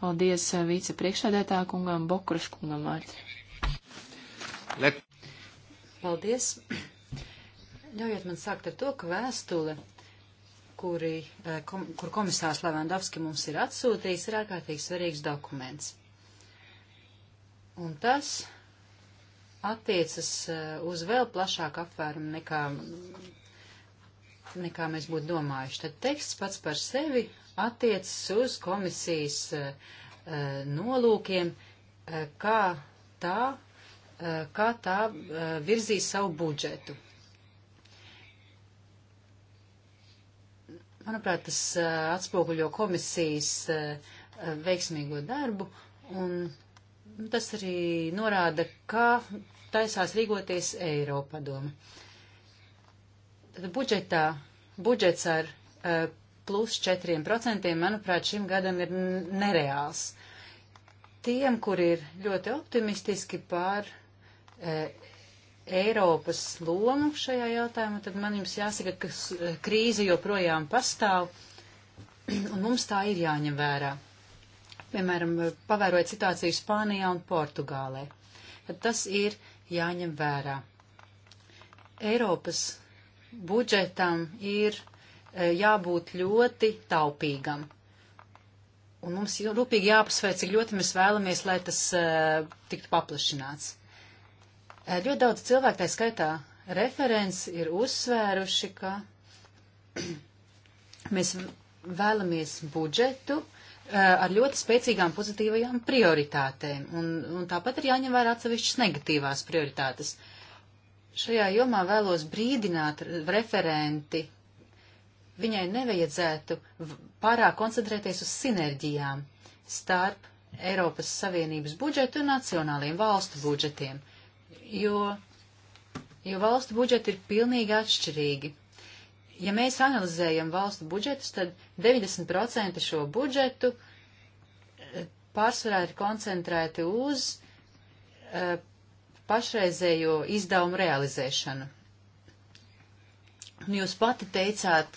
[SPEAKER 2] Paldies eh, vicepriekšādētā kungam, Bokuraš kungam vārds.
[SPEAKER 4] Paldies. Ļaujiet man sākt ar to, ka vēstule, kuri, eh, kom, kur komisārs Levandovski mums ir atsūtījis, ir ārkārtīgi svarīgs dokuments. Un tas attiecas eh, uz vēl plašāku apvērumu nekā, nekā mēs būtu domājuši. Tad teksts pats par sevi attiecas uz komisijas uh, nolūkiem, uh, kā tā, uh, kā tā virzīs savu budžetu. Manuprāt, tas atspoguļo komisijas veiksmīgo darbu, un tas arī norāda, kā taisās rīkoties Eiropadoma. Tad budžetā, budžets ar plus 4%, manuprāt, šim gadam ir nereāls. Tiem, kur ir ļoti optimistiski pār Eiropas lomu šajā jautājumā, tad man jums jāsaka, ka eh, krīze joprojām pastāv, un mums tā ir jāņem vērā. Piemēram, pavērojot situāciju Spānijā un Portugālē. Tad tas ir jāņem vērā. Eiropas budžetam ir eh, jābūt ļoti taupīgam. Un mums rūpīgi jāpasveic, cik ļoti mēs vēlamies, lai tas uh, tiktu paplašināts. Eh, ļoti daudz cilvēku, tā skaitā referents, ir uzsvēruši, ka mēs vēlamies budžetu eh, ar ļoti spēcīgām pozitīvajām prioritātēm, un, un tāpat ir jāņem vērā atsevišķas negatīvās prioritātes. Šajā jomā vēlos brīdināt referenti. Viņai nevajadzētu pārāk koncentrēties uz sinerģijām starp Eiropas Savienības budžetu un nacionāliem valstu budžetiem. Uh, jo, jo valstu budžeti ir pilnīgi atšķirīgi. Ja mēs analizējam valstu budžetus, tad 90% šo budžetu eh, pārsvarā ir koncentrēti uz uh, pašreizējo izdevumu realizēšanu. Un jūs pati teicāt,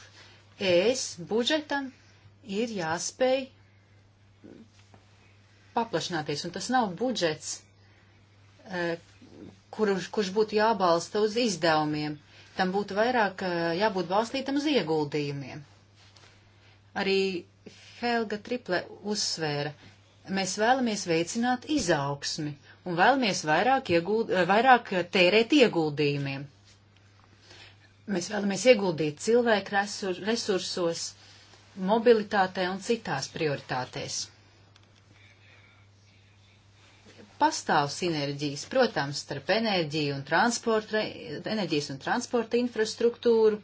[SPEAKER 4] ES budžetam ir jāspēj paplašināties, un tas nav budžets, uh, kurš, kurš būtu jābalsta uz izdevumiem. Tam būtu vairāk eh, jābūt balstītam uz ieguldījumiem. Arī Helga Triple uzsvēra, mēs vēlamies veicināt izaugsmi un vēlamies vairāk, ieguld, eh, vairāk tērēt ieguldījumiem. Mēs vēlamies ieguldīt cilvēku resursos, mobilitātē un citās prioritātēs. pastāv sinerģijas, protams, starp enerģiju un transporta, enerģijas un transporta infrastruktūru.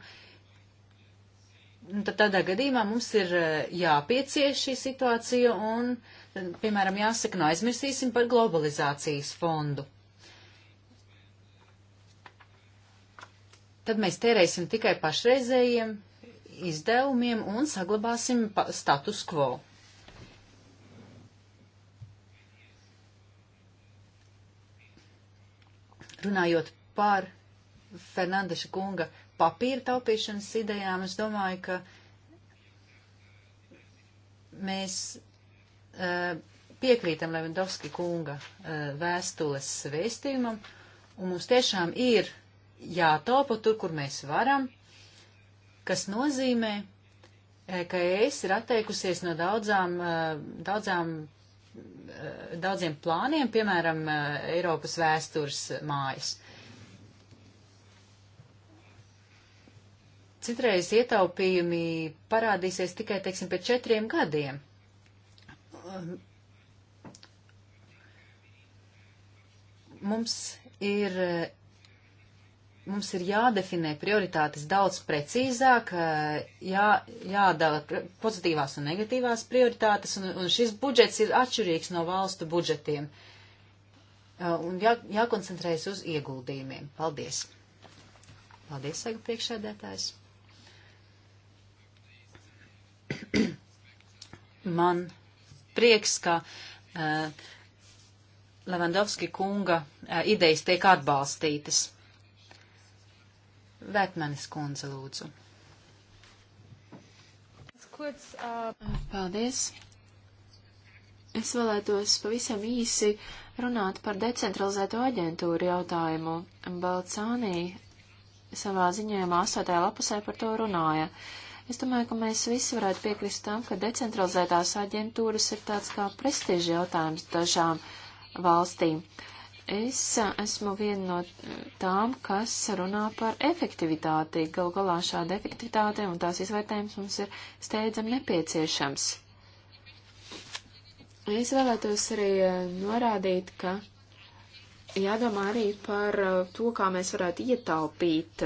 [SPEAKER 4] Nu, tad tādā gadījumā mums ir eh, jāpiecieš šī situācija un, piemēram, jāsaka, neaizmirsīsim nu, par globalizācijas fondu. Tad mēs tērēsim tikai pašreizējiem izdevumiem un saglabāsim status quo. Runājot par Fernandeša kunga papīra taupīšanas idejām, es domāju, ka mēs uh, piekrītam Levendovski kunga uh, vēstules vēstījumam, un mums tiešām ir jātaupa tur, kur mēs varam, kas nozīmē, eh, ka es ir atteikusies no daudzām, daudzām daudziem plāniem, piemēram, eh, Eiropas vēstures mājas. Citreiz ietaupījumi parādīsies tikai, teiksim, pēc četriem gadiem. Mums ir mums ir jādefinē prioritātes daudz precīzāk, eh, jā, jādala pozitīvās un negatīvās prioritātes, un, un šis budžets ir atšķirīgs no valstu budžetiem. Eh, un jā, jākoncentrējas uz ieguldījumiem. Paldies! Paldies, saka priekšsēdētājs. Man prieks, ka uh, Levandovski kunga uh, idejas tiek atbalstītas. Vetmanis kundze lūdzu.
[SPEAKER 2] Uh, Paldies. Es vēlētos pavisam īsi runāt par decentralizēto aģentūru jautājumu. Balcānī savā ziņojumā 8. lapusē par to runāja. Es domāju, ka mēs visi varētu piekrist tam, ka decentralizētās aģentūras ir tāds kā prestiža jautājums dažām valstīm. Uh, es esmu viena no tām, kas runā par efektivitāti. Galu galā šāda efektivitāte un tās izvērtējums mums ir steidzam nepieciešams. Es vēlētos arī norādīt, ka jādomā arī par to, kā mēs varētu ietaupīt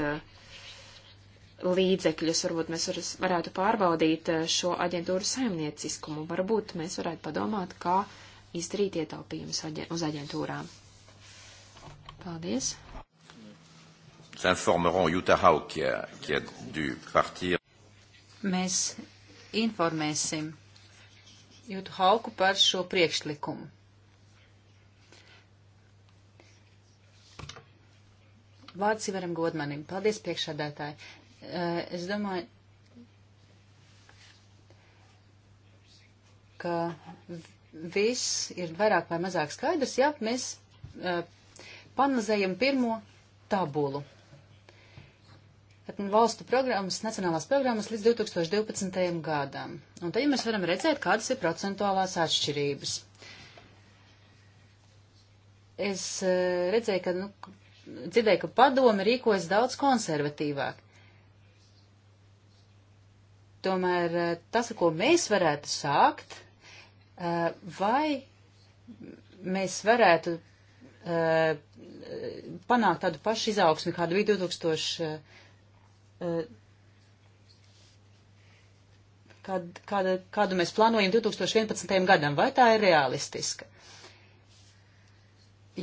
[SPEAKER 2] līdzekļus. Varbūt mēs varētu pārbaudīt šo aģentūru saimnieciskumu. Varbūt mēs varētu padomāt, kā izdarīt ietaupījumus uz aģentūrām. Paldies.
[SPEAKER 4] Mēs informēsim Jūtu Hauku par šo priekšlikumu. Vārds Ivaram Godmanim. Paldies, priekšādātāji. Eh, es domāju, ka viss ir vairāk vai mazāk skaidrs, ja mēs eh, Panazējam pirmo tabulu. Valstu programmas, nacionālās programmas līdz 2012. gadam. Un te ja mēs varam redzēt, kādas ir procentuālās atšķirības. Es e, redzēju, ka, nu, dzirdēju, ka padome rīkojas daudz konservatīvāk. Tomēr e, tas, ko mēs varētu sākt, e, vai mēs varētu Uh, panākt tādu pašu izaugsmi, kāda bija 2000, kād, kāda, kādu mēs plānojam 2011. gadam. Vai tā ir realistiska?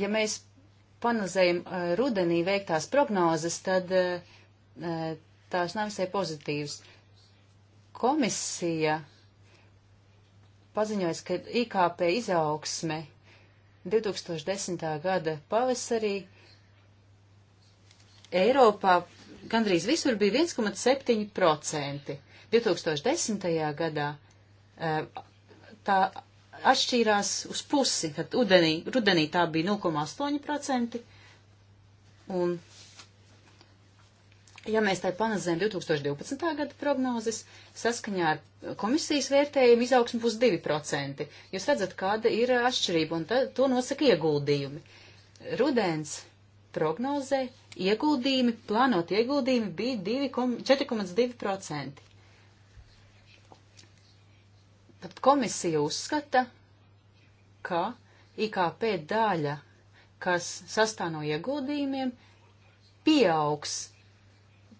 [SPEAKER 4] Ja mēs panazējam uh, rudenī veiktās prognozes, tad uh, tās nav visai pozitīvas. Komisija paziņojas, ka IKP izaugsme 2010. gada pavasarī Eiropā gandrīz visur bija 1,7%. 2010. gadā e, tā atšķīrās uz pusi, tad udenī, rudenī tā bija 0,8% un Ja mēs tai panazēm 2012. gada prognozes, saskaņā ar komisijas vērtējumu izaugsme būs 2%. Jūs redzat, kāda ir atšķirība, un tā, to nosaka ieguldījumi. Rudens prognozē ieguldījumi, plānot ieguldījumi bija 4,2%. Pat komisija uzskata, ka IKP daļa, kas sastāv no ieguldījumiem, pieaugs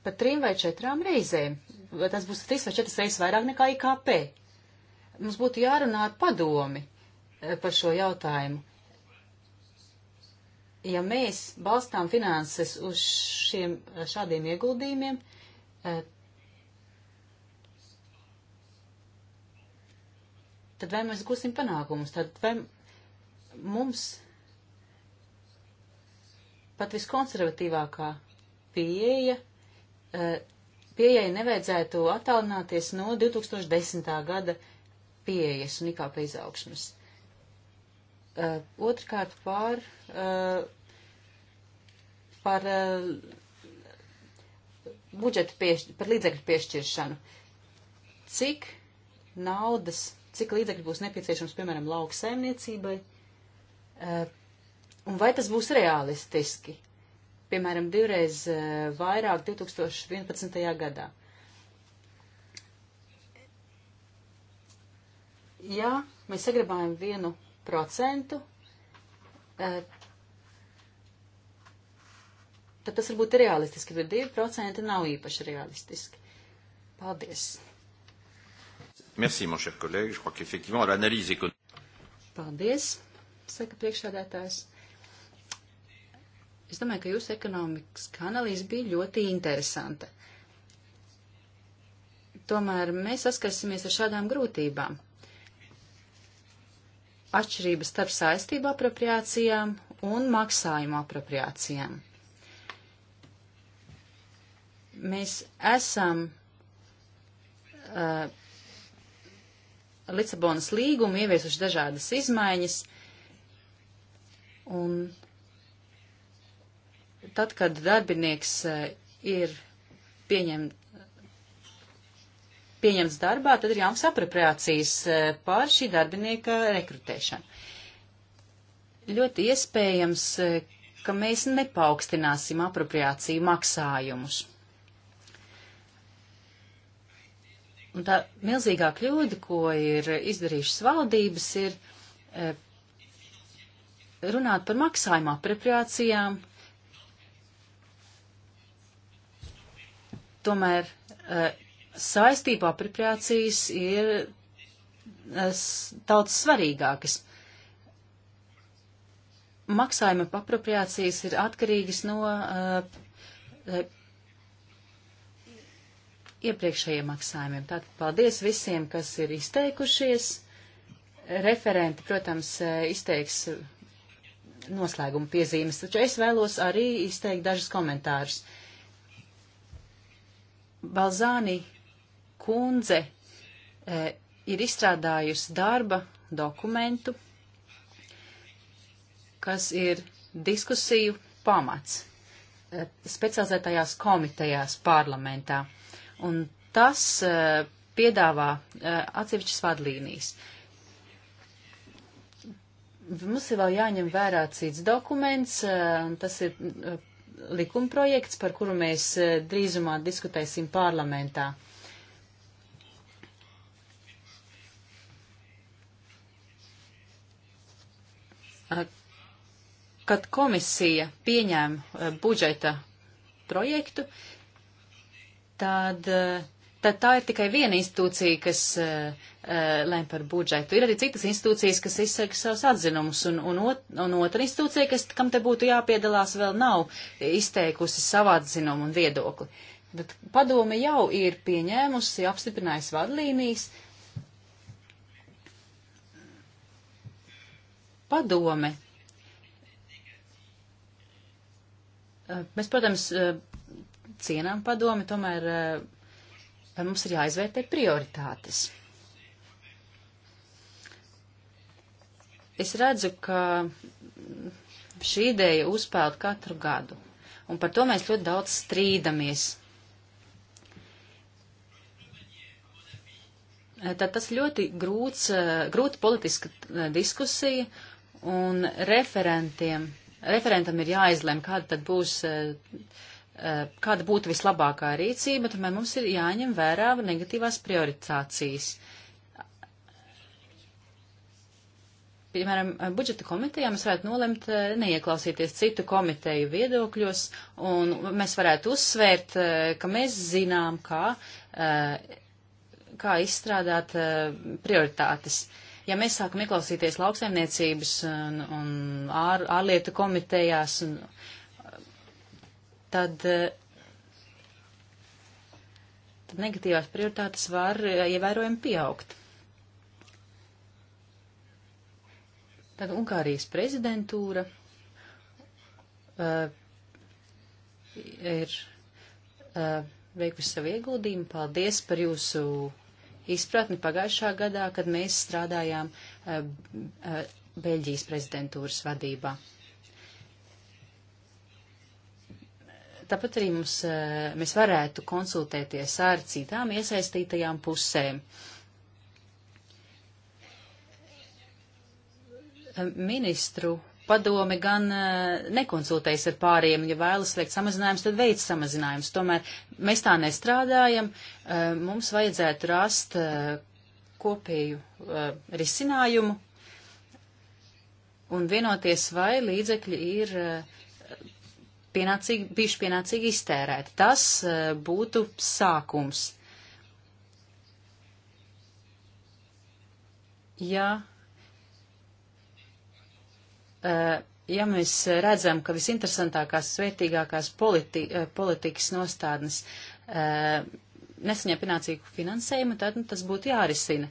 [SPEAKER 4] pat trim vai četrām reizēm. Tas būs trīs vai četras reizes vairāk nekā IKP. Mums būtu jārunā ar padomi e, par šo jautājumu. Ja mēs balstām finanses uz šiem, šādiem ieguldījumiem, e, tad vai mēs gūsim panākumus? Tad vai mums pat viskonservatīvākā pieeja Eh, pieejai nevajadzētu attālināties no 2010. gada pieejas un IKP izaugsmas. Eh, otrkārt pār, par eh, budžeta piešķi, par līdzekļu piešķiršanu. Cik naudas, cik līdzekļu būs nepieciešams, piemēram, lauksaimniecībai, un vai tas būs realistiski? piemēram, divreiz eh, vairāk 2011. gadā. Ja mēs saglabājam vienu procentu, eh, tad tas varbūt ir realistiski, bet 2% nav īpaši realistiski. Paldies!
[SPEAKER 2] Merci, mon cher collègue. Je crois qu'effectivement, l'analyse économique.
[SPEAKER 4] Paldies, saka priekšsādātājs. Es domāju, ka jūsu ekonomikas analīze bija ļoti interesanta. Tomēr mēs saskarsimies ar šādām grūtībām. Atšķirības starp saistību apropriācijām un maksājumu apropriācijām. Mēs esam uh, Lisabonas līgumu ieviesuši dažādas izmaiņas, un tad, kad darbinieks eh, ir pieņem, pieņemts darbā, tad ir jāmaksā apropriācijas eh, par šī darbinieka rekrutēšanu. Ļoti iespējams, eh, ka mēs nepaukstināsim apropriāciju maksājumus. Un tā milzīgā kļūda, ko ir izdarījušas valdības, ir runāt par maksājuma apropriācijām, Tomēr eh, saistību apropriācijas ir eh, daudz svarīgākas. Maksājuma apropriācijas ir atkarīgas no eh, iepriekšējiem maksājumiem. Tātad paldies visiem, kas ir izteikušies. Referenti, protams, izteiks noslēguma piezīmes, taču es vēlos arī izteikt dažus komentārus. Uh, Balzāni kundze e, ir izstrādājusi darba dokumentu, kas ir diskusiju pamats e, specializētajās komitejās parlamentā. Un tas e, piedāvā e, atsevišķas vadlīnijas. Mums ir vēl jāņem vērā cits dokuments, e, un tas ir e, likumprojekts, par kuru mēs eh, drīzumā diskutēsim parlamentā. Kad komisija pieņēma eh, budžeta projektu, tad uh, tad tā ir tikai viena institūcija, kas uh, eh, eh, lēma par budžetu. Ir arī citas institūcijas, kas izsaka savus atzinumus, un, un, ot, un otra institūcija, kas, kam te būtu jāpiedalās, vēl nav izteikusi savu atzinumu un viedokli. Bet padome jau ir pieņēmusi, apstiprinājusi vadlīnijas. Padome. Eh, mēs, protams, cienām padomi, tomēr vai mums ir jāizvērtē prioritātes. Es redzu, ka šī ideja uzpeld katru gadu, un par to mēs ļoti daudz strīdamies. Tad tas ļoti grūts, eh, grūta politiska eh, diskusija, un referentiem, referentam ir jāizlem, kāda tad būs uh, Eh, kāda būtu vislabākā rīcība, tomēr mums ir jāņem vērā negatīvās prioritācijas. Piemēram, budžeta komitejā mēs varētu nolemt eh, neieklausīties citu komiteju viedokļos, un mēs varētu uzsvērt, eh, ka mēs zinām, kā, kā izstrādāt prioritātes. Ja mēs sākam ieklausīties lauksaimniecības un, un ār, ārlietu komitejās un, tad, eh, tad negatīvās prioritātes var eh, ievērojami pieaugt. Tad Ungārijas prezidentūra uh, ir uh, veikusi savu ieguldījumu. Paldies par jūsu izpratni pagājušā gadā, kad mēs strādājām uh, uh, Beļģijas prezidentūras vadībā. Tāpat arī mums, eh, mēs varētu konsultēties ar citām iesaistītajām pusēm. Eh, ministru padome gan eh, nekonsultējas ar pāriem, ja vēlas veikt samazinājumus, tad veic samazinājumus. Tomēr mēs tā nestrādājam, mums vajadzētu rast kopēju risinājumu un vienoties, vai līdzekļi ir pienācīgi, bijuši pienācīgi iztērēti. Tas e, būtu sākums. Ja, e, ja mēs redzam, ka visinteresantākās, svētīgākās politi, e, politikas nostādnes nesaņem pienācīgu finansējumu, tad nu, tas būtu jārisina.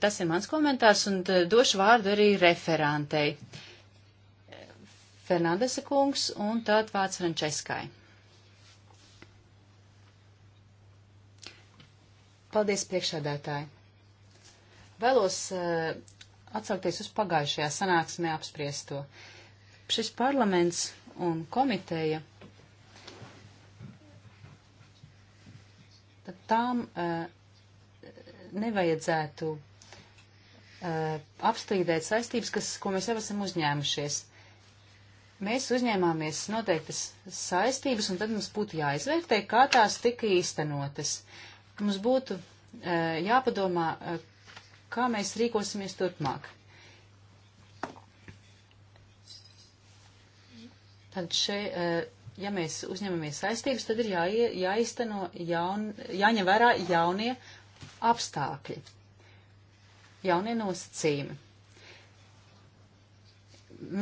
[SPEAKER 4] Tas ir mans komentārs un došu vārdu arī referantei. Uh, Fernandesa kungs un tad vārds Frančeskai. Paldies priekšādētāji. Vēlos uh, atsaukties uz pagājušajā sanāksmē apspriesto. Šis parlaments un komiteja tām uh, nevajadzētu uh, apstrīdēt saistības, kas, ko mēs jau esam uzņēmušies. Mēs uzņēmāmies noteiktas saistības, un tad mums būtu jāizvērtē, kā tās tika īstenotas. Mums būtu e, jāpadomā, e, kā mēs rīkosimies turpmāk. Tad šeit, e, ja mēs uzņemamies saistības, tad ir jāie, jāizteno jaun, jāņem vērā jaunie apstākļi, jaunie nosacījumi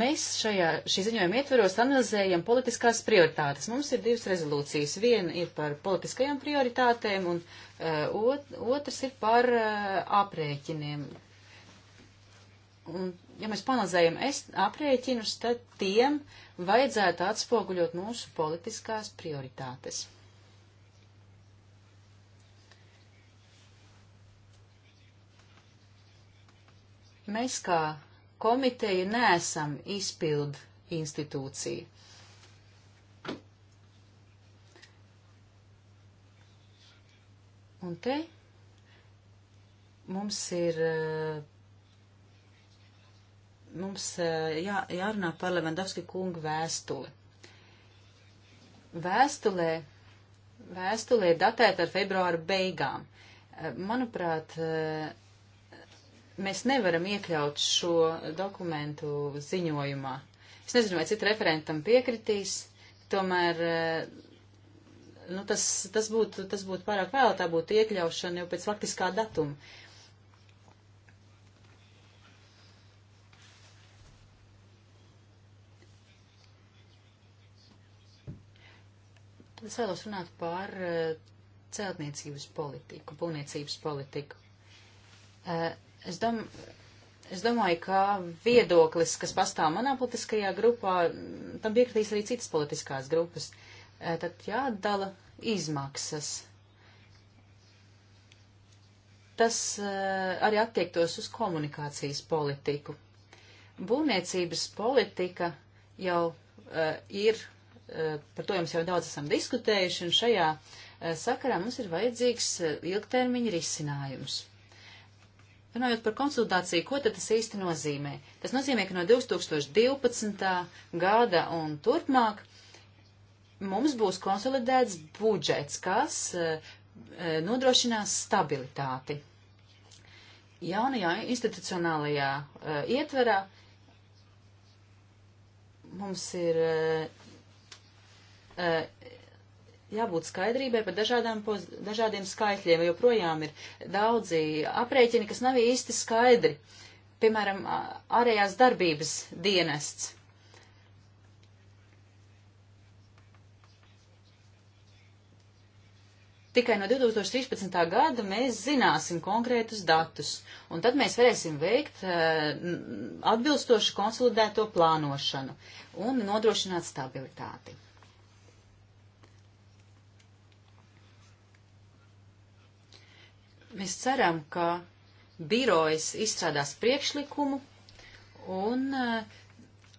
[SPEAKER 4] mēs šajā, šī ziņojuma ietveros analizējam politiskās prioritātes. Mums ir divas rezolūcijas. Viena ir par politiskajām prioritātēm, un uh, ot, otrs ir par uh, aprēķiniem. Un, ja mēs panalizējam es, aprēķinus, tad tiem vajadzētu atspoguļot mūsu politiskās prioritātes. Mēs kā komiteja nesam izpildu institūcija. Un te mums ir eh, mums eh, jā, jārunā par Levandovski kunga vēstuli. Vēstulē, vēstulē datēta ar februāru beigām. Eh, manuprāt, mēs nevaram iekļaut šo dokumentu ziņojumā. Es nezinu, vai citi referentam piekritīs, tomēr eh, nu, tas, tas, būtu, tas būtu pārāk vēl, tā būtu iekļaušana jau pēc faktiskā datuma. Es vēlos runāt par eh, celtniecības politiku, būvniecības politiku. Eh, Es, dom, es domāju, ka viedoklis, kas pastāv manā politiskajā grupā, tam piekritīs arī citas politiskās grupas. Tad jāatdala izmaksas. Tas arī attiektos uz komunikācijas politiku. Būvniecības politika jau ir, par to jums jau daudz esam diskutējuši, un šajā sakarā mums ir vajadzīgs ilgtermiņa risinājums. Runājot par konsultāciju, ko tad tas īsti nozīmē? Tas nozīmē, ka no 2012. gada un turpmāk mums būs konsolidēts budžets, kas eh, eh, nodrošinās stabilitāti. Jaunajā institucionālajā eh, ietverā mums ir jābūt skaidrībai par dažādām, poz, dažādiem skaitļiem, jo projām ir daudzi aprēķini, kas nav īsti skaidri. Piemēram, ārējās darbības dienests. Tikai no 2013. gada mēs zināsim konkrētus datus, un tad mēs varēsim veikt atbilstoši konsolidēto plānošanu un nodrošināt stabilitāti. Mēs ceram, ka birojas izstrādās priekšlikumu un eh,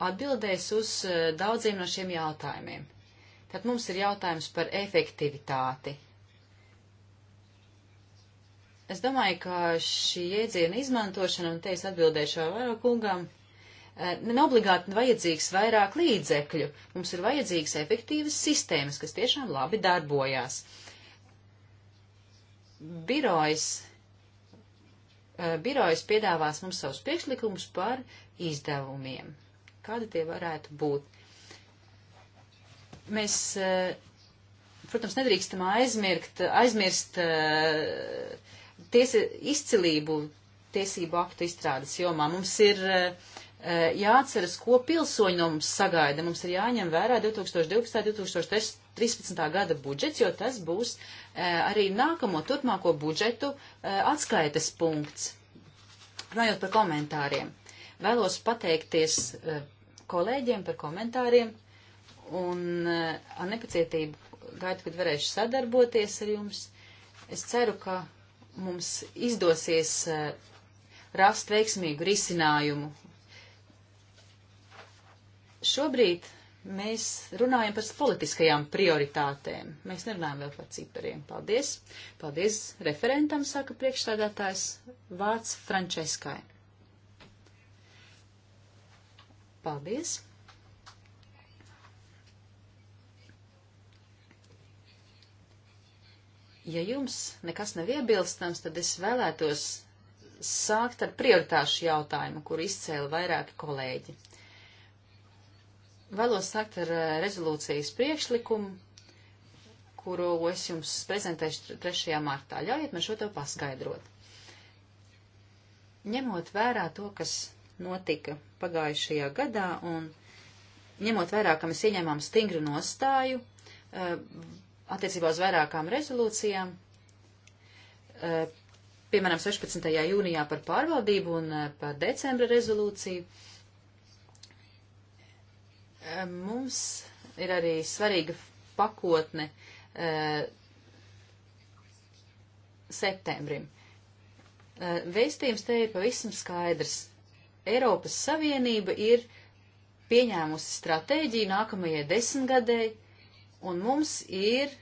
[SPEAKER 4] atbildēs uz eh, daudziem no šiem jautājumiem. Tad mums ir jautājums par efektivitāti. Es domāju, ka šī jēdziena izmantošana, un te es atbildēšu vairāk kungam, eh, nav obligāti vajadzīgs vairāk līdzekļu. Mums ir vajadzīgas efektīvas sistēmas, kas tiešām labi darbojās. Uh, birojas, eh, birojas piedāvās mums savus priekšlikumus par izdevumiem. Kādi tie varētu būt? Mēs, eh, protams, nedrīkstam aizmirkt, aizmirst eh, tiesi, izcilību tiesību aktu izstrādes jomā. Mums ir uh, Eh, jāatceras, ko pilsoņi no mums sagaida. Mums ir jāņem vērā 2012. un 2013. gada budžets, jo tas būs eh, arī nākamo turpmāko budžetu eh, atskaites punkts. Runājot par komentāriem, vēlos pateikties kolēģiem par komentāriem un ar nepacietību gaidu, kad varēšu sadarboties ar jums. Es ceru, ka mums izdosies rast veiksmīgu risinājumu Šobrīd mēs runājam par politiskajām prioritātēm. Mēs nerunājam vēl par cipariem. Paldies. Paldies referentam, saka priekšstādātājs vārds Franceskai. Paldies. Ja jums nekas nav iebilstams, tad es vēlētos sākt ar prioritāšu jautājumu, kur izcēla vairāki kolēģi. Vēlos sākt ar eh, rezolūcijas priekšlikumu, kuru es jums prezentēšu 3. martā. Ļaujiet man šo tev paskaidrot. Ņemot vērā to, kas notika pagājušajā gadā un ņemot vērā, ka mēs ieņēmām stingru nostāju eh, attiecībā uz vairākām rezolūcijām, eh, piemēram, 16. jūnijā par pārvaldību un par decembra rezolūciju, Mums ir arī svarīga pakotne e, septembrim. E, vēstījums te ir pavisam skaidrs. Eiropas Savienība ir pieņēmusi stratēģiju nākamajai desmitgadēji, un mums ir,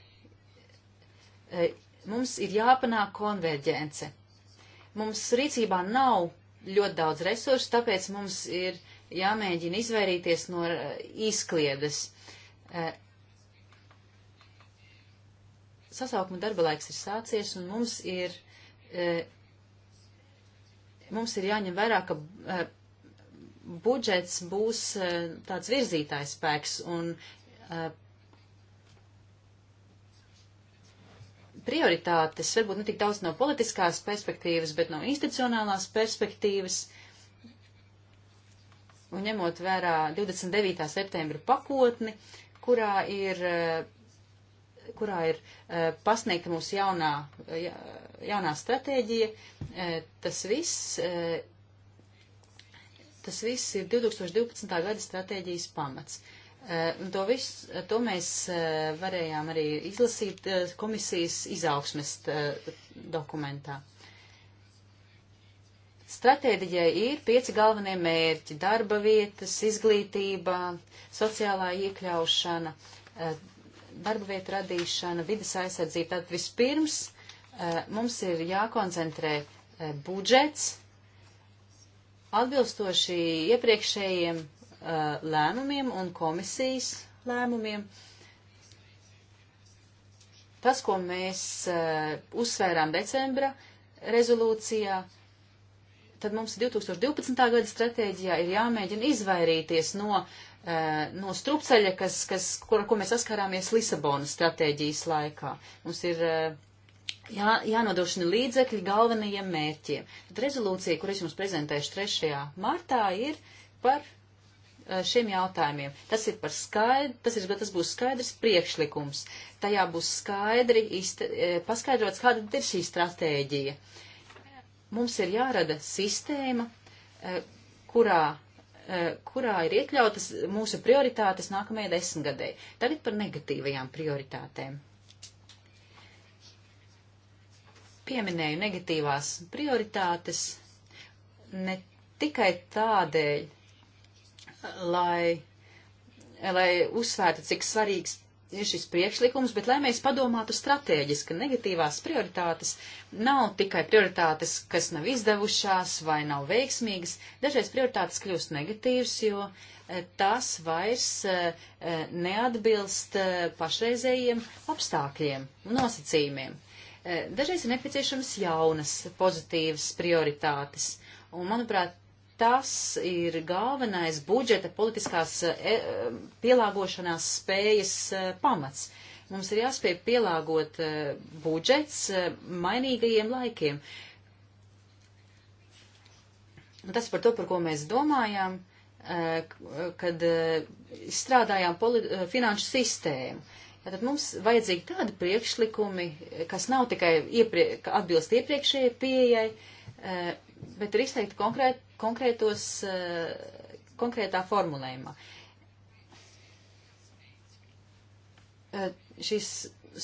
[SPEAKER 4] e, mums ir jāpanāk konverģence. Mums rīcībā nav ļoti daudz resursu, tāpēc mums ir jāmēģina izvairīties no eh, izkliedes. Eh, sasaukuma darba laiks ir sācies, un mums ir, eh, mums ir jāņem vērā, ka budžets būs tāds virzītājs spēks, un prioritātes varbūt ne tik daudz no politiskās perspektīvas, bet no institucionālās perspektīvas uh, un ņemot vērā 29. septembra pakotni, kurā ir, eh, kurā ir eh, pasniegta mūsu jaunā, ja, jaunā stratēģija, eh, tas viss, tas viss ir 2012. gada stratēģijas pamats. To, visu, to mēs varējām arī izlasīt komisijas izaugsmes dokumentā. Stratēģijai ir pieci galvenie mērķi - darba vietas, izglītība, sociālā iekļaušana, eh, darba vietu radīšana, vidas aizsardzība. Tad vispirms eh, mums ir jākoncentrē eh, budžets atbilstoši iepriekšējiem lēmumiem un komisijas lēmumiem. Tas, ko mēs uzsvērām decembra rezolūcijā, uh, tad mums 2012. gada stratēģijā ir jāmēģina izvairīties no, eh, no strupceļa, kas, kas, kur, ko mēs saskarāmies Lisabonas stratēģijas laikā. Mums ir eh, jā, jānodrošina līdzekļi galvenajiem mērķiem. Tad rezolūcija, kur es jums prezentēšu 3. martā, ir par eh, šiem jautājumiem. Tas ir par skaidru, tas, ir, tas būs skaidrs priekšlikums. Tajā būs skaidri izte, paskaidrots, kāda ir šī stratēģija. Uh, Mums ir jārada sistēma, eh, kurā, eh, kurā ir iekļautas mūsu prioritātes nākamajai desmitgadēji. Tagad par negatīvajām prioritātēm. Pieminēju negatīvās prioritātes ne tikai tādēļ, lai, lai uzsvērtu, cik svarīgs ir šis priekšlikums, bet lai mēs padomātu strateģiski, negatīvās prioritātes nav tikai prioritātes, kas nav izdevušās vai nav veiksmīgas, dažreiz prioritātes kļūst negatīvas, jo e, tas vairs e, e, neatbilst pašreizējiem apstākļiem un nosacījumiem. Dažreiz ir nepieciešams jaunas, pozitīvas prioritātes, un, manuprāt, tas ir galvenais budžeta politiskās e, pielāgošanās spējas e, pamats. Mums ir jāspēj pielāgot e, budžets e, mainīgajiem laikiem. Un tas par to, par ko mēs domājām, e, kad izstrādājām e, finanšu sistēmu. Tātad mums vajadzīgi tādi priekšlikumi, kas nav tikai ieprie atbilst iepriekšējai pieejai, bet ir izteikti konkrēti konkrētos, eh, konkrētā formulējumā. Eh, šis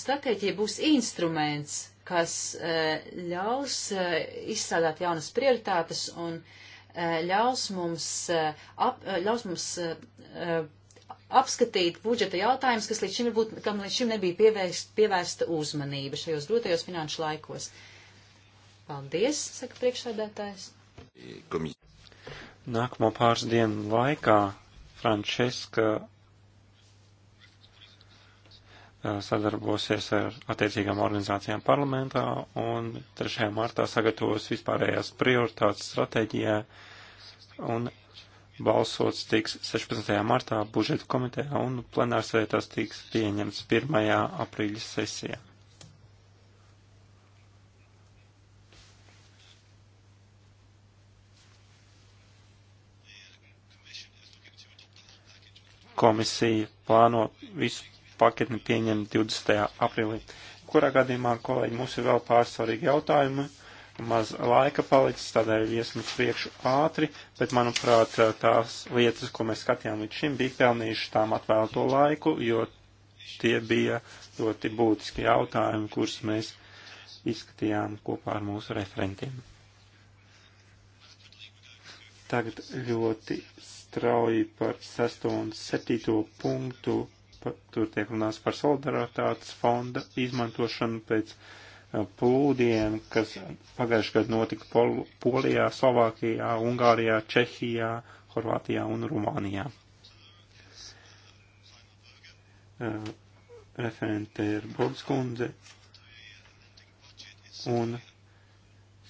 [SPEAKER 4] stratēģija būs instruments, kas eh, ļaus izstrādāt jaunas prioritātes un ļaus mums, ap, ļaus mums apskatīt budžeta jautājumus, kas līdz šim, būt, kam līdz šim nebija pievērst, pievērsta uzmanība šajos grūtajos finanšu laikos. Paldies, saka priekšsādātājs.
[SPEAKER 1] Komis Nākamo pāris dienu laikā Frančiska sadarbosies ar attiecīgām organizācijām parlamentā un 3. martā sagatavos vispārējās prioritātes stratēģijā un balsots tiks 16. martā budžeta komitejā un plenārsvētās tiks pieņemts 1. aprīļa sesijā. Komisija plāno visu paketni pieņemt 20. aprīlī. Kurā gadījumā, kolēģi, mums ir vēl pārsvarīgi jautājumi, maz laika palicis, tādēļ iesim uz priekšu ātri, bet, manuprāt, tās lietas, ko mēs skatījām līdz šim, bija pelnījuši tām atvēlto laiku, jo tie bija ļoti būtiski jautājumi, kurus mēs izskatījām kopā ar mūsu referentiem. Tagad ļoti strauji par 6 un 7 punktu. Tur tiek runāts par solidaritātes fonda izmantošanu pēc uh, plūdiem, kas pagājuši gadu notika Pol Polijā, Slovākijā, Ungārijā, Čehijā, Horvātijā un Rumānijā. Uh, referente ir Borgskundze un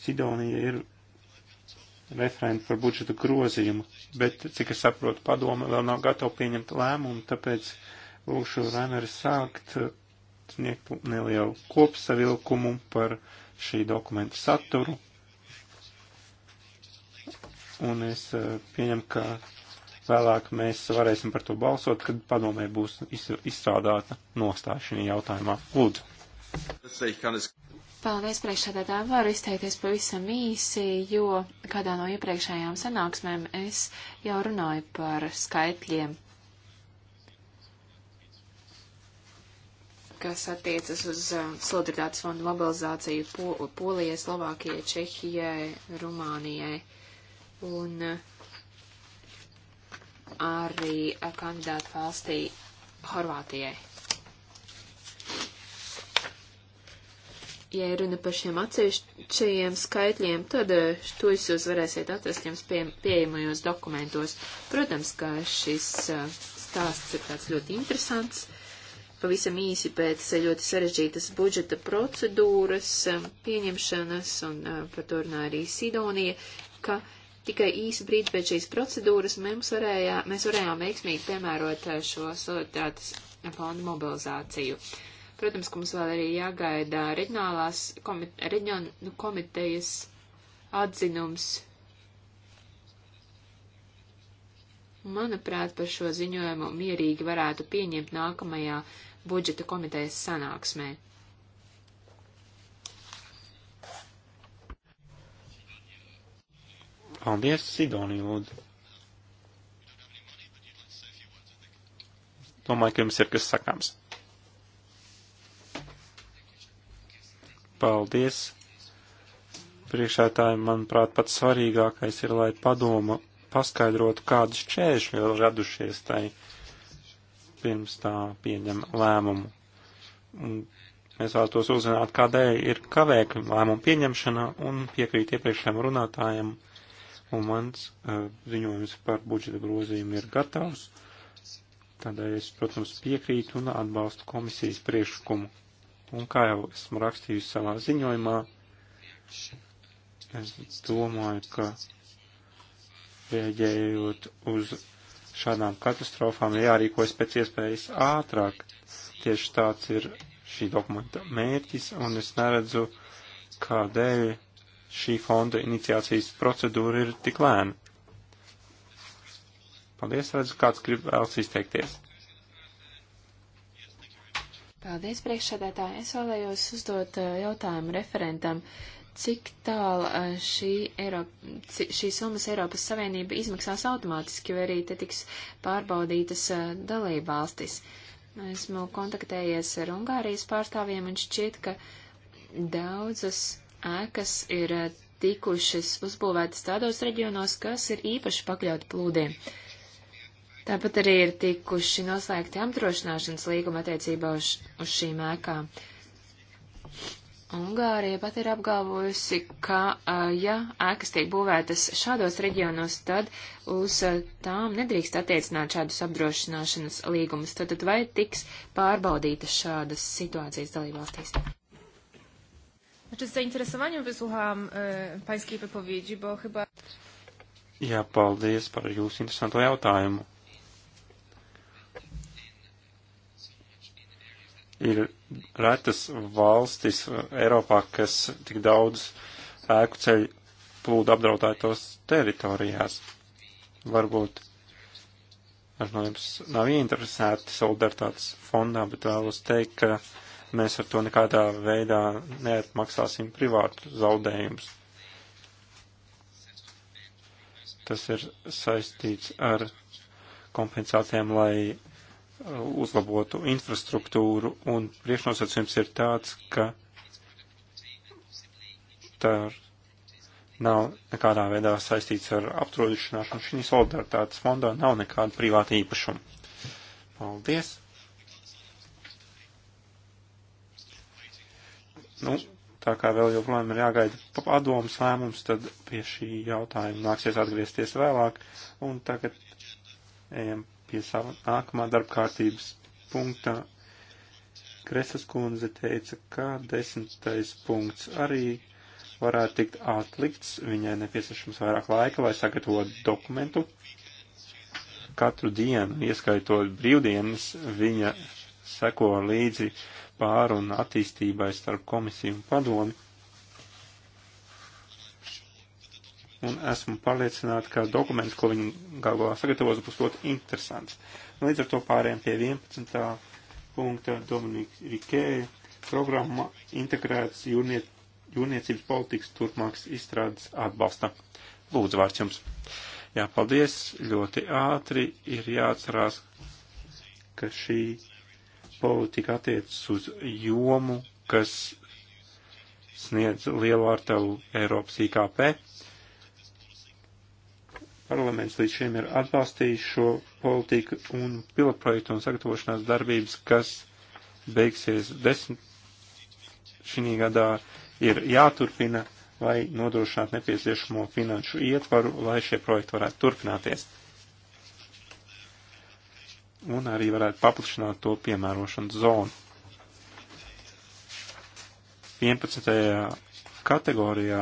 [SPEAKER 1] Sidonija ir referentu par budžetu grozījumu, bet, cik es saprotu, padoma vēl nav gatava pieņemt lēmumu, tāpēc lūkšu Raineri sākt eh, sniegt nelielu kopsavilkumu par šī dokumenta saturu. Un es eh, pieņemu, ka vēlāk mēs varēsim par to balsot, kad padomē būs izstrādāta nostāja šajā jautājumā. Lūdzu.
[SPEAKER 2] Paldies priekšsēdētājiem. Varu izteikties pavisam īsi, jo kādā no iepriekšējām sanāksmēm es jau runāju par skaitļiem, kas attiecas uz um, solidaritātes fondu mobilizāciju po, Polijai, Slovākijai, Čehijai, Rumānijai un uh, arī uh, kandidātu valstī Horvātijai. ja runa par šiem atsevišķajiem skaitļiem, tad eh, tos jūs varēsiet atrast jums pie, pieejamajos dokumentos. Protams, ka šis eh, stāsts ir tāds ļoti interesants. Pavisam īsi pēc ļoti sarežģītas budžeta procedūras eh, pieņemšanas, un par to runāja arī Sidonija, ka tikai īsu brīdi pēc šīs procedūras mēs varējām, mēs varējām veiksmīgi piemērot šo solidaritātes fondu mobilizāciju. Uh, Protams, ka mums vēl arī jāgaida reģionālās komite, reģionu nu, komitejas atzinums. Manuprāt, par šo ziņojumu mierīgi varētu pieņemt nākamajā budžeta komitejas sanāksmē.
[SPEAKER 1] Paldies, Sidonija, lūdzu. Domāju, ka jums ir kas sakāms. Paldies! Priekšētāji, manuprāt, pats svarīgākais ir, lai padoma paskaidrotu, kādas čēršļi ir radušies tai pirms tā pieņem lēmumu. Un mēs vēlētos uzzināt, kādēļ ir kavēkļi lēmumu pieņemšanā un piekrīt iepriekšējiem runātājiem. Un mans uh, ziņojums par budžeta grozījumu ir gatavs. Tādēļ es, protams, piekrītu un atbalstu komisijas priekšlikumu. Un kā jau esmu rakstījusi savā ziņojumā, es domāju, ka rēģējot uz šādām katastrofām ir jārīkojas pēc iespējas ātrāk. Tieši tāds ir šī dokumenta mērķis, un es neredzu, kādēļ šī fonda iniciācijas procedūra ir tik lēna. Paldies, redzu, kāds grib vēlas izteikties.
[SPEAKER 2] Paldies, priekšsēdētāji. Es vēlējos uzdot eh, jautājumu referentam, cik tālu eh, šī, Eiropa, šī summas Eiropas Savienība izmaksās automātiski, jo arī te tiks pārbaudītas eh, dalība valstis. Esmu kontaktējies ar Ungārijas pārstāvjiem un šķiet, ka daudzas ēkas ir tikušas uzbūvētas tādos reģionos, kas ir īpaši pakļauti plūdiem. Uh, Tāpat arī ir tikuši noslēgti apdrošināšanas līguma attiecībā uz, uz šīm ēkām. Ungārija pat ir apgalvojusi, ka, ja ēkas tiek būvētas šādos reģionos, tad uz tām nedrīkst attiecināt šādus apdrošināšanas līgumus. Tad, tad vai tiks pārbaudītas šādas situācijas dalībvalstīs? Znaczy z zainteresowaniem wysłuchałam y, e, pańskiej wypowiedzi, bo chyba...
[SPEAKER 1] Jā, paldies par jūsu interesanto jautājumu. Ir retas valstis uh, Eiropā, kas tik daudz ēku ceļu plūdu apdraudētos teritorijās. Varbūt ar no jums nav interesēti solidaritātes fondā, bet vēlos teikt, ka mēs ar to nekādā veidā neatmaksāsim privātu zaudējumus. Tas ir saistīts ar kompensācijām, lai uzlabotu infrastruktūru, un priekšnosacījums ir tāds, ka tā nav nekādā veidā saistīts ar aptrodušināšanu. Šī solidaritātes fondā nav nekāda privāta īpašuma. Paldies! Nu, tā kā vēl joprojām ir jāgaida padomas lēmums, tad pie šī jautājuma nāksies atgriezties vēlāk. Un tagad ejam pie sava nākamā darbkārtības punktā. Kresas kundze teica, ka desmitais punkts arī varētu tikt atlikts. Viņai nepieciešams vairāk laika, lai sagatavotu dokumentu. Katru dienu, ieskaitot brīvdienas, viņa seko līdzi pāru un attīstībai starp komisiju un padomi. un esmu pārliecināta, ka dokuments, ko viņi galu galā sagatavos, būs ļoti interesants. Līdz ar to pārējām pie 11. punkta Dominika Rikēja programma integrētas jūrnie, jūrniecības politikas turpmākas izstrādes atbalsta. Lūdzu, vārds jums. Jā, paldies. Ļoti ātri ir jāatcerās, ka šī politika attiecas uz jomu, kas sniedz lielu ārtavu Eiropas IKP Parlaments līdz šim ir atbalstījis šo politiku un pilotprojektu un sagatavošanās darbības, kas beigsies desmit šī gadā, ir jāturpina, lai nodrošinātu nepieciešamo finanšu ietvaru, lai šie projekti varētu turpināties. Un arī varētu paplašināt to piemērošanas zonu. 11. kategorijā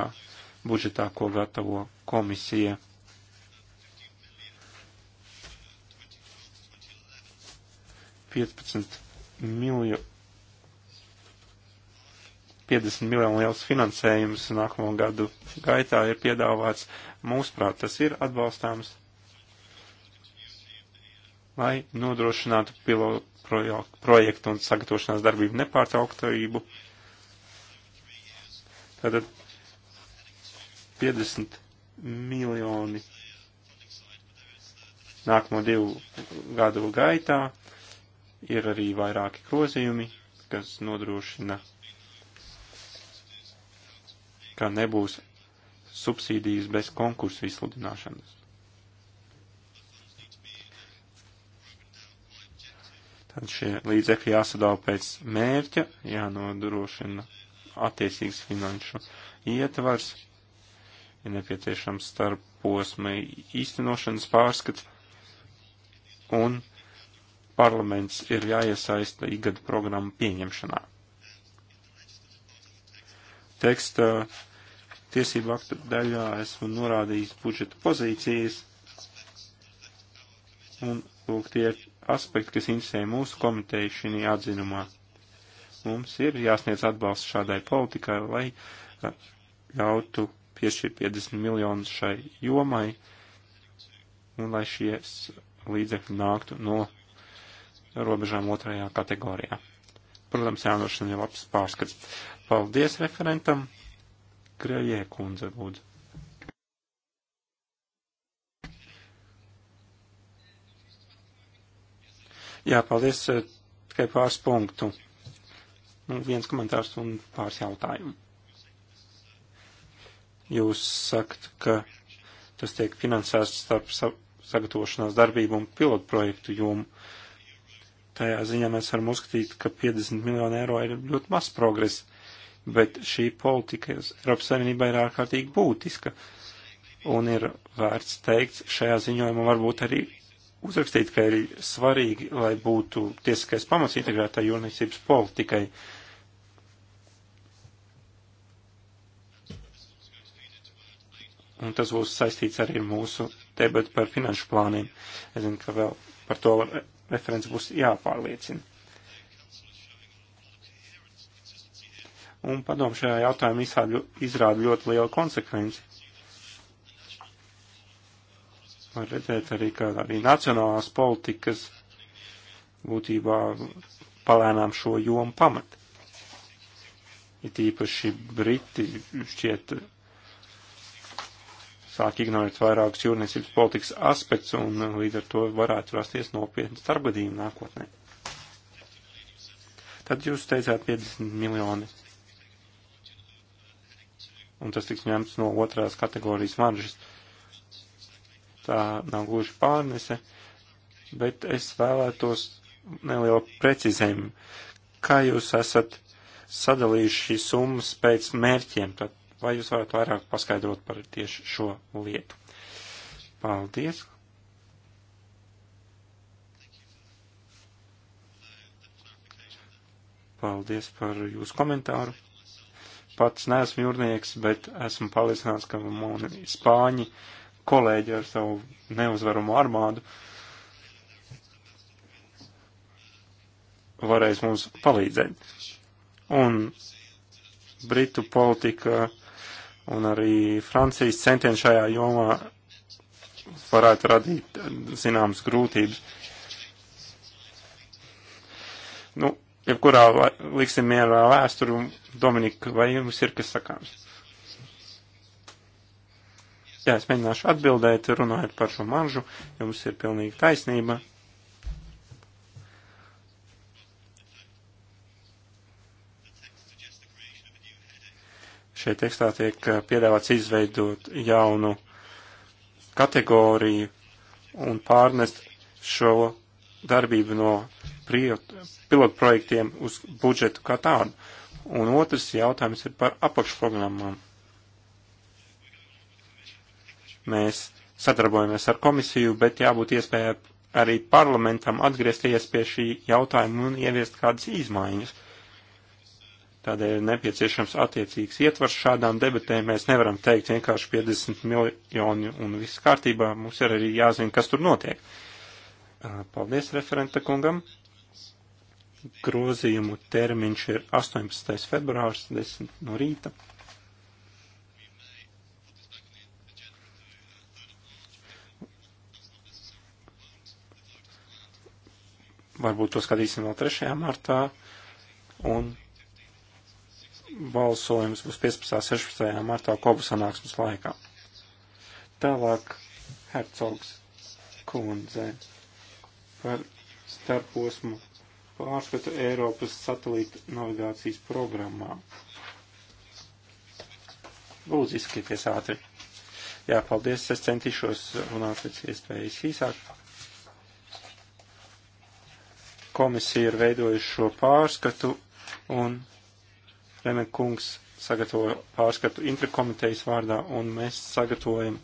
[SPEAKER 1] budžetā, ko gatavo komisija 15 milju, 50 miljonu liels finansējums nākamo gadu gaitā ir piedāvāts. Mūsuprāt, tas ir atbalstāms, lai nodrošinātu pilotu projektu un sagatavošanās darbību nepārtrauktību. Tātad 50 miljoni nākamo divu gadu gaitā Ir arī vairāki grozījumi, kas nodrošina, ka nebūs subsīdijas bez konkursu izsludināšanas. Tad šie līdzekļi jāsadala pēc mērķa, jānodrošina attiecīgs finanšu ietvars, ir nepieciešams starp posma īstenošanas pārskats un parlaments ir jāiesaista igada programmu pieņemšanā. Teksta tiesību aktu daļā esmu norādījis budžeta pozīcijas, un lūk tie ir aspekti, kas interesē mūsu komiteju šī atzinumā. Mums ir jāsniedz atbalsts šādai politikai, lai ļautu piešķirt 50 miljonus šai jomai, un lai šies līdzekļi nāktu no robežām otrajā kategorijā. Protams, jānodrošina labs pārskats. Paldies referentam. Krējē kundze, lūdzu. Jā, paldies. Eh, tikai pāris punktu. Nu, viens komentārs un pāris jautājumu. Jūs sakat, ka tas tiek finansēts starp sagatavošanās darbību un pilotprojektu jomu. Uh, Tajā ziņā mēs varam uzskatīt, ka 50 miljoni eiro ir ļoti maz progresa, bet šī politika Eiropas Savienībā ir ārkārtīgi būtiska. Un ir vērts teikt, šajā ziņojumā varbūt arī uzrakstīt, ka ir svarīgi, lai būtu tiesiskais pamats integrētā jūrniecības politikai. Un tas būs saistīts arī ar mūsu debatu par finanšu plāniem. Es zinu, ka vēl Par to referents būs jāpārliecina. Un padomu šajā jautājumā izrāda, izrāda ļoti lielu konsekvenci. Var redzēt arī, ka arī nacionālās politikas būtībā palēnām šo jomu pamat. It īpaši Briti šķiet sāk ignorēt vairākus jūrniecības politikas aspektus un uh, līdz ar to varētu rasties nopietni starpgadījumi nākotnē. Tad jūs teicāt 50 miljoni. Un tas tiks ņemts no otrās kategorijas maržas. Tā nav gluži pārnese, bet es vēlētos nelielu precizējumu. Kā jūs esat sadalījuši šīs summas pēc mērķiem? Tad Vai jūs varat vairāk paskaidrot par tieši šo lietu? Paldies! Paldies par jūsu komentāru. Pats neesmu jūrnieks, bet esmu pārliecināts, ka mani spāņi kolēģi ar savu neuzvaramu armādu varēs mums palīdzēt. Un Britu politika un arī Francijas centieni šajā jomā varētu radīt eh, zināmas grūtības. Nu, jebkurā liksim mierā vēsturu, Dominika, vai jums ir kas sakāms? Jā, es mēģināšu atbildēt, runājot par šo maržu, jums ir pilnīgi taisnība. Šeit tekstā tiek eh, piedāvāts izveidot jaunu kategoriju un pārnest šo darbību no pilotprojektiem uz budžetu kā tādu. Un otrs jautājums ir par apakšprogrammām. Mēs sadarbojamies ar komisiju, bet jābūt iespējai arī parlamentam atgriezties pie šī jautājuma un ieviest kādas izmaiņas. Tādēļ ir nepieciešams attiecīgs ietvars šādām debatēm. Mēs nevaram teikt vienkārši 50 miljoni un viss kārtībā. Mums ir arī jāzina, kas tur notiek. Paldies referenta kungam. Grozījumu termiņš ir 18. februārs, 10 no rīta. Varbūt to skatīsim vēl 3. martā. Un balsojums būs 15. 16. martā kopu sanāksmes laikā. Tālāk Hercogs kundze par starposmu pārskatu Eiropas satelīta navigācijas programmā. Lūdzu, izskaties ātri. Jā, paldies, es centīšos runāt pēc iespējas īsāk. Komisija ir veidojusi šo pārskatu un Remen kungs sagatavoja pārskatu intrakomitejas vārdā, un mēs sagatavojam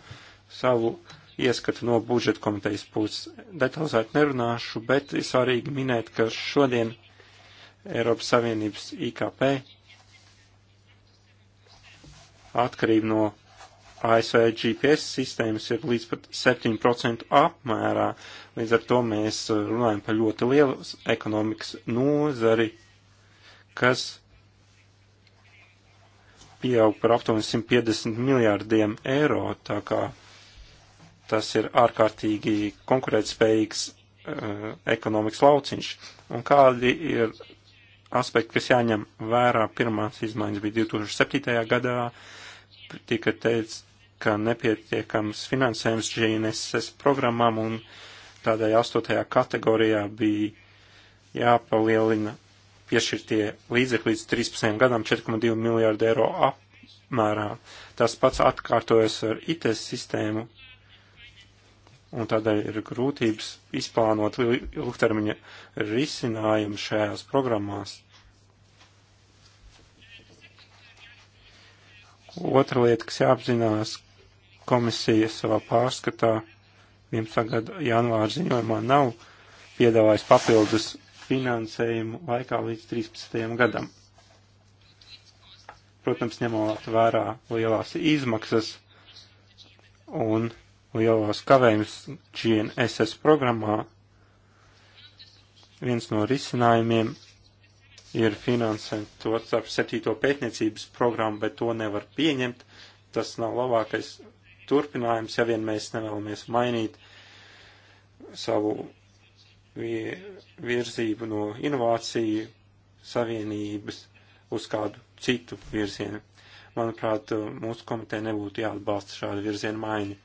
[SPEAKER 1] savu ieskatu no budžeta komitejas puses. Detalizēt nerunāšu, bet ir svarīgi minēt, ka šodien Eiropas Savienības IKP atkarība no ASV GPS sistēmas ir līdz pat 7% apmērā. Līdz ar to mēs runājam par ļoti lielu ekonomikas nozari, kas pieaug par aptuveni 150 miljārdiem eiro, tā kā tas ir ārkārtīgi konkurētspējīgs uh, ekonomikas lauciņš. Un kādi ir aspekti, kas jāņem vērā? Pirmās izmaiņas bija 2007. gadā, tika teicis, ka nepietiekams finansējums GNSS programmām un tādai astotajā kategorijā bija jāpalielina piešķirtie līdzekļi līdz 13 gadam 4,2 miljārdu eiro apmērā. Tas pats atkārtojas ar ITS sistēmu, un tādēļ ir grūtības izplānot ilgtermiņa risinājumu šajās programmās. Otra lieta, kas jāapzinās komisija savā pārskatā 11. gada janvāra ziņojumā nav piedāvājis papildus finansējumu laikā līdz 13. gadam. Protams, ņemot vērā lielās izmaksas un lielos kavējumus GNSS programmā, viens no risinājumiem ir finansēt to ar septīto pētniecības programmu, bet to nevar pieņemt. Tas nav labākais turpinājums, ja vien mēs nevēlamies mainīt savu virzību no inovāciju savienības uz kādu citu virzienu. Manuprāt, mūsu komiteja nebūtu jāatbalsta šādu virzienu maiņu.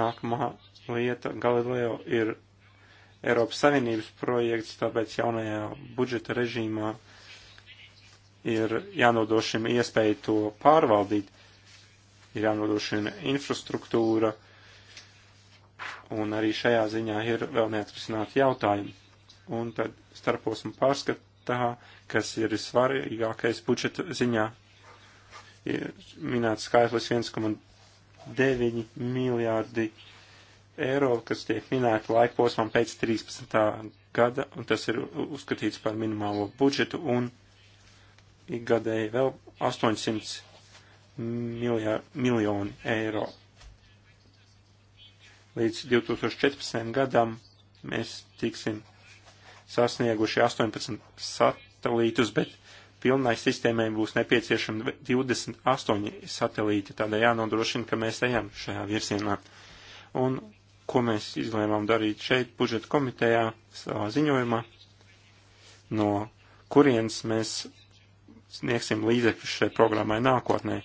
[SPEAKER 1] Nākamā lieta Galileo ir Eiropas Savienības projekts, tāpēc jaunajā budžeta režīmā ir jānodrošina iespēja to pārvaldīt, ir jānodrošina infrastruktūra, uh, un arī šajā ziņā ir vēl neatrisināti jautājumi. Un tad starposmu pārskatā, kas ir svarīgākais budžeta ziņā, ir minēts skaitlis 1,9 miljārdi eiro, kas tiek minēta laikposmam pēc 13. gada, un tas ir uzskatīts par minimālo budžetu, un ikgadēji vēl 800 miljā, miljoni eiro Līdz 2014. gadam mēs tiksim sasnieguši 18 satelītus, bet pilnai sistēmai būs nepieciešami 28 satelīti, tādēļ jānodrošina, ka mēs ejam šajā virsienā. Un ko mēs izlēmām darīt šeit budžeta komitejā savā ziņojumā, no kurienes mēs sniegsim līdzekļus šai programmai nākotnē.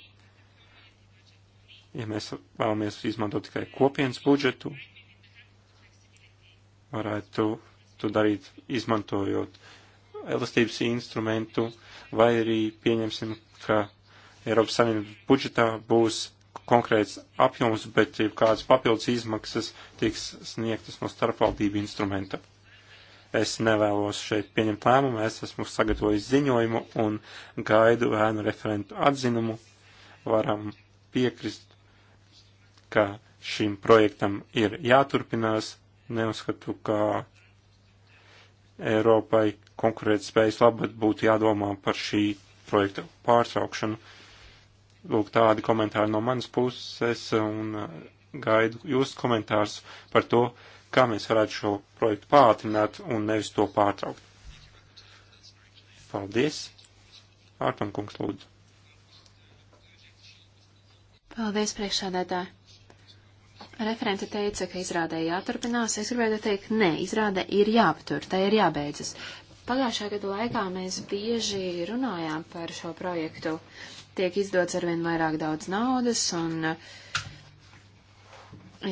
[SPEAKER 1] Ja mēs vēlamies izmantot tikai kopienas budžetu, varētu to darīt izmantojot elastības instrumentu, vai arī pieņemsim, ka Eiropas Savienības budžetā būs konkrēts apjoms, bet kādas papildus izmaksas tiks sniegtas no starpvaldību instrumenta. Es nevēlos šeit pieņemt lēmumu, es esmu sagatavojis ziņojumu un gaidu vēnu referentu atzinumu. Varam piekrist ka šim projektam ir jāturpinās. Neuzskatu, ka Eiropai konkurētspējas labad būtu jādomā par šī projekta pārtraukšanu. Lūk, tādi komentāri no manas puses un uh, gaidu jūsu komentārus par to, kā mēs varētu šo projektu pātrināt un nevis to pārtraukt. Paldies! Ārtam kungs lūdzu.
[SPEAKER 2] Paldies, priekšādētāji! Referente teica, ka izrādē jāturpinās. Es gribētu teikt, nē, izrāde ir jāaptur, tai ir jābeidzas. Pagājušā gada laikā mēs bieži runājām par šo projektu. Tiek izdots arvien vairāk daudz naudas, un uh,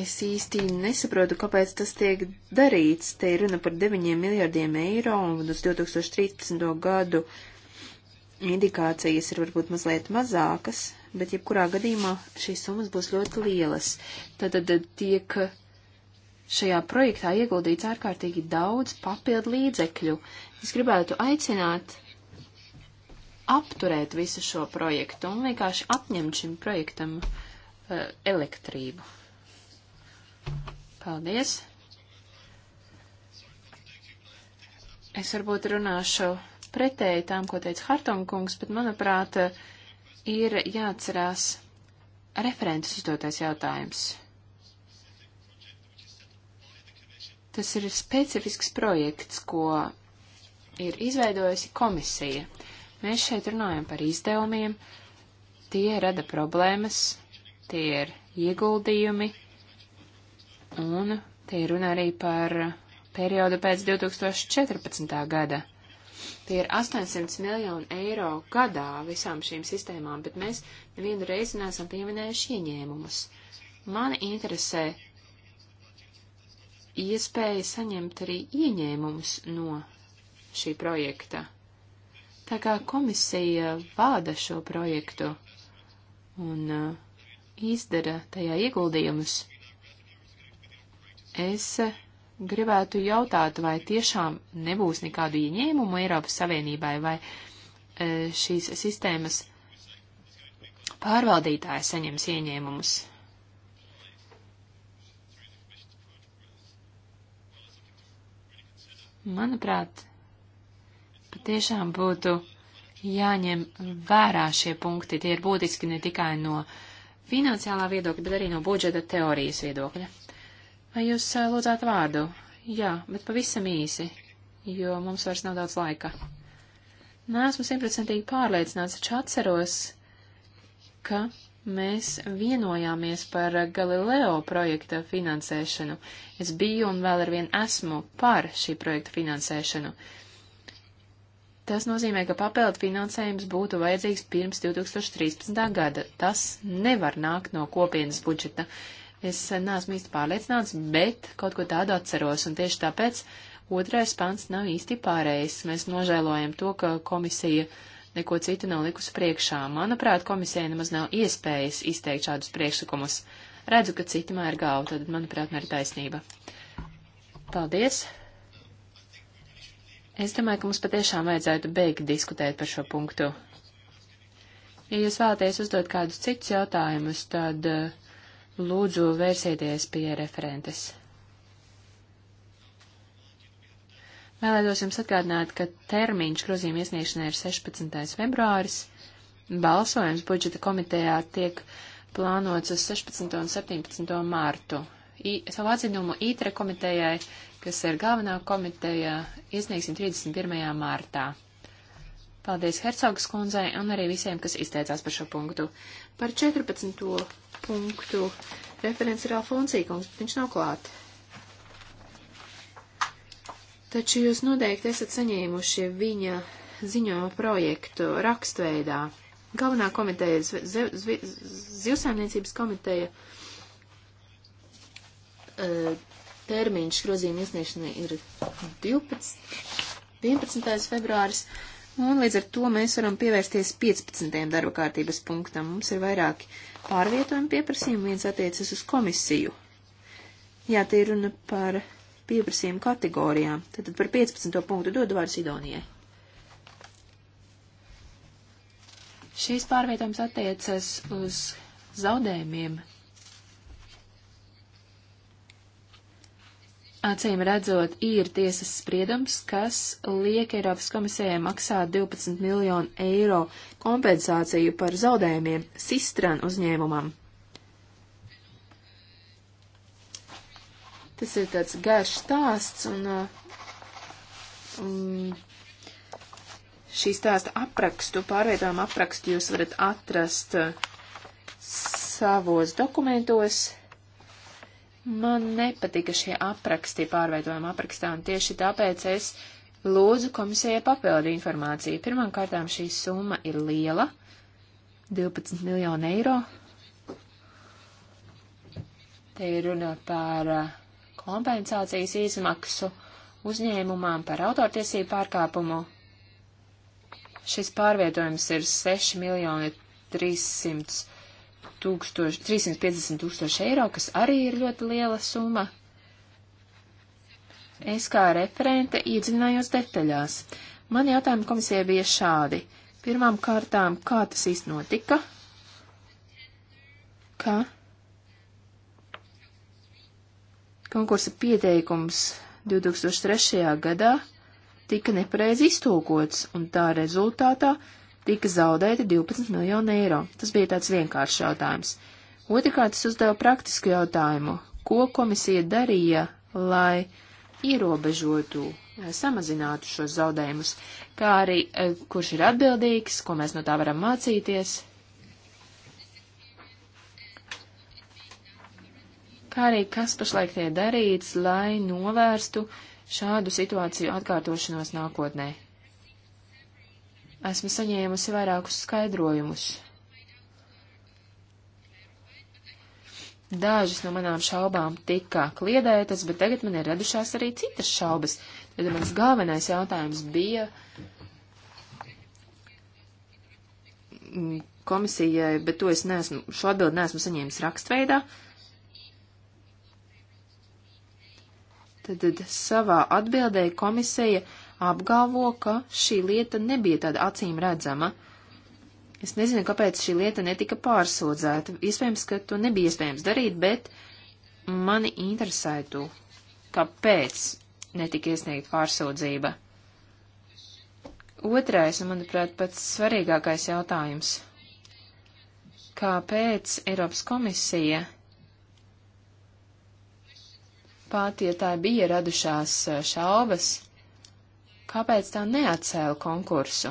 [SPEAKER 2] es īsti nesaprotu, kāpēc tas tiek darīts. Te ir runa par 9 miljardiem eiro, un uz 2013. gadu indikācijas ir varbūt mazliet mazākas, bet jebkurā gadījumā šīs summas būs ļoti lielas. Tad, tad eh, tiek šajā projektā ieguldīts ārkārtīgi daudz papildu līdzekļu. Es gribētu aicināt apturēt visu šo projektu un vienkārši atņemt šim projektam uh, elektrību. Paldies! Es varbūt runāšu pretēji tām, ko teica Hartonkungs, bet manuprāt, uh, ir jāatcerās referentus uzdotais jautājums. Tas ir specifisks projekts, ko ir izveidojusi komisija. Mēs šeit runājam par izdevumiem, tie rada problēmas, tie ir ieguldījumi, un tie runā arī par periodu pēc 2014. gada. Tie ir 800 miljoni eiro gadā visām šīm sistēmām, bet mēs nevienu reizi neesam pieminējuši ieņēmumus. Mani interesē iespēja saņemt arī ieņēmumus no šī projekta. Tā kā komisija vāda šo projektu un uh, izdara tajā ieguldījumus, es uh, gribētu jautāt, vai tiešām nebūs nekādu ieņēmumu Eiropas Savienībai, vai e, šīs sistēmas pārvaldītāji saņems ieņēmumus. Manuprāt, patiešām būtu jāņem vērā šie punkti. Tie ir būtiski ne tikai no finansiālā viedokļa, bet arī no budžeta teorijas viedokļa. Vai jūs lūdzētu vārdu? Jā, bet pavisam īsi, jo mums vairs nav daudz laika. Nēsmu simtprocentīgi pārliecināts, taču atceros, ka mēs vienojāmies par Galileo projekta finansēšanu. Es biju un vēl ar vien esmu par šī projekta finansēšanu. Tas nozīmē, ka papildu finansējums būtu vajadzīgs pirms 2013. gada. Tas nevar nākt no kopienas budžeta. Es neesmu īsti pārliecināts, bet kaut ko tādu atceros, un tieši tāpēc otrais pants nav īsti pārējais. Mēs nožēlojam to, ka komisija neko citu nav likusi priekšā. Manuprāt, komisijai nemaz nav iespējas izteikt šādus priekšlikumus. Redzu, ka citi mēr galvu, tad, manuprāt, man ir taisnība. Paldies! Es domāju, ka mums patiešām vajadzētu beigt diskutēt par šo punktu. Ja jūs vēlaties uzdot kādus citus jautājumus, tad uh, Lūdzu, vērsieties pie referentes. Vēlētos jums atgādināt, ka termiņš grozījuma iesniegšanai ir 16. februāris. Balsojums budžeta komitejā tiek plānots uz 16. un 17. mārtu. I, savu atzinumu ITRE komitejai, kas ir galvenā komiteja, iesniegsim 31. mārtā. Paldies Hercogas kundzei un arī visiem, kas izteicās par šo punktu. Par 14 punktu referents ir Alfonsīkums, bet viņš nav klāt. Taču jūs noteikti esat saņēmuši viņa ziņojumu projektu rakstveidā. Galvenā komiteja, zivsaimniecības komiteja, e, termiņš grozījuma iesniegšanai ir 12, 11. februāris, un līdz ar to mēs varam pievērsties 15. darba kārtības punktam. Mums ir vairāki pārvietojumu pieprasījumu, viens attiecas uz komisiju. Jā, tie ir runa par pieprasījumu kategorijām. Tad par 15. punktu dod vārdu Sidonijai. Šīs pārvietojums attiecas uz zaudējumiem, acīm redzot, ir tiesas spriedums, kas liek Eiropas komisijai maksāt 12 miljonu eiro kompensāciju par zaudējumiem Sistran uzņēmumam. Tas ir tāds garš stāsts, un um, šī stāsta aprakstu, pārvietojam aprakstu jūs varat atrast uh, savos dokumentos. Man nepatika šie apraksti, pārveidojuma aprakstā, un tieši tāpēc es lūdzu komisijai papildu informāciju. Pirmkārtām šī summa ir liela - 12 miljonu eiro. Te ir runa par uh, kompensācijas izmaksu uzņēmumām par autortiesību pārkāpumu. Šis pārvietojums ir 6 miljoni 300 tūkstoši, 350 tūkstoši eiro, kas arī ir ļoti liela summa. Es kā referente iedzinājos detaļās. Man jautājumi komisijai bija šādi. Pirmām kārtām, kā tas īsti notika? Kā? Konkursa pieteikums 2003. gadā tika nepareizi iztūkots, un tā rezultātā tika zaudēti 12 miljoni eiro. Tas bija tāds vienkāršs jautājums. Otrkārt, es uzdevu praktisku jautājumu, ko komisija darīja, lai ierobežotu, samazinātu šos zaudējumus, kā arī eh, kurš ir atbildīgs, ko mēs no tā varam mācīties, kā arī kas pašlaik tiek darīts, lai novērstu šādu situāciju atkārtošanos nākotnē. Esmu saņēmusi vairākus skaidrojumus. Dažas no manām šaubām tika kliedētas, bet tagad man ir radušās arī citas šaubas. Tad mans galvenais jautājums bija mm, komisijai, bet to es neesmu, šo atbildi neesmu saņēmis rakstveidā. Tad, tad savā atbildē komisija apgalvo, ka šī lieta nebija tāda acīm redzama. Es nezinu, kāpēc šī lieta netika pārsūdzēta. Iespējams, ka to nebija iespējams darīt, bet mani interesētu, kāpēc netika iesniegta pārsūdzība. Otrais, un manuprāt, pats svarīgākais jautājums. Kāpēc Eiropas komisija pat, ja tā bija radušās uh, šaubas kāpēc tā neatcēla konkursu?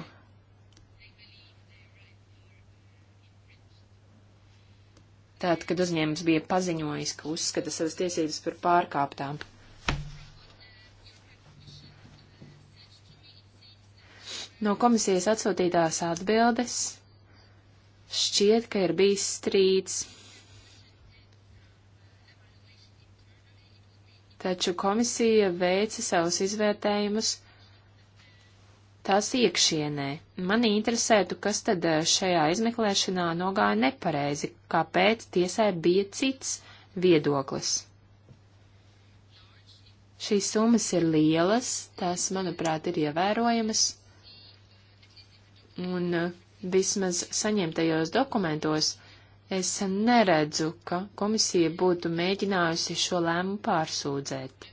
[SPEAKER 2] Tātad, kad uzņēmums bija paziņojis, ka uzskata savas tiesības par pārkāptām. No komisijas atsūtītās atbildes šķiet, ka ir bijis strīds. Taču komisija veica savus izvērtējumus tās iekšienē. Mani interesētu, kas tad eh, šajā izmeklēšanā nogāja nepareizi, kāpēc tiesai bija cits viedoklis. Šīs summas ir lielas, tās, manuprāt, ir ievērojamas, un eh, vismaz saņemtajos dokumentos es neredzu, ka komisija būtu mēģinājusi šo lēmu pārsūdzēt.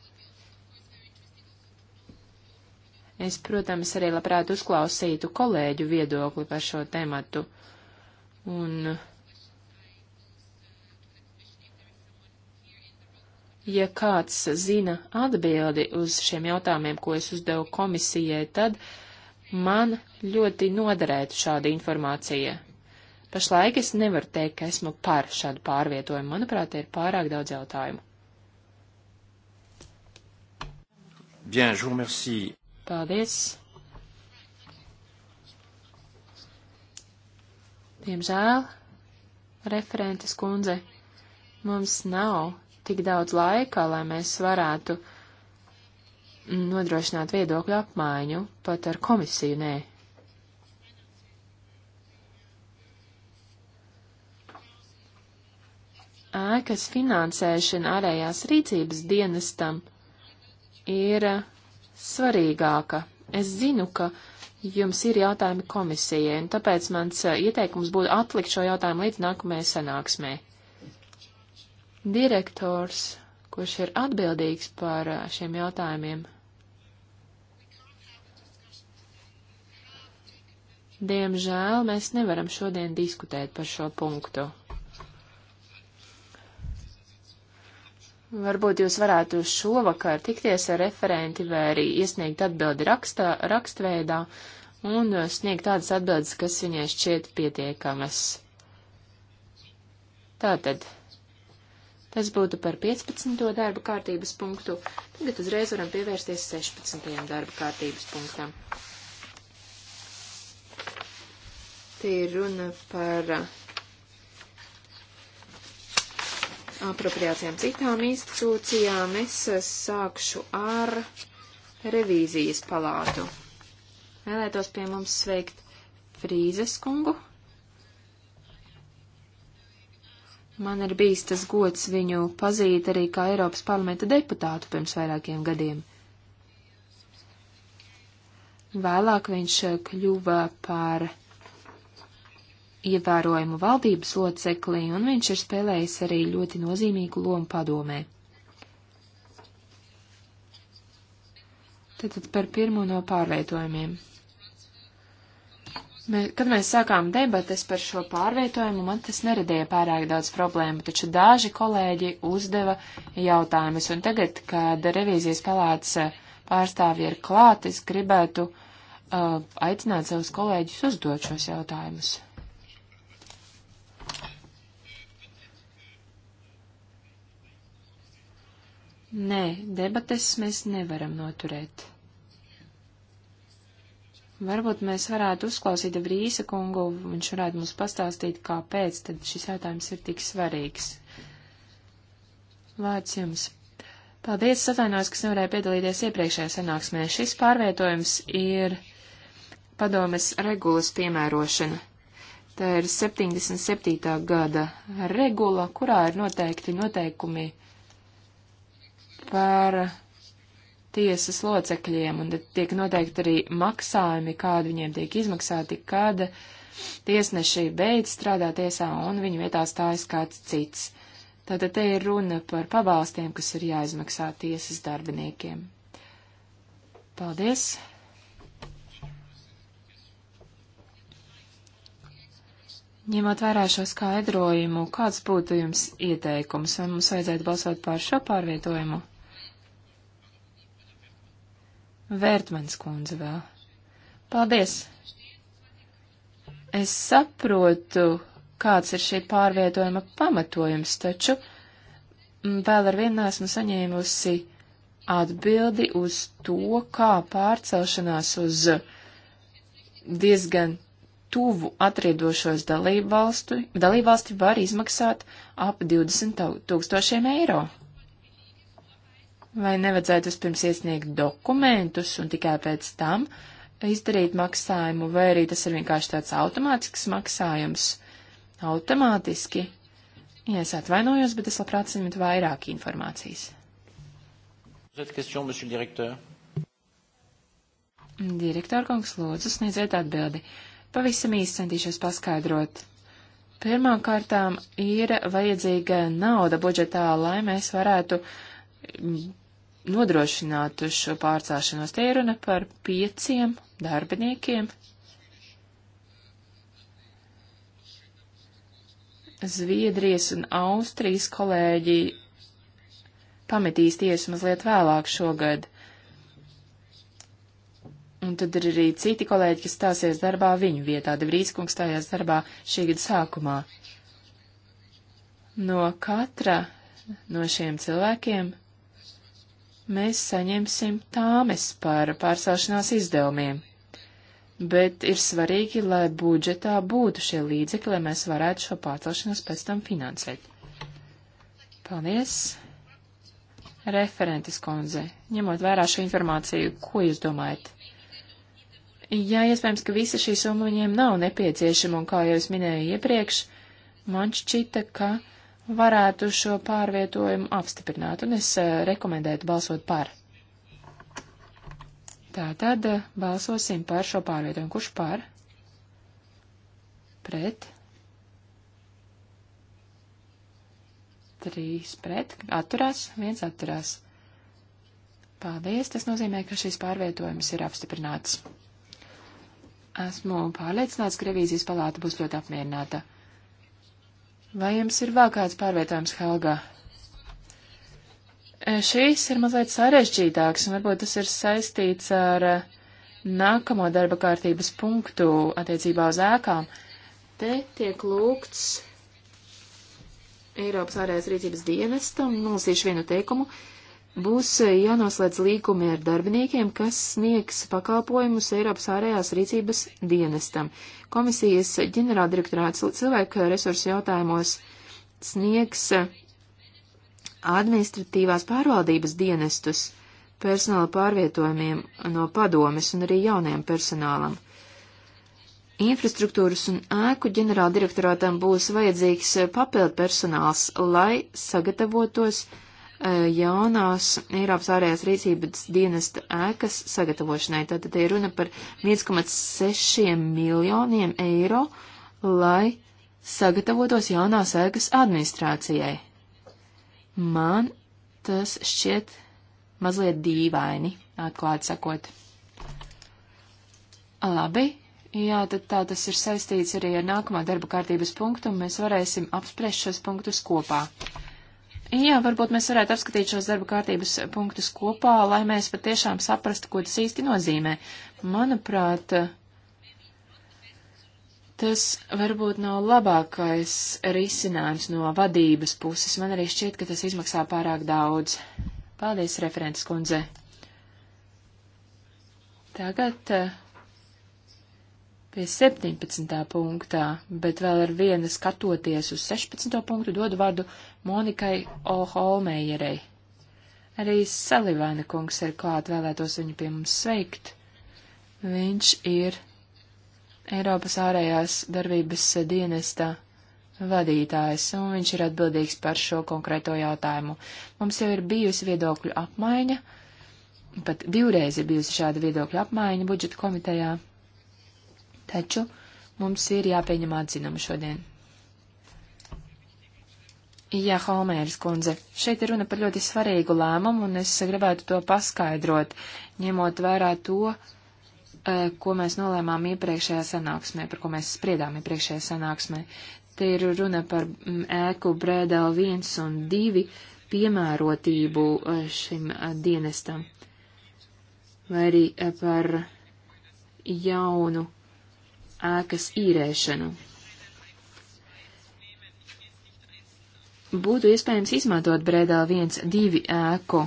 [SPEAKER 2] Es, protams, arī labprāt uzklausītu kolēģu viedokli par šo tematu. Un, ja kāds zina atbildi uz šiem jautājumiem, ko es uzdevu komisijai, tad man ļoti noderētu šāda informācija. Pašlaik es nevaru teikt, ka esmu par šādu pārvietojumu. Manuprāt, ir pārāk daudz jautājumu. Bien, je vous remercie. Paldies! Diemžēl, referentes kundze, mums nav tik daudz laika, lai mēs varētu nodrošināt viedokļu apmaiņu, pat ar komisiju nē. Ēkas finansēšana ārējās rīcības dienestam ir svarīgāka. Es zinu, ka jums ir jautājumi komisijai, un tāpēc mans eh, ieteikums būtu atlikt šo jautājumu līdz nākamajai sanāksmē. Direktors, kurš ir atbildīgs par eh, šiem jautājumiem, Diemžēl mēs nevaram šodien diskutēt par šo punktu. Varbūt jūs varētu šovakar tikties ar referenti vai arī iesniegt atbildi rakstā, rakstveidā un sniegt tādas atbildes, kas viņai šķiet pietiekamas. Tātad, tas būtu par 15. darba kārtības punktu. Tagad uzreiz varam pievērsties 16. darba kārtības punktam. Te ir runa par apropriācijām citām institūcijām. Es sākšu ar revīzijas palātu. Vēlētos pie mums sveikt Frīzes kungu. Man ir bijis tas gods viņu pazīt arī kā Eiropas parlamenta deputātu pirms vairākiem gadiem. Vēlāk viņš kļuva par uh, ievērojumu valdības loceklī, un viņš ir spēlējis arī ļoti nozīmīgu lomu padomē. Tātad par pirmo no pārvietojumiem. Mē, kad mēs sākām debates par šo pārvietojumu, man tas neradīja pārāk daudz problēmu, taču daži kolēģi uzdeva jautājumus, un tagad, kad revīzijas palāca pārstāvji ir klāt, es gribētu uh, aicināt savus kolēģus uzdot šos jautājumus. Nē, debates mēs nevaram noturēt. Varbūt mēs varētu uzklausīt Brīsa kungu, viņš varētu mums pastāstīt, kāpēc tad šis jautājums ir tik svarīgs. Vārds jums. Paldies, atvainojos, kas nevarēja piedalīties iepriekšējā sanāksmē. Šis pārvietojums ir padomes regulas piemērošana. Tā ir 77. gada regula, kurā ir noteikti noteikumi par tiesas locekļiem, un tiek noteikti arī maksājumi, kādi viņiem tiek izmaksāti, kad tiesneši beidz strādāt tiesā un viņu vietā stājas kāds cits. Tātad te ir runa par pabalstiem, kas ir jāizmaksā tiesas darbiniekiem. Paldies! Ņemot vērā šo skaidrojumu, kāds būtu jums ieteikums, vai mums vajadzētu balsot pār šo pārvietojumu? Vērtmens kundze vēl. Paldies! Es saprotu, kāds ir šī pārvietojuma pamatojums, taču mm, vēl ar vienu esmu saņēmusi atbildi uz to, kā pārcelšanās uz diezgan tuvu atriedošos dalībvalstu, dalībvalsti var izmaksāt ap 20 tūkstošiem eiro. Vai nevajadzētu vispirms iesniegt dokumentus un tikai pēc tam izdarīt maksājumu, vai arī tas ir vienkārši tāds automātisks maksājums? Automātiski. Ja es atvainojos, bet es labprāt saņemtu vairāk informācijas. Direktor kungs, lūdzu, sniedziet atbildi. Uh, Pavisam īsi centīšos paskaidrot. Pirmām kārtām ir vajadzīga nauda budžetā, lai mēs varētu mm, nodrošināt šo pārcāšanos. Te ir runa par pieciem darbiniekiem. Zviedrijas un Austrijas kolēģi pametīs tiesu mazliet vēlāk šogad. Un tad ir arī citi kolēģi, kas stāsies darbā viņu vietā. Devrīskungs stājās darbā šī gada sākumā. No katra no šiem cilvēkiem mēs saņemsim tāmes par pārcelšanās izdevumiem. Bet ir svarīgi, lai budžetā būtu šie līdzekļi, lai mēs varētu šo pārcelšanos pēc tam finansēt. Paldies! Referentes kundze, ņemot vērā šo informāciju, ko jūs domājat? Jā, iespējams, ka visa šī summa viņiem nav nepieciešama, un kā jau es minēju iepriekš, man šķita, ka varētu šo pārvietojumu apstiprināt, un es uh, rekomendētu balsot par. Tātad uh, balsosim par šo pārvietojumu. Kurš par? Pret? Trīs pret. Atturās? Viens atturās. Paldies, tas nozīmē, ka šis pārvietojums ir apstiprināts. Esmu pārliecināts, ka revīzijas palāta būs ļoti apmierināta. Vai jums ir vēl kāds pārvietojums, Helga? E, Šīs ir mazliet sarežģītāks, un varbūt tas ir saistīts ar e, nākamo darba kārtības punktu attiecībā uz ēkām. Te tiek lūgts Eiropas ārējās rīcības dienestam, nolasīšu vienu teikumu. Uh, būs eh, jānoslēdz līgumi ar darbiniekiem, kas sniegs pakalpojumus Eiropas ārējās rīcības dienestam. Komisijas ģenerāldirektorāts cilvēku resursu jautājumos sniegs eh, administratīvās pārvaldības dienestus personāla pārvietojumiem no padomes un arī jaunajam personālam. Infrastruktūras un ēku ģenerāldirektorātam būs vajadzīgs eh, papildu personāls, lai sagatavotos uh, Eh, jaunās Eiropas ārējās rīcības dienesta ēkas sagatavošanai. Tātad ir runa par 1,6 miljoniem eiro, lai sagatavotos jaunās ēkas administrācijai. Man tas šķiet mazliet dīvaini, atklāti sakot. Labi, jā, tad tā tas ir saistīts arī ar nākamā darba kārtības punktu, un mēs varēsim apspriest šos punktus kopā. Jā, varbūt mēs varētu apskatīt šos darba kārtības punktus kopā, lai mēs patiešām saprastu, ko tas īsti nozīmē. Manuprāt, tas varbūt nav labākais risinājums no vadības puses. Man arī šķiet, ka tas izmaksā pārāk daudz. Paldies, referents kundze. Tagad eh, pie 17. punktā, bet vēl ar vienu skatoties uz 16. punktu dodu vārdu Monikai Oholmējerei. Arī Salivāna kungs ir klāt, vēlētos viņu pie mums sveikt. Viņš ir Eiropas ārējās darbības dienestā vadītājs, un viņš ir atbildīgs par šo konkrēto jautājumu. Mums jau ir bijusi viedokļu apmaiņa, pat divreiz ir bijusi šāda viedokļu apmaiņa budžeta komitejā taču mums ir jāpieņem atzinumi šodien. Jā, Holmēras kundze, šeit ir runa par ļoti svarīgu lēmumu, un es gribētu to paskaidrot, ņemot vērā to, eh, ko mēs nolēmām iepriekšējā sanāksmē, par ko mēs spriedām iepriekšējā sanāksmē. Te ir runa par mm, ēku brēdēlu 1 un 2 piemērotību eh, šim eh, dienestam, vai arī par jaunu ēkas īrēšanu. Būtu iespējams izmantot Brēdā 1-2 ēku.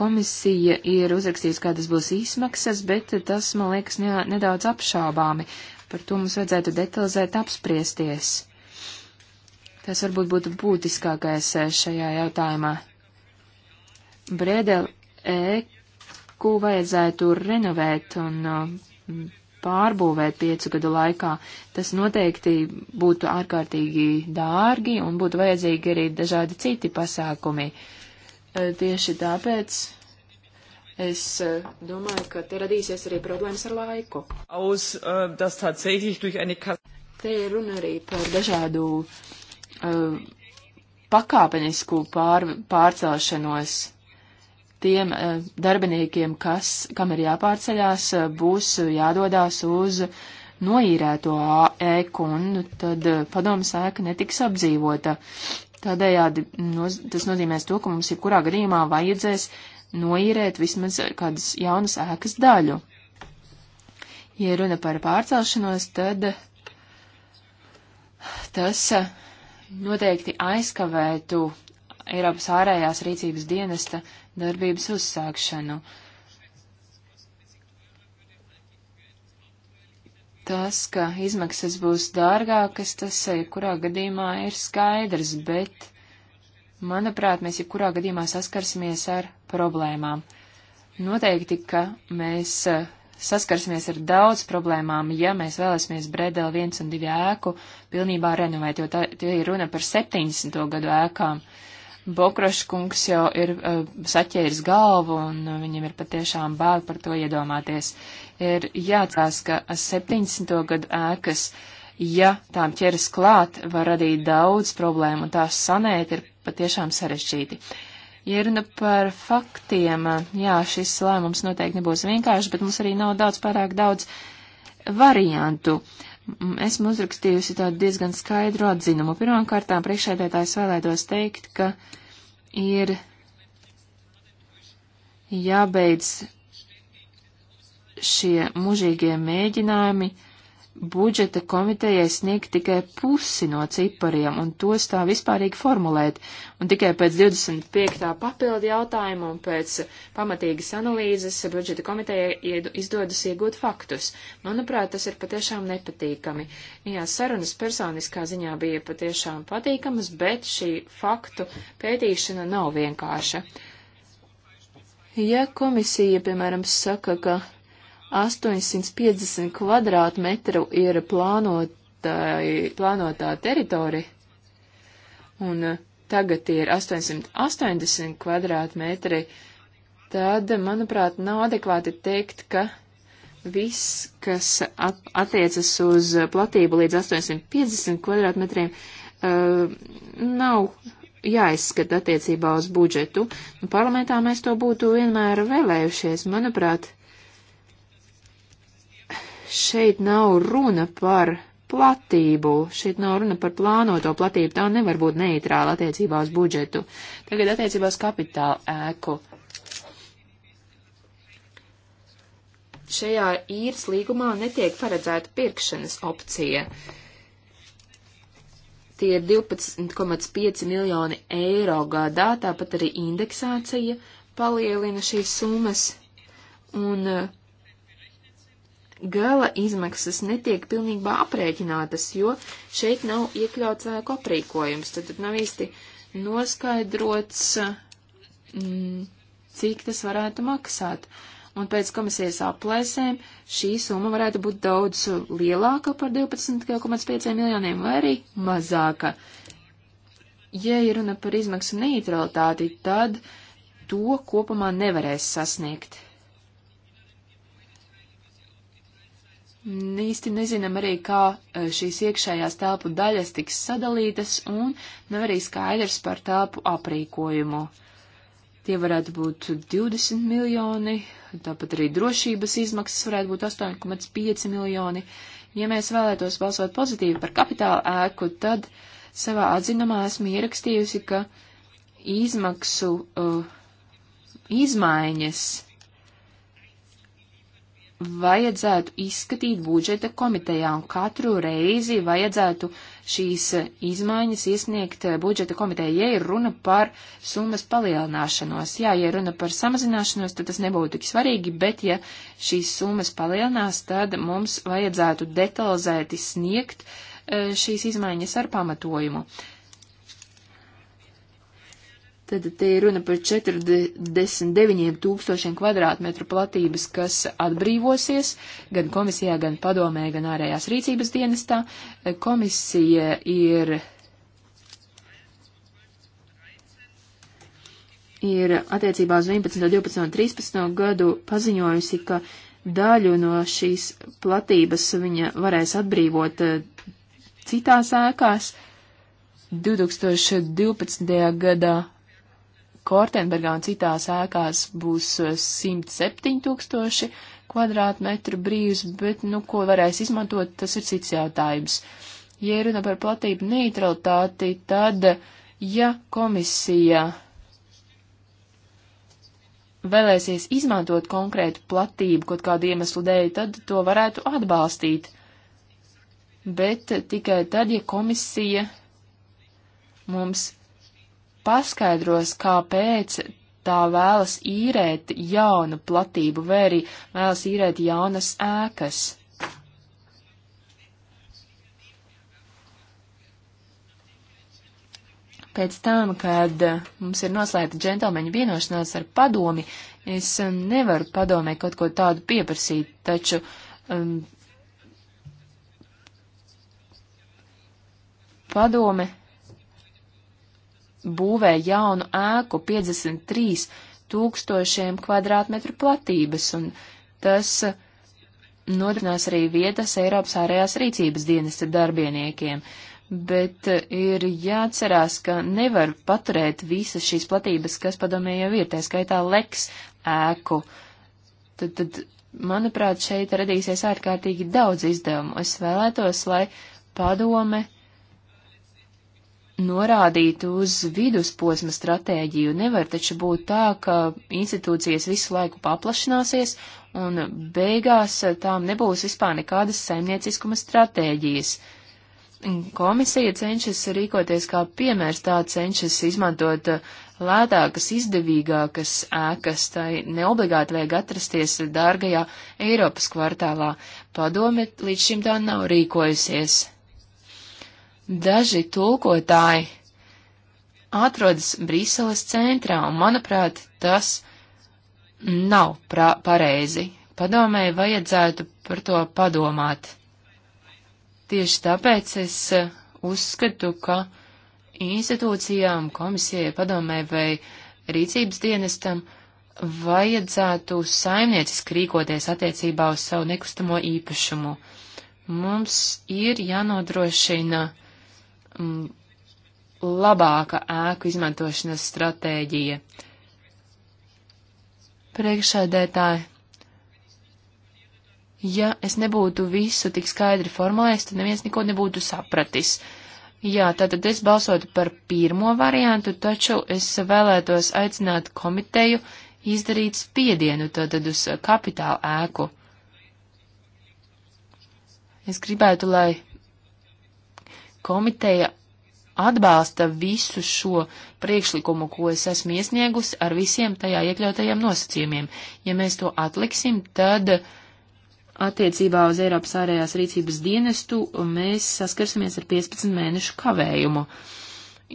[SPEAKER 2] Komisija ir uzrakstījusi, kādas būs izmaksas, bet tas, man liekas, ne, nedaudz apšaubāmi. Par to mums vajadzētu detalizēt apspriesties. Tas varbūt būtu būtiskākais eh, šajā jautājumā. Brēdeli ēku vajadzētu renovēt un eh, pārbūvēt piecu gadu laikā. Tas noteikti būtu ārkārtīgi dārgi un būtu vajadzīgi arī dažādi citi pasākumi. Eh, tieši tāpēc es eh, domāju, ka te radīsies arī problēmas ar laiku. Aus, uh, eine... Te ir runa arī par dažādu uh, pakāpenisku pār, pārcelšanos tiem eh, darbiniekiem, kas, kam ir jāpārceļās, eh, būs jādodās uz noīrēto ēku, un tad eh, padomas ēka netiks apdzīvota. Tādējādi noz tas nozīmēs to, ka mums jebkurā gadījumā vajadzēs noīrēt vismaz kādas jaunas ēkas daļu. Ja runa par pārcelšanos, tad tas noteikti aizkavētu Eiropas ārējās rīcības dienesta uh, darbības uzsākšanu. Tas, ka izmaksas būs dārgākas, tas eh, jebkurā gadījumā ir skaidrs, bet, manuprāt, mēs jebkurā gadījumā saskarsimies ar problēmām. Noteikti, ka mēs eh, saskarsimies ar daudz problēmām, ja mēs vēlēsimies Bredeli 1 un 2 ēku pilnībā renovēt, jo tā, tie ir runa par 70. gadu ēkām. Uh, Bokraškungs jau ir uh, saķēris galvu un uh, viņam ir patiešām bāli par to iedomāties. Ir jāatcerās, ka 70. gadu ēkas, ja tām ķeras klāt, var radīt daudz problēmu un tās sanēt ir patiešām sarežģīti. Ja runa nu par faktiem, eh, jā, šis lēmums noteikti nebūs vienkāršs, bet mums arī nav daudz pārāk daudz variantu. Uh, Mm, esmu uzrakstījusi tādu diezgan skaidru atzinumu. Pirmkārtām priekšēdētājs vēlētos teikt, ka ir jābeidz šie mužīgie mēģinājumi budžeta komitejai sniegt tikai pusi no cipariem un tos tā vispārīgi formulēt, un tikai pēc 25. papildu jautājuma un pēc pamatīgas analīzes budžeta komitejai izdodas iegūt faktus. Manuprāt, tas ir patiešām nepatīkami. Jā, sarunas personiskā ziņā bija patiešām patīkamas, bet šī faktu pētīšana nav vienkārša. Ja komisija, piemēram, saka, ka 850 kvadrātmetru ir plānotai, plānotā teritorija, un eh, tagad ir 880 kvadrātmetri, tad, manuprāt, nav adekvāti teikt, ka viss, kas attiecas uz platību līdz 850 kvadrātmetriem, uh, nav jāizskata attiecībā uz budžetu. Un nu, parlamentā mēs to būtu vienmēr vēlējušies, manuprāt šeit nav runa par platību, šeit nav runa par plānoto platību, tā nevar būt neitrāla attiecībā uz budžetu. Tagad attiecībā uz kapitāla ēku. Šajā īres līgumā netiek paredzēta pirkšanas opcija. Tie ir 12,5 miljoni eiro gadā, tāpat arī indeksācija palielina šīs summas. Un uh, gala izmaksas netiek pilnībā aprēķinātas, jo šeit nav iekļauts ēku aprīkojums, tad nav īsti noskaidrots, mm, cik tas varētu maksāt. Un pēc komisijas aplēsēm šī summa varētu būt daudz lielāka par 12,5 miljoniem vai arī mazāka. Ja ir runa par izmaksu neutralitāti, tad to kopumā nevarēs sasniegt. īsti nezinām arī, kā eh, šīs iekšējās telpu daļas tiks sadalītas, un nav arī skaidrs par telpu aprīkojumu. Tie varētu būt 20 miljoni, tāpat arī drošības izmaksas varētu būt 8,5 miljoni. Ja mēs vēlētos balsot pozitīvi par kapitāla ēku, tad savā atzinumā esmu ierakstījusi, ka izmaksu uh, izmaiņas vajadzētu izskatīt budžeta komitejā, un katru reizi vajadzētu šīs izmaiņas iesniegt budžeta komitejā, ja ir runa par summas palielināšanos. Jā, ja ir runa par samazināšanos, tad tas nebūtu tik svarīgi, bet ja šīs summas palielinās, tad mums vajadzētu detalizēti sniegt eh, šīs izmaiņas ar pamatojumu. Uh, Tad te ir runa par 49 tūkstošiem kvadrātmetru platības, kas atbrīvosies gan komisijā, gan padomē, gan ārējās rīcības dienestā. Komisija ir, ir attiecībā uz 11, 12 un 13 gadu paziņojusi, ka daļu no šīs platības viņa varēs atbrīvot eh, citās ēkās. 2012. gadā Kortenbergā un citās ēkās būs 107 eh, tūkstoši kvadrātmetru brīvs, bet, nu, ko varēs izmantot, tas ir cits jautājums. Ja runa par platību neutralitāti, tad, ja komisija vēlēsies izmantot konkrētu platību kaut kādu iemeslu dēļ, tad to varētu atbalstīt. Bet tikai tad, ja komisija mums paskaidros, kāpēc tā vēlas īrēt jaunu platību vai arī vēlas īrēt jaunas ēkas. Pēc tam, kad mums ir noslēgta džentlmeņa vienošanās ar padomi, es um, nevaru padomē kaut ko tādu pieprasīt, taču um, padome būvē jaunu ēku 53 tūkstošiem kvadrātmetru platības, un tas nodrošinās arī vietas Eiropas ārējās rīcības dienesta darbiniekiem. Bet eh, ir jāatcerās, ka nevar paturēt visas šīs platības, kas padomē jau ir, tā skaitā leks ēku. Tad, tad, manuprāt, šeit radīsies ārkārtīgi daudz izdevumu. Es vēlētos, lai padome uh, norādīt uz vidusposma stratēģiju. Nevar taču būt tā, ka institūcijas visu laiku paplašināsies un beigās tām nebūs vispār nekādas saimnieciskuma stratēģijas. Komisija cenšas rīkoties kā piemērs, tā cenšas izmantot lētākas, izdevīgākas ēkas, tai neobligāti vajag atrasties dārgajā Eiropas kvartālā. Padome līdz šim tā nav rīkojusies. Daži tulkotāji atrodas Brīseles centrā, un, manuprāt, tas nav pareizi. Padomēji vajadzētu par to padomāt. Tieši tāpēc es uh, uzskatu, ka institūcijām, komisijai, padomēji vai rīcības dienestam vajadzētu saimnieciski rīkoties attiecībā uz savu nekustamo īpašumu. Mums ir jānodrošina labāka ēku izmantošanas stratēģija. Priekšsēdētāji, ja es nebūtu visu tik skaidri formulējis, tad neviens neko nebūtu sapratis. Jā, tātad es balsotu par pirmo variantu, taču es vēlētos aicināt komiteju izdarīt spiedienu tātad uz kapitāla ēku. Es gribētu, lai komiteja atbalsta visu šo priekšlikumu, ko es esmu iesniegusi ar visiem tajā iekļautajiem nosacījumiem. Ja mēs to atliksim, tad attiecībā uz Eiropas ārējās rīcības dienestu mēs saskarsimies ar 15 mēnešu kavējumu.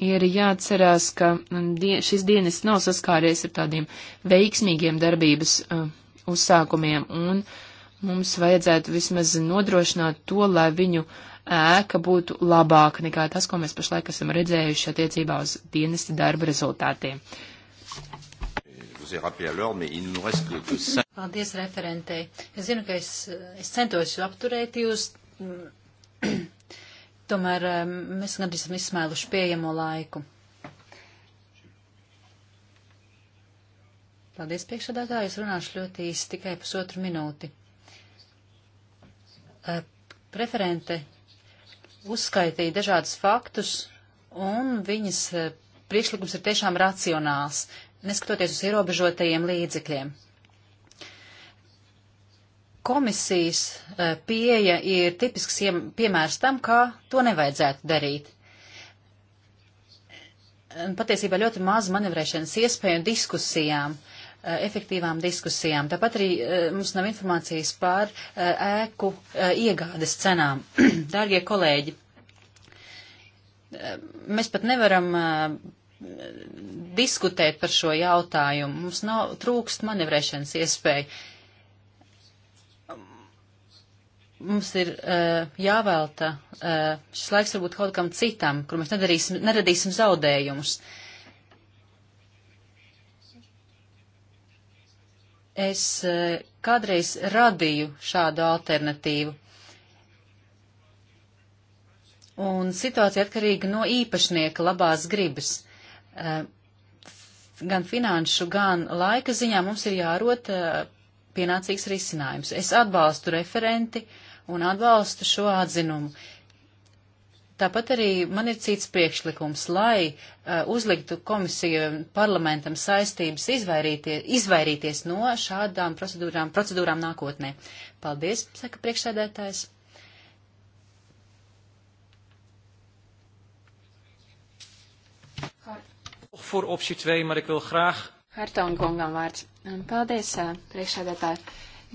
[SPEAKER 2] Ir jāatcerās, ka mm, die, šis dienests nav saskāries ar tādiem veiksmīgiem darbības uh, uzsākumiem, un mums vajadzētu vismaz nodrošināt to, lai viņu uh, ēka būtu labāka nekā tas, ko mēs pašlaik esam redzējuši attiecībā uz dienesta darba rezultātiem.
[SPEAKER 4] Paldies referentei. Es zinu, ka es, es centos apturēt jūs. Tomēr mēs gandrīz esam izsmēluši pieejamo laiku. Paldies, priekšsādātāji. Es runāšu ļoti īsi, tikai pusotru minūti. Preferente uzskaitīja dažādus faktus, un viņas eh, priekšlikums ir tiešām racionāls, neskatoties uz ierobežotajiem līdzekļiem. Komisijas eh, pieeja ir tipisks piemērs tam, kā to nevajadzētu darīt. Patiesībā ļoti maz manevrēšanas iespēju un diskusijām. Uh, Eh, efektīvām diskusijām. Tāpat arī eh, mums nav informācijas par eh, ēku iegādes cenām. Dārgie kolēģi, mēs pat nevaram diskutēt par šo jautājumu. Mums nav trūkst manevrēšanas iespēja. Mums ir uh, jāvēlta uh, šis laiks varbūt kaut kam citam, kur mēs nedarīsim, neradīsim zaudējumus. Uh, Es e, kādreiz radīju šādu alternatīvu. Un situācija atkarīga no īpašnieka labās gribas. E, gan finanšu, gan laika ziņā mums ir jārot e, pienācīgs risinājums. Es atbalstu referenti un atbalstu šo atzinumu. Tāpat arī man ir cits priekšlikums, lai uh, uzliktu komisiju parlamentam saistības izvairīties no šādām procedūrām, procedūrām nākotnē. Paldies, saka priekšsēdētājs.
[SPEAKER 3] Voor optie 2, maar ik wil graag.
[SPEAKER 2] Hartong kungam vārds. Paldies, uh, priekšsēdētāji.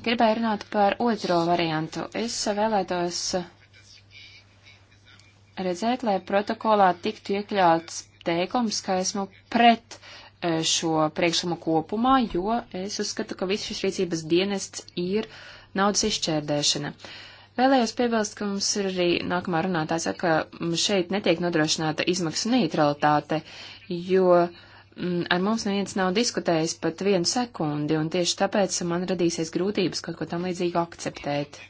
[SPEAKER 2] Gribēju runāt par otro variantu. Es uh, vēlētos uh, redzēt, lai protokolā tiktu iekļauts teikums, ka esmu pret e, šo priekšlikumu kopumā, jo es uzskatu, ka viss šis rīcības dienests ir naudas izšķērdēšana. Vēlējos piebilst, ka mums ir arī nākamā runātājs, ka šeit netiek nodrošināta izmaksu neutralitāte, jo mm, ar mums neviens nav diskutējis pat vienu sekundi, un tieši tāpēc man radīsies grūtības kaut ko tam līdzīgu akceptēt.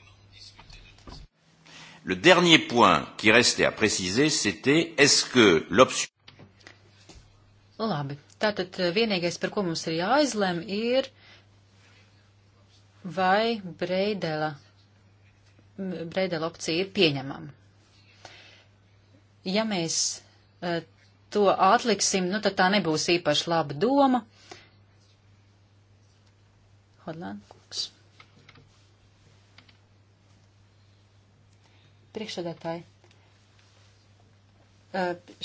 [SPEAKER 1] Le dernier
[SPEAKER 3] point qui restait à préciser, c'était est-ce que l'option.
[SPEAKER 4] Labi. Tātad eh, vienīgais, par ko mums ir jāizlem, ir vai Breidela, Breidela opcija ir pieņemama. Ja mēs uh, to atliksim, nu tad tā nebūs īpaši laba doma. Hodlēn. Priekšsēdētāji,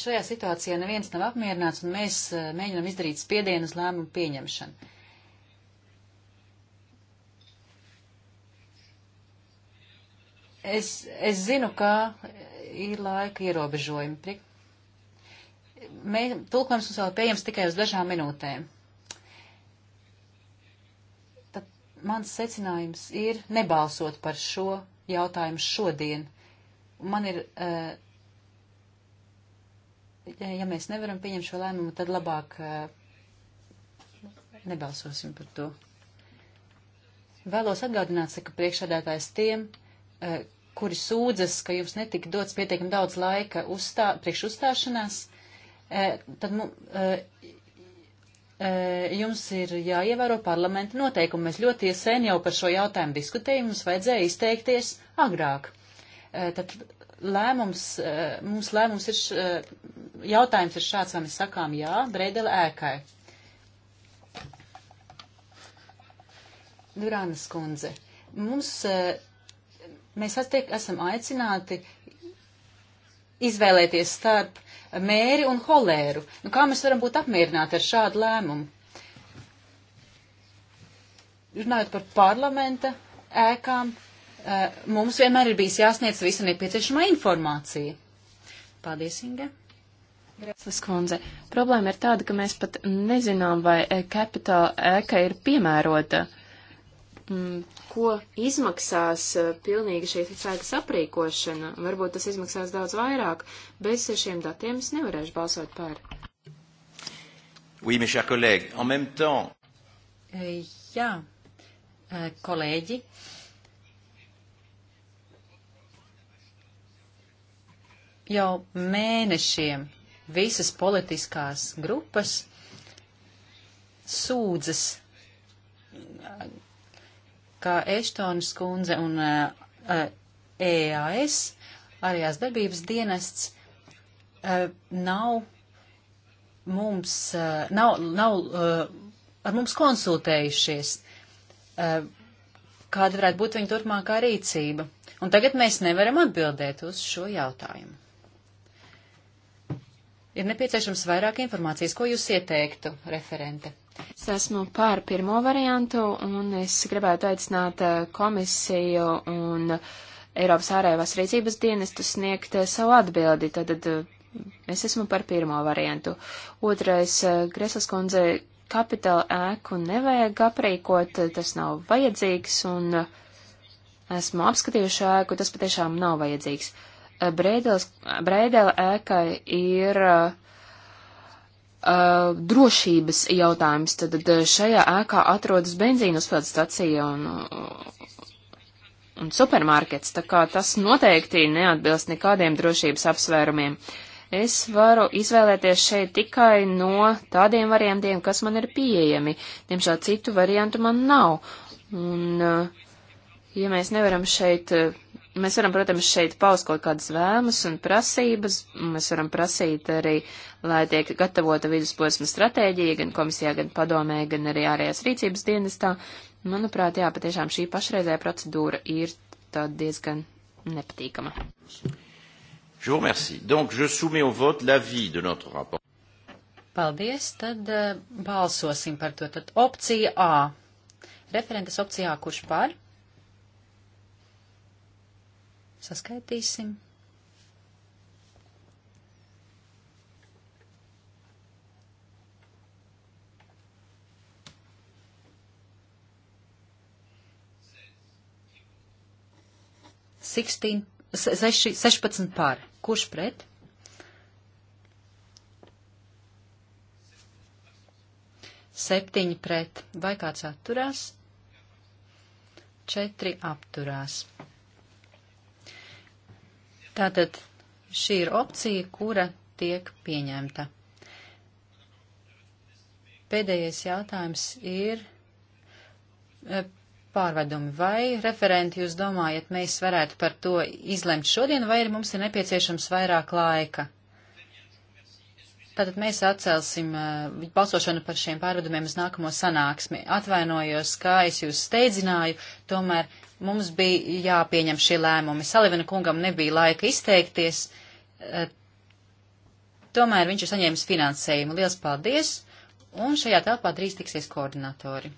[SPEAKER 4] šajā situācijā neviens nav apmierināts, un mēs mēģinām izdarīt spiedienu uz lēmumu pieņemšanu. Es, es zinu, ka ir laika ierobežojumi. Priek... Tulkojums mums vēl pieejams tikai uz dažām minūtēm. Tad mans secinājums ir nebalsot par šo jautājumu šodien. Man ir, eh, ja, ja mēs nevaram pieņemt šo lēmumu, tad labāk eh, nebalsosim par to. Vēlos atgādināt, saka priekšādātājs tiem, eh, kuri sūdzas, ka jums netika dots pietiekami daudz laika uzstā, priekš uzstāšanās, tad jums ir jāievēro parlamenta noteikumi. Mēs ļoti sen jau par šo jautājumu diskutējām, mums vajadzēja izteikties agrāk. Eh, tad lēmums, eh, mums lēmums ir, š, eh, jautājums ir šāds, vai mēs sakām jā Breidela ēkai. Durānas kundze, mums, mēs attiek, esam aicināti izvēlēties starp mēri un holēru. Nu, kā mēs varam būt apmierināti ar šādu lēmumu? Runājot par parlamenta ēkām, Eh, mums vienmēr ir bijis jāsniedz visa nepieciešamā informācija. Paldies, Inga!
[SPEAKER 2] Grēslis kundze, problēma ir tāda, ka mēs pat nezinām, vai kapitāla eh, ēka ir piemērota. Mm, ko izmaksās eh, pilnīgi šī ēkas aprīkošana? Varbūt tas izmaksās daudz vairāk. Bez šiem datiem es nevarēšu balsot par.
[SPEAKER 3] Oui, mes chers collègues, en même temps.
[SPEAKER 4] Jā, kolēģi, jau mēnešiem visas politiskās grupas sūdzas, kā Eštonas kundze un EAS, eh, eh, e ārējās darbības dienests, eh, nav mums, nav, nav ar mums konsultējušies, kāda varētu būt viņa turpmākā rīcība. Un tagad mēs nevaram atbildēt uz šo jautājumu ir nepieciešams vairāk informācijas. Ko jūs ieteiktu, referente?
[SPEAKER 2] Es esmu pār pirmo variantu, un es gribētu aicināt eh, komisiju un Eiropas ārējās rīcības dienestu sniegt eh, savu atbildi. Tad eh, es esmu par pirmo variantu. Otrais, Gresas kundze, kapitāla ēku nevajag aprīkot, tas nav vajadzīgs, un esmu apskatījuši ēku, tas patiešām nav vajadzīgs. Uh, Brēdels, Brēdela ēkai ir uh, uh, drošības jautājums. Tad uh, šajā ēkā atrodas benzīna uzpildes stacija un, un supermarkets, tā kā tas noteikti neatbilst nekādiem drošības apsvērumiem. Es varu izvēlēties šeit tikai no tādiem variantiem, kas man ir pieejami. Diemžēl citu variantu man nav. Un, uh, ja mēs nevaram šeit Mēs varam, protams, šeit paust kaut kādas vēlmes un prasības, un mēs varam prasīt arī, lai tiek gatavota vidusposma stratēģija gan komisijā, gan padomē, gan arī ārējās rīcības dienestā. Manuprāt, jā, patiešām šī pašreizējā procedūra ir tāda diezgan nepatīkama.
[SPEAKER 1] Je vous remercie. Donc, je soumets au vote l'avis de notre rapport.
[SPEAKER 4] Paldies, tad eh, balsosim par to. Tad opcija A. Referentes opcijā kurš par? Saskaitīsim. Sixteen, seši, 16 pār. Kurš pret? Septiņi pret. Vai kāds atturās? Četri apturās. Tātad šī ir opcija, kura tiek pieņemta. Pēdējais jautājums ir e, pārvedumi. Vai, referenti, jūs domājat, mēs varētu par to izlemt šodien, vai ir mums ir nepieciešams vairāk laika? Tātad mēs atcelsim uh, balsošanu par šiem pārvedumiem uz nākamo sanāksmi. Atvainojos, kā es jūs steidzināju, tomēr mums bija jāpieņem šie lēmumi. Salivina kungam nebija laika izteikties, eh, tomēr viņš ir saņēmis finansējumu. Liels paldies! Un šajā telpā drīz tiksies koordinatori.